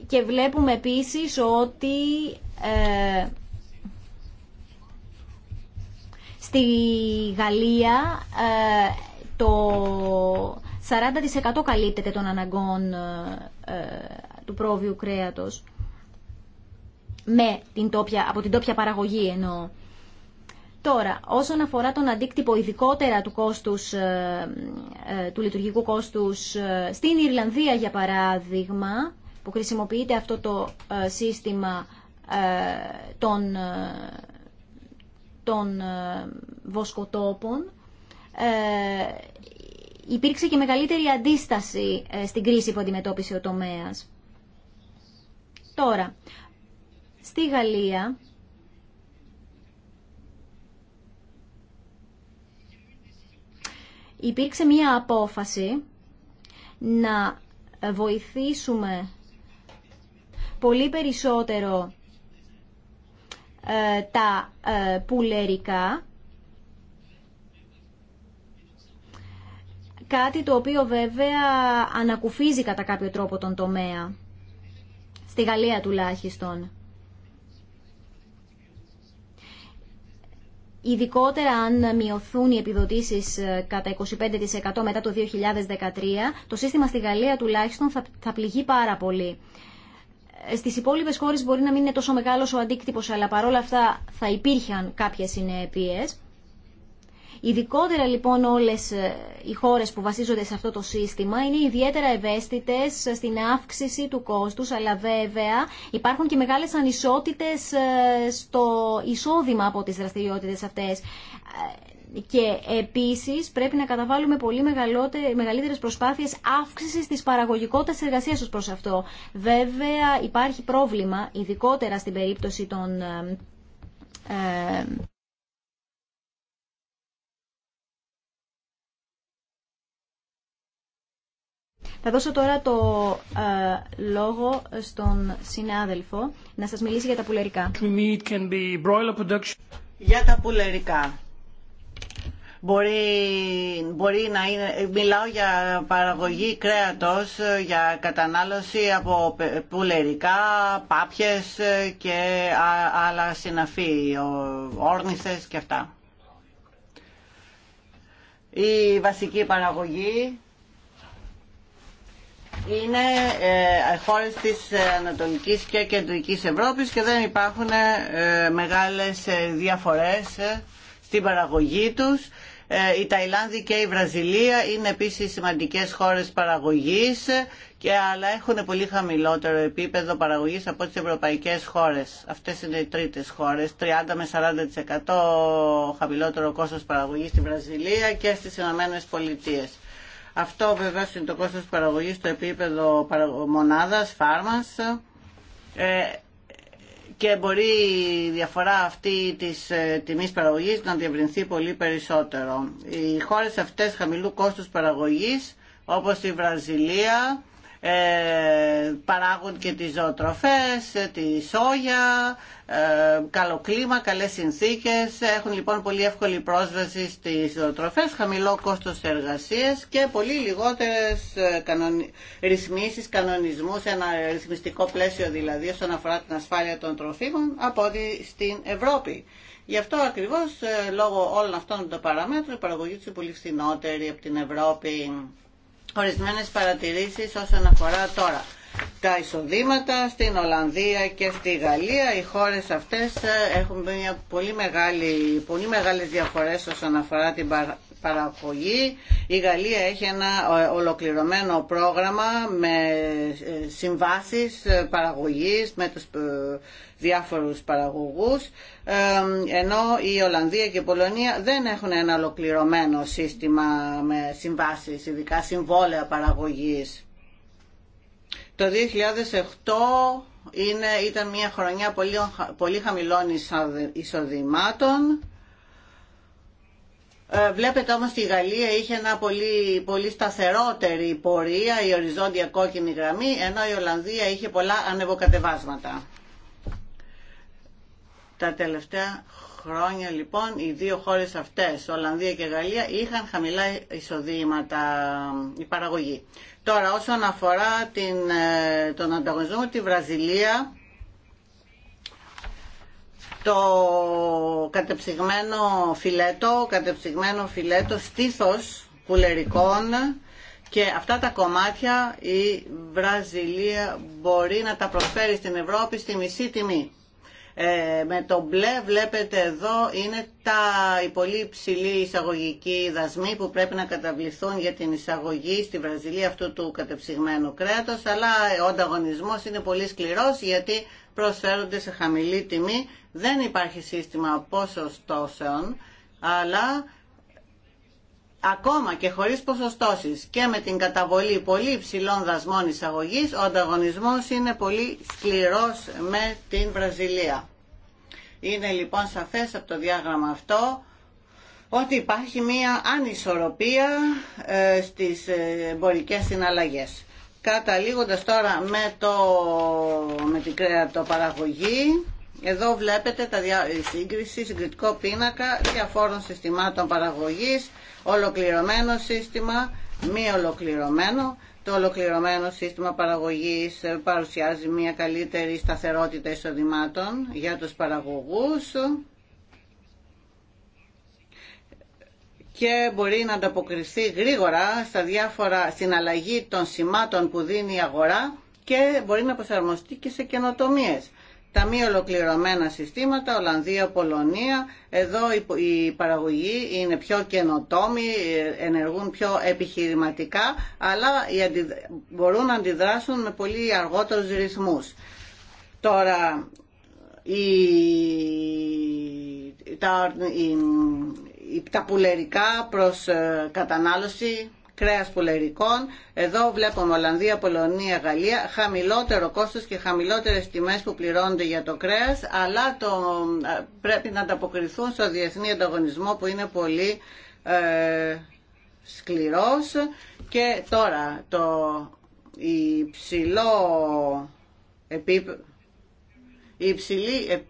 S3: και βλέπουμε επίσης ότι ε, στη Γαλλία ε, το 40% καλύπτεται των αναγκών ε, του πρόβειου κρέατος με την τόπια, από την τόπια παραγωγή ενώ. Τώρα, όσον αφορά τον αντίκτυπο ειδικότερα του, κόστους, ε, του λειτουργικού κόστους στην Ιρλανδία, για παράδειγμα, που χρησιμοποιείται αυτό το ε, σύστημα ε, των, ε, των βοσκοτόπων υπήρξε και μεγαλύτερη αντίσταση στην κρίση που αντιμετώπισε ο τομέας. Τώρα, στη Γαλλία υπήρξε μία απόφαση να βοηθήσουμε πολύ περισσότερο ε, τα ε, πουλερικά, κάτι το οποίο βέβαια ανακουφίζει κατά κάποιο τρόπο τον τομέα, στη Γαλλία τουλάχιστον. Ειδικότερα αν μειωθούν οι επιδοτήσεις ε, κατά 25% μετά το 2013, το σύστημα στη Γαλλία τουλάχιστον θα, θα πληγεί πάρα πολύ στις υπόλοιπε χώρε μπορεί να μην είναι τόσο μεγάλο ο αντίκτυπο, αλλά παρόλα αυτά θα υπήρχαν κάποιες συνέπειε. Ειδικότερα λοιπόν όλες ε, οι χώρες που βασίζονται σε αυτό το σύστημα είναι ιδιαίτερα ευαίσθητες στην αύξηση του κόστους, αλλά βέβαια υπάρχουν και μεγάλες ανισότητες ε, στο εισόδημα από τις δραστηριότητε αυτέ. Ε, και επίσης πρέπει να καταβάλουμε πολύ μεγαλύτερες προσπάθειες αύξησης της παραγωγικότητας εργασίας τους προς αυτό. Βέβαια υπάρχει πρόβλημα, ειδικότερα στην περίπτωση των... Ε, ε, Θα δώσω τώρα το ε, λόγο στον συνάδελφο να σας μιλήσει για τα πουλερικά.
S2: Για τα πουλερικά. Μπορεί, να είναι, μιλάω για παραγωγή κρέατος, για κατανάλωση από πουλερικά, πάπιες και άλλα συναφή, όρνηθες και αυτά. Η βασική παραγωγή είναι ε, χώρες της Ανατολικής και Κεντρικής Ευρώπης και δεν υπάρχουν ε, μεγάλες ε, διαφορές ε, στην παραγωγή τους ε, η Ταϊλάνδη και η Βραζιλία είναι επίσης σημαντικές χώρες παραγωγής και αλλά έχουν πολύ χαμηλότερο επίπεδο παραγωγής από τις ευρωπαϊκές χώρες. Αυτές είναι οι τρίτες χώρες, 30 με 40% χαμηλότερο κόστος παραγωγής στη Βραζιλία και στις Ηνωμένε Πολιτείες. Αυτό βέβαια είναι το κόστος παραγωγής στο επίπεδο μονάδας, φάρμας. Ε, και μπορεί η διαφορά αυτή της ε, τιμής παραγωγής να διευρυνθεί πολύ περισσότερο. Οι χώρες αυτές χαμηλού κόστους παραγωγής όπως η Βραζιλία ε, παράγουν και τις ζωοτροφές, ε, τη σόγια, ε, καλό κλίμα, καλές συνθήκες. Έχουν λοιπόν πολύ εύκολη πρόσβαση στις ζωοτροφές, χαμηλό κόστος εργασίας και πολύ λιγότερες κανον, ρυθμίσεις, κανονισμούς, ένα ρυθμιστικό πλαίσιο δηλαδή όσον αφορά την ασφάλεια των τροφίμων από ότι στην Ευρώπη. Γι' αυτό ακριβώς λόγω όλων αυτών των παραμέτρων η παραγωγή του είναι πολύ φθηνότερη από την Ευρώπη ορισμένες παρατηρήσεις όσον αφορά τώρα τα εισοδήματα στην Ολλανδία και στη Γαλλία. Οι χώρες αυτές ε, έχουν μια πολύ, μεγάλη, πολύ μεγάλες διαφορές όσον αφορά την παραγωγή. Η Γαλλία έχει ένα ε, ολοκληρωμένο πρόγραμμα με ε, συμβάσεις ε, παραγωγής με τους διάφορους παραγωγούς ενώ η Ολλανδία και η Πολωνία δεν έχουν ένα ολοκληρωμένο σύστημα με συμβάσεις, ειδικά συμβόλαια παραγωγής. Το 2008 είναι, ήταν μια χρονιά πολύ, πολύ χαμηλών εισοδημάτων ε, βλέπετε όμως ότι η Γαλλία είχε ένα πολύ, πολύ σταθερότερη πορεία, η οριζόντια κόκκινη γραμμή, ενώ η Ολλανδία είχε πολλά ανεβοκατεβάσματα. Τα τελευταία χρόνια λοιπόν οι δύο χώρες αυτές, Ολλανδία και Γαλλία, είχαν χαμηλά εισοδήματα η παραγωγή. Τώρα όσον αφορά την, ε, τον ανταγωνισμό, τη Βραζιλία το κατεψυγμένο φιλέτο, κατεψυγμένο φιλέτο στήθος πουλερικών και αυτά τα κομμάτια η Βραζιλία μπορεί να τα προσφέρει στην Ευρώπη στη μισή τιμή. Ε, με το μπλε βλέπετε εδώ είναι τα, οι πολύ υψηλή εισαγωγική δασμοί που πρέπει να καταβληθούν για την εισαγωγή στη Βραζιλία αυτού του κατεψυγμένου κρέατος αλλά ο ανταγωνισμός είναι πολύ σκληρός γιατί προσφέρονται σε χαμηλή τιμή δεν υπάρχει σύστημα ποσοστώσεων, αλλά ακόμα και χωρίς ποσοστώσεις και με την καταβολή πολύ υψηλών δασμών εισαγωγής, ο ανταγωνισμός είναι πολύ σκληρός με την Βραζιλία. Είναι λοιπόν σαφές από το διάγραμμα αυτό ότι υπάρχει μία ανισορροπία ε, στις εμπορικές συναλλαγές. Καταλήγοντας τώρα με, το, με την παραγωγή. Εδώ βλέπετε τα δια... σύγκριση, συγκριτικό πίνακα διαφόρων συστημάτων παραγωγής, ολοκληρωμένο σύστημα, μη ολοκληρωμένο. Το ολοκληρωμένο σύστημα παραγωγής ε, παρουσιάζει μια καλύτερη σταθερότητα εισοδημάτων για τους παραγωγούς και μπορεί να ανταποκριθεί γρήγορα στα διάφορα, στην αλλαγή των σημάτων που δίνει η αγορά και μπορεί να προσαρμοστεί και σε καινοτομίες τα μη ολοκληρωμένα συστήματα, Ολλανδία, Πολωνία, εδώ η παραγωγή είναι πιο καινοτόμοι, ενεργούν πιο επιχειρηματικά, αλλά μπορούν να αντιδράσουν με πολύ αργότερους ρυθμούς. Τώρα, η, τα, τα πουλερικά προς ε, κατανάλωση κρέας πουλερικών. Εδώ βλέπουμε Ολλανδία, Πολωνία, Γαλλία, χαμηλότερο κόστος και χαμηλότερες τιμές που πληρώνονται για το κρέας, αλλά το, ε, πρέπει να ανταποκριθούν στο διεθνή ανταγωνισμό που είναι πολύ ε, σκληρός. Και τώρα το υψηλό επίπεδο η υψηλή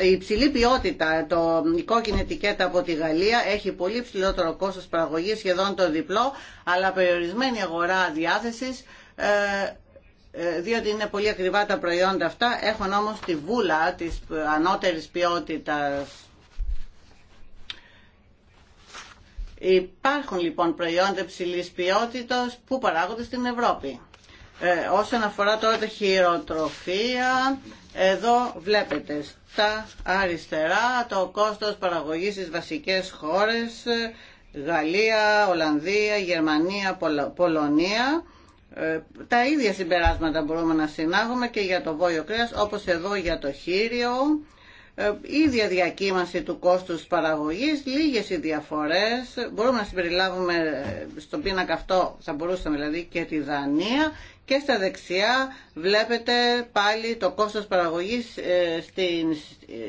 S2: η υψηλή ποιότητα, το η κόκκινη ετικέτα από τη Γαλλία έχει πολύ ψηλότερο κόστος παραγωγής, σχεδόν το διπλό, αλλά περιορισμένη αγορά διάθεσης, ε, ε, διότι είναι πολύ ακριβά τα προϊόντα αυτά, έχουν όμως τη βούλα της ανώτερης ποιότητας. Υπάρχουν λοιπόν προϊόντα υψηλής ποιότητας που παράγονται στην Ευρώπη. Ε, όσον αφορά τώρα τα χειροτροφία, εδώ βλέπετε στα αριστερά το κόστος παραγωγής στις βασικές χώρες Γαλλία, Ολλανδία, Γερμανία, Πολωνία. Ε, τα ίδια συμπεράσματα μπορούμε να συνάγουμε και για το βόλιο κρέας, όπως εδώ για το χείριο. Ε, ίδια διακύμαση του κόστους παραγωγής, λίγες οι διαφορές. Μπορούμε να συμπεριλάβουμε ε, στον πίνακα αυτό, θα μπορούσαμε δηλαδή και τη Δανία και στα δεξιά βλέπετε πάλι το κόστος παραγωγής ε, στις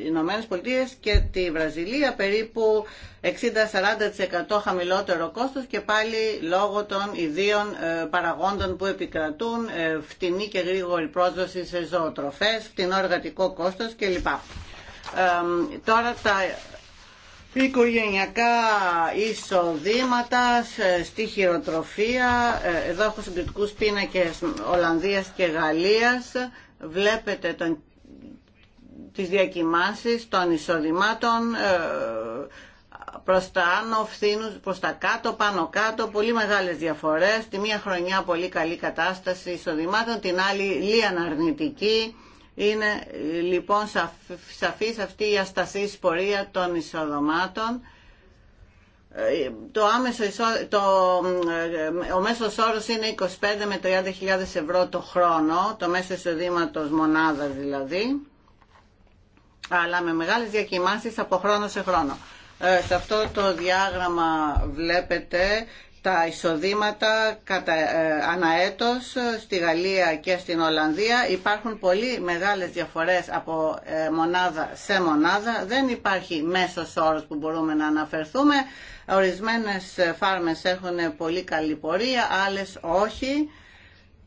S2: Ηνωμένες Πολιτείες και τη Βραζιλία περίπου 60-40% χαμηλότερο κόστος και πάλι λόγω των ιδίων ε, παραγόντων που επικρατούν ε, φτηνή και γρήγορη πρόσβαση σε ζωοτροφές, φτηνό εργατικό κόστος κλπ. Ε, τώρα τα οικογενειακά εισοδήματα στη χειροτροφία. Ε, εδώ έχω συγκριτικού πίνακες Ολλανδίας και Γαλλίας. Βλέπετε τον, τις διακοιμάνσεις των εισοδημάτων ε, προς τα άνω φθήνους, προς τα κάτω, πάνω κάτω, πολύ μεγάλες διαφορές. Τη μία χρονιά πολύ καλή κατάσταση εισοδημάτων, την άλλη λίγα αρνητική. Είναι λοιπόν σαφής αυτή η αστασής πορεία των εισοδομάτων. Ε, το άμεσο, το, ε, ο μέσος όρος είναι 25 με 30.000 ευρώ το χρόνο, το μέσο εισοδήματος μονάδα δηλαδή, αλλά με μεγάλες διακοιμάνσεις από χρόνο σε χρόνο. Ε, σε αυτό το διάγραμμα βλέπετε τα εισοδήματα κατά ε, αναέτος στη Γαλλία και στην Ολλανδία υπάρχουν πολύ μεγάλες διαφορές από ε, μονάδα σε μονάδα. Δεν υπάρχει μέσος όρος που μπορούμε να αναφερθούμε. Ορισμένες φάρμες έχουν πολύ καλή πορεία, άλλες όχι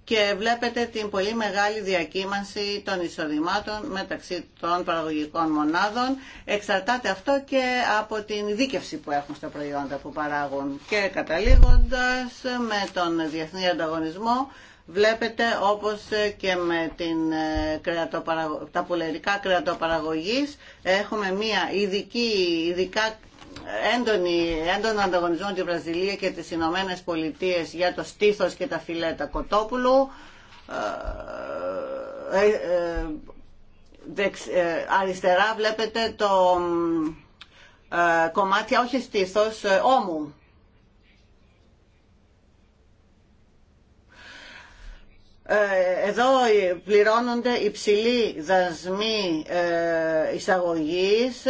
S2: και βλέπετε την πολύ μεγάλη διακύμανση των εισοδημάτων μεταξύ των παραγωγικών μονάδων. Εξαρτάται αυτό και από την δίκευση που έχουν στα προϊόντα που παράγουν. Και καταλήγοντας με τον διεθνή ανταγωνισμό, βλέπετε όπως και με την, ε, τα πουλερικά κρεατοπαραγωγής έχουμε μια ειδική, ειδικά έντονη, έντονο ανταγωνισμό τη Βραζιλία και τις Ηνωμένε Πολιτείε για το στήθος και τα φιλέτα κοτόπουλου ε, ε, ε, αριστερά βλέπετε το κομμάτια όχι στήθος, όμου Ε, εδώ πληρώνονται υψηλοί δασμοί ε, εισαγωγής.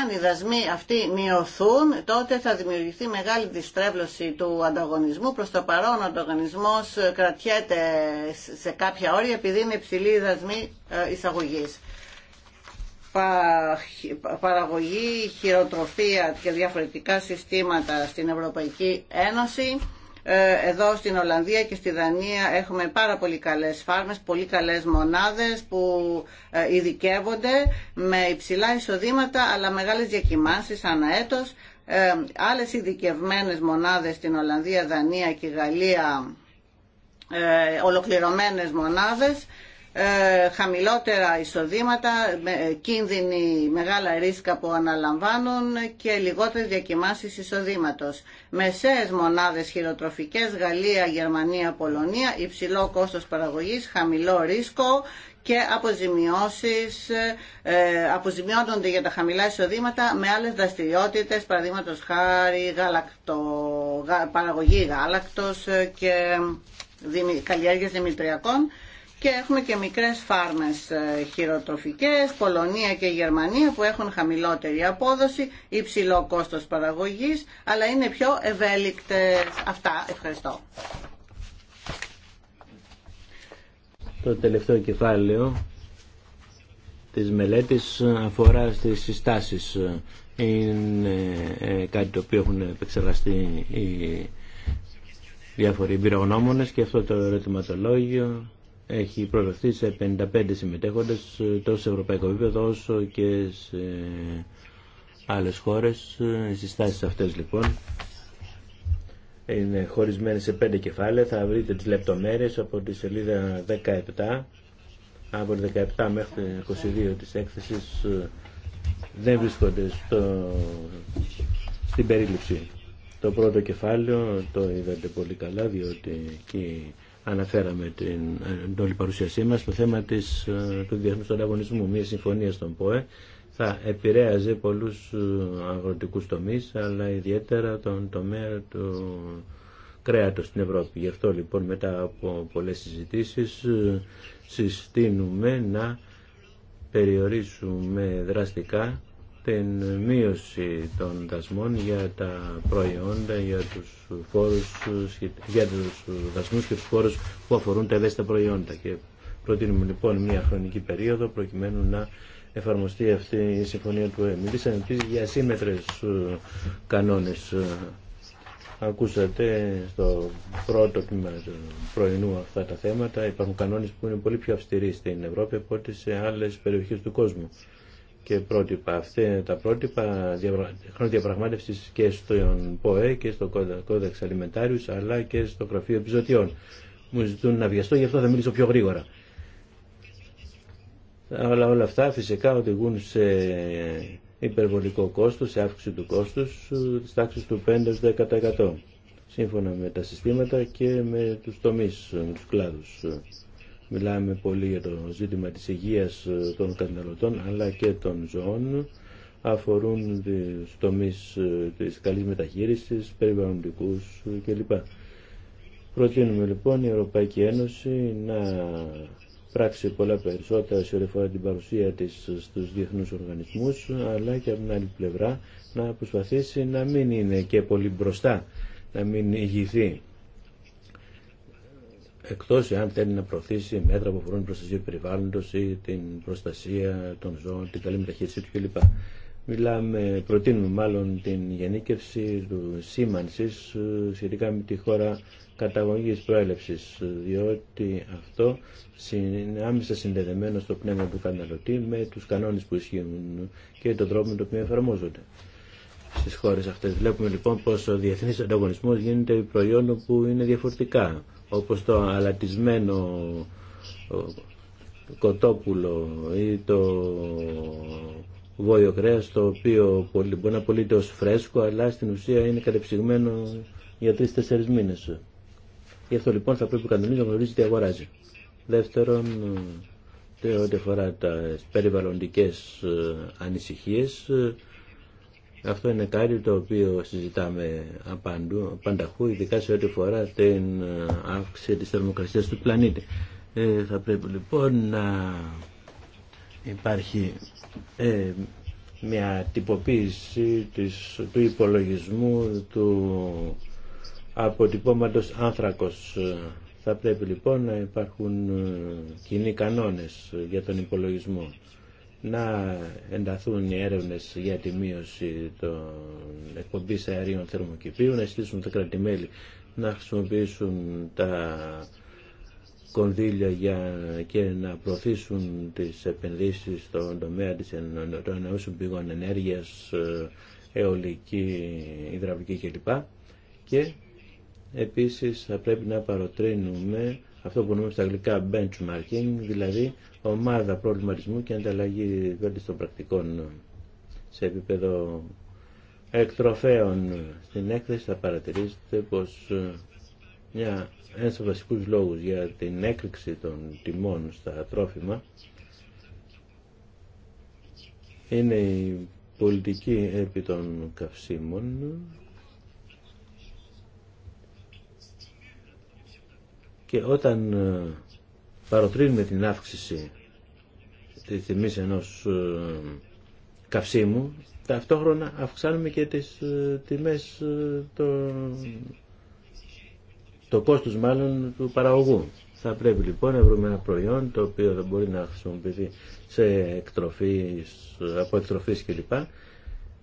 S2: Αν οι δασμοί αυτοί μειωθούν, τότε θα δημιουργηθεί μεγάλη διστρέβλωση του ανταγωνισμού. Προς το παρόν ο ανταγωνισμός κρατιέται σε κάποια όρια επειδή είναι υψηλοί οι δασμοί ε, εισαγωγής. Παραγωγή, χειροτροφία και διαφορετικά συστήματα στην Ευρωπαϊκή Ένωση ε, εδώ στην Ολλανδία και στη Δανία έχουμε πάρα πολύ καλές φάρμες, πολύ καλές μονάδες που ε, ειδικεύονται με υψηλά εισοδήματα αλλά μεγάλες διακοιμάνσεις ανά έτος. Ε, άλλες ειδικευμένες μονάδες στην Ολλανδία, Δανία και Γαλλία, ολοκληρωμένες μονάδες ε, χαμηλότερα εισοδήματα, ε, κίνδυνοι μεγάλα ρίσκα που αναλαμβάνουν και λιγότερες διακοιμάσεις εισοδήματος. Μεσαίες μονάδες χειροτροφικές, Γαλλία, Γερμανία, Πολωνία, υψηλό κόστος παραγωγής, χαμηλό ρίσκο και αποζημιώσεις ε, ε αποζημιώνονται για τα χαμηλά εισοδήματα με άλλες δραστηριότητες, παραδείγματο χάρη, παραγωγή γάλακτος και καλλιέργειας δημητριακών και έχουμε και μικρές φάρμες ε, χειροτροφικές, Πολωνία και Γερμανία που έχουν χαμηλότερη απόδοση, υψηλό κόστος παραγωγής, αλλά είναι πιο ευέλικτες. Αυτά, ευχαριστώ.
S1: Το τελευταίο κεφάλαιο της μελέτης αφορά στις συστάσεις. Είναι ε, κάτι το οποίο έχουν επεξεργαστεί οι διάφοροι εμπειρογνώμονες και αυτό το ερωτηματολόγιο έχει προβλεφθεί σε 55 συμμετέχοντες τόσο σε ευρωπαϊκό επίπεδο όσο και σε άλλες χώρες. Οι συστάσεις αυτές λοιπόν είναι χωρισμένες σε 5 κεφάλαια. Θα βρείτε τις λεπτομέρειες από τη σελίδα 17 από 17 μέχρι 22 της έκθεσης ε, δεν βρίσκονται στο, στην περίληψη. Το πρώτο κεφάλαιο το είδατε πολύ καλά διότι εκεί αναφέραμε την, ε, την όλη παρουσίασή μας, το θέμα της, ε, του διεθνούς ανταγωνισμού. Μία συμφωνία στον ΠΟΕ θα επηρέαζε πολλούς ε, αγροτικούς τομείς, αλλά ιδιαίτερα τον τομέα του κρέατος στην Ευρώπη. Γι' αυτό λοιπόν μετά από πολλές συζητήσεις συστήνουμε να περιορίσουμε δραστικά την μείωση των δασμών για τα προϊόντα, για τους, φόρους, για τους δασμούς και τους φόρους που αφορούν τα ευαίσθητα προϊόντα. Και προτείνουμε λοιπόν μια χρονική περίοδο προκειμένου να εφαρμοστεί αυτή η συμφωνία του ΕΕ. Μιλήσαμε επίσης για σύμμετρες ε, κανόνες. Ε, ακούσατε στο πρώτο τμήμα του πρωινού αυτά τα θέματα. Υπάρχουν κανόνες που είναι πολύ πιο αυστηροί στην Ευρώπη από ό,τι σε άλλες περιοχές του κόσμου και πρότυπα. Αυτά τα πρότυπα χρονοδιαπραγμάτευση και στον ΠΟΕ και στο Κόδεξ Αλιμεντάριου αλλά και στο Γραφείο Επιζωτιών. Μου ζητούν να βιαστώ, γι' αυτό θα μιλήσω πιο γρήγορα. Αλλά όλα αυτά φυσικά οδηγούν σε υπερβολικό κόστος, σε αύξηση του κόστους τη τάξη του 5-10% σύμφωνα με τα συστήματα και με τους τομείς, με τους Μιλάμε πολύ για το ζήτημα της υγείας ε, των καταναλωτών αλλά και των ζώων αφορούν τις τομείς ε, της καλής μεταχείρισης, περιβαλλοντικούς ε, κλπ. Προτείνουμε λοιπόν η Ευρωπαϊκή Ένωση να πράξει πολλά περισσότερα σε ό,τι την παρουσία της στους διεθνούς οργανισμούς, αλλά και από την άλλη πλευρά να προσπαθήσει να μην είναι και πολύ μπροστά, να μην ηγηθεί Εκτό εάν θέλει να προωθήσει μέτρα που αφορούν προστασία του περιβάλλοντος ή την προστασία των ζώων, την καλή μεταχείρισή του κλπ. Μιλάμε, προτείνουμε μάλλον την γενίκευση του σήμανση ε, σχετικά με τη χώρα καταγωγή πρόελευση, διότι αυτό είναι άμεσα συνδεδεμένο στο πνεύμα του καταναλωτή με του κανόνε που ισχύουν και τον τρόπο με τον οποίο εφαρμόζονται στι χώρε αυτέ. Βλέπουμε λοιπόν πω ο διεθνή ανταγωνισμό γίνεται προϊόν που είναι διαφορετικά όπως το αλατισμένο κοτόπουλο ή το βόλιο κρέας το οποίο μπορεί να πωλείται ως φρέσκο αλλά στην ουσία είναι κατεψυγμένο για τρεις-τεσσέρις μήνες. Γι' αυτό λοιπόν θα πρέπει ο κανονής να γνωρίζει τι αγοράζει. Δεύτερον, ε, ό,τι αφορά τα περιβαλλοντικές ε, ανησυχίες, ε, αυτό είναι κάτι το οποίο συζητάμε απαντού, πανταχού, ειδικά σε ό,τι φορά την ε, αύξηση της θερμοκρασίας του πλανήτη. Ε, θα πρέπει λοιπόν να υπάρχει ε, μια τυποποίηση της, του υπολογισμού του αποτυπώματος άνθρακος. Θα πρέπει λοιπόν να υπάρχουν κοινοί κανόνες για τον υπολογισμό να ενταθούν οι έρευνε για τη μείωση των εκπομπή αερίων θερμοκηπίου, να στήσουν τα κρατημέλη να χρησιμοποιήσουν τα κονδύλια για, και να προωθήσουν τις επενδύσεις στον τομέα της ενώσεων πηγών ενέργειας, ε, αιωλική, υδραυλική κλπ. Και επίσης θα πρέπει να παροτρύνουμε αυτό που ονομάζουμε στα αγγλικά benchmarking, δηλαδή ομάδα προβληματισμού και ανταλλαγή βέλτιστων πρακτικών σε επίπεδο εκτροφέων στην έκθεση θα παρατηρήσετε πως ε, μια, ένας από βασικούς λόγους για την έκρηξη των τιμών στα τρόφιμα είναι η πολιτική επί των καυσίμων και όταν ε, παροτρύνουμε την αύξηση τη τιμή ενός ε, καυσίμου, ταυτόχρονα αυξάνουμε και τις ε, τιμές, το, το κόστος μάλλον του παραγωγού. Θα πρέπει λοιπόν να βρούμε ένα προϊόν το οποίο θα μπορεί να χρησιμοποιηθεί σε εκτροφής, από εκτροφής κλπ.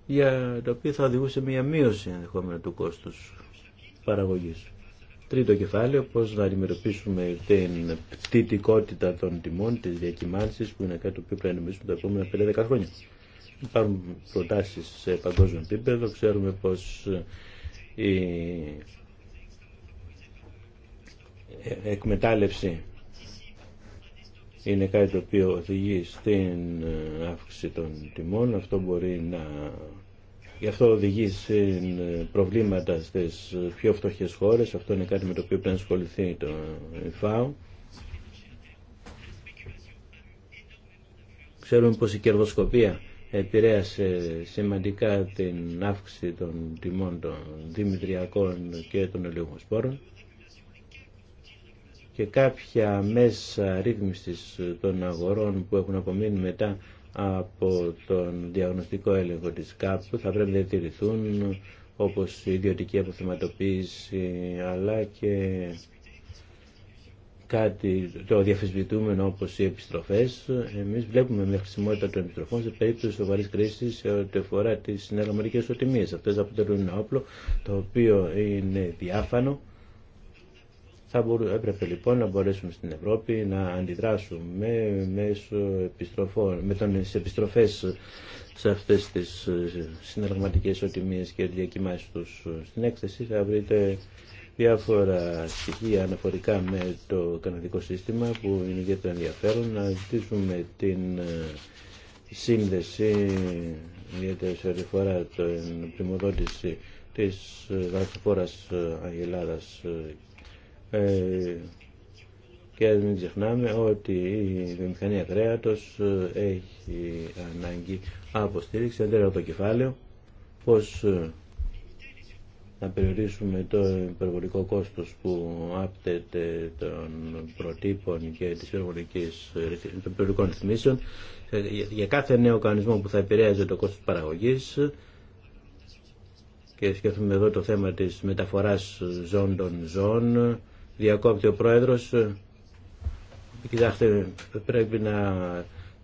S1: για το οποίο θα οδηγούσε μια μείωση ενδεχόμενα του κόστους παραγωγής. Τρίτο κεφάλαιο, πώς να αντιμετωπίσουμε την πτυτικότητα των τιμών, τις διακυμάνσεις που είναι κάτι το οποίο πρέπει να νομίσουμε τα επόμενα 5-10 χρόνια. Υπάρχουν προτάσεις σε παγκόσμιο επίπεδο, ξέρουμε πως ε, η εκμετάλλευση είναι κάτι το οποίο οδηγεί στην αύξηση των τιμών. Αυτό μπορεί να Γι' αυτό οδηγεί σε προβλήματα στις ε, πιο φτωχές χώρες. Αυτό είναι κάτι με το οποίο πρέπει να ασχοληθεί το ΙΦΑΟ. Ξέρουμε πως η κερδοσκοπία επηρέασε σημαντικά την αύξηση των τιμών των δημητριακών και των σπόρων και κάποια μέσα ρύθμισης των αγορών που έχουν απομείνει μετά από τον διαγνωστικό έλεγχο της ΚΑΠ θα πρέπει να διατηρηθούν όπως η ιδιωτική αποθεματοποίηση αλλά και κάτι το διαφυσβητούμενο όπως οι επιστροφές. Εμείς βλέπουμε με χρησιμότητα των επιστροφών σε περίπτωση σοβαρής κρίσης σε ό,τι αφορά τις συναλλαγματικές οτιμίες. Αυτές αποτελούν ένα όπλο το οποίο είναι διάφανο θα έπρεπε λοιπόν να μπορέσουμε στην Ευρώπη να αντιδράσουμε με τις επιστροφές σε αυτές τις ε, συναλλαγματικέ οτιμίες και διακοιμάσεις τους. Στην έκθεση θα βρείτε διάφορα στοιχεία αναφορικά με το καναδικό σύστημα που είναι ιδιαίτερα ενδιαφέρον να ζητήσουμε την ε, σύνδεση για σε φορά την πλημοδότηση της ε, δασοφόρας Αγελάδας ε, και μην ξεχνάμε ότι η βιομηχανία κρέατος ε, έχει ανάγκη από στήριξη, από το κεφάλαιο, πως ε, να περιορίσουμε το υπερβολικό κόστος που άπτεται των προτύπων και της υπερβολικής, των υπερβολικών ρυθμίσεων. Για κάθε νέο κανονισμό που θα επηρέαζε το κόστος παραγωγής και σκέφτομαι εδώ το θέμα της μεταφοράς ζών των ζών, διακόπτει ο Πρόεδρος. Κοιτάξτε, πρέπει να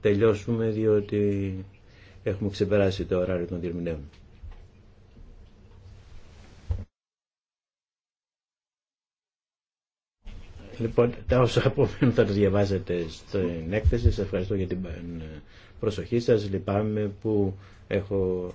S1: τελειώσουμε διότι έχουμε ξεπεράσει το ωράριο των διερμηνέων. Λοιπόν, τα όσα απομένουν θα τα διαβάζετε στην έκθεση. Σας ευχαριστώ για την προσοχή σας. Λυπάμαι που έχω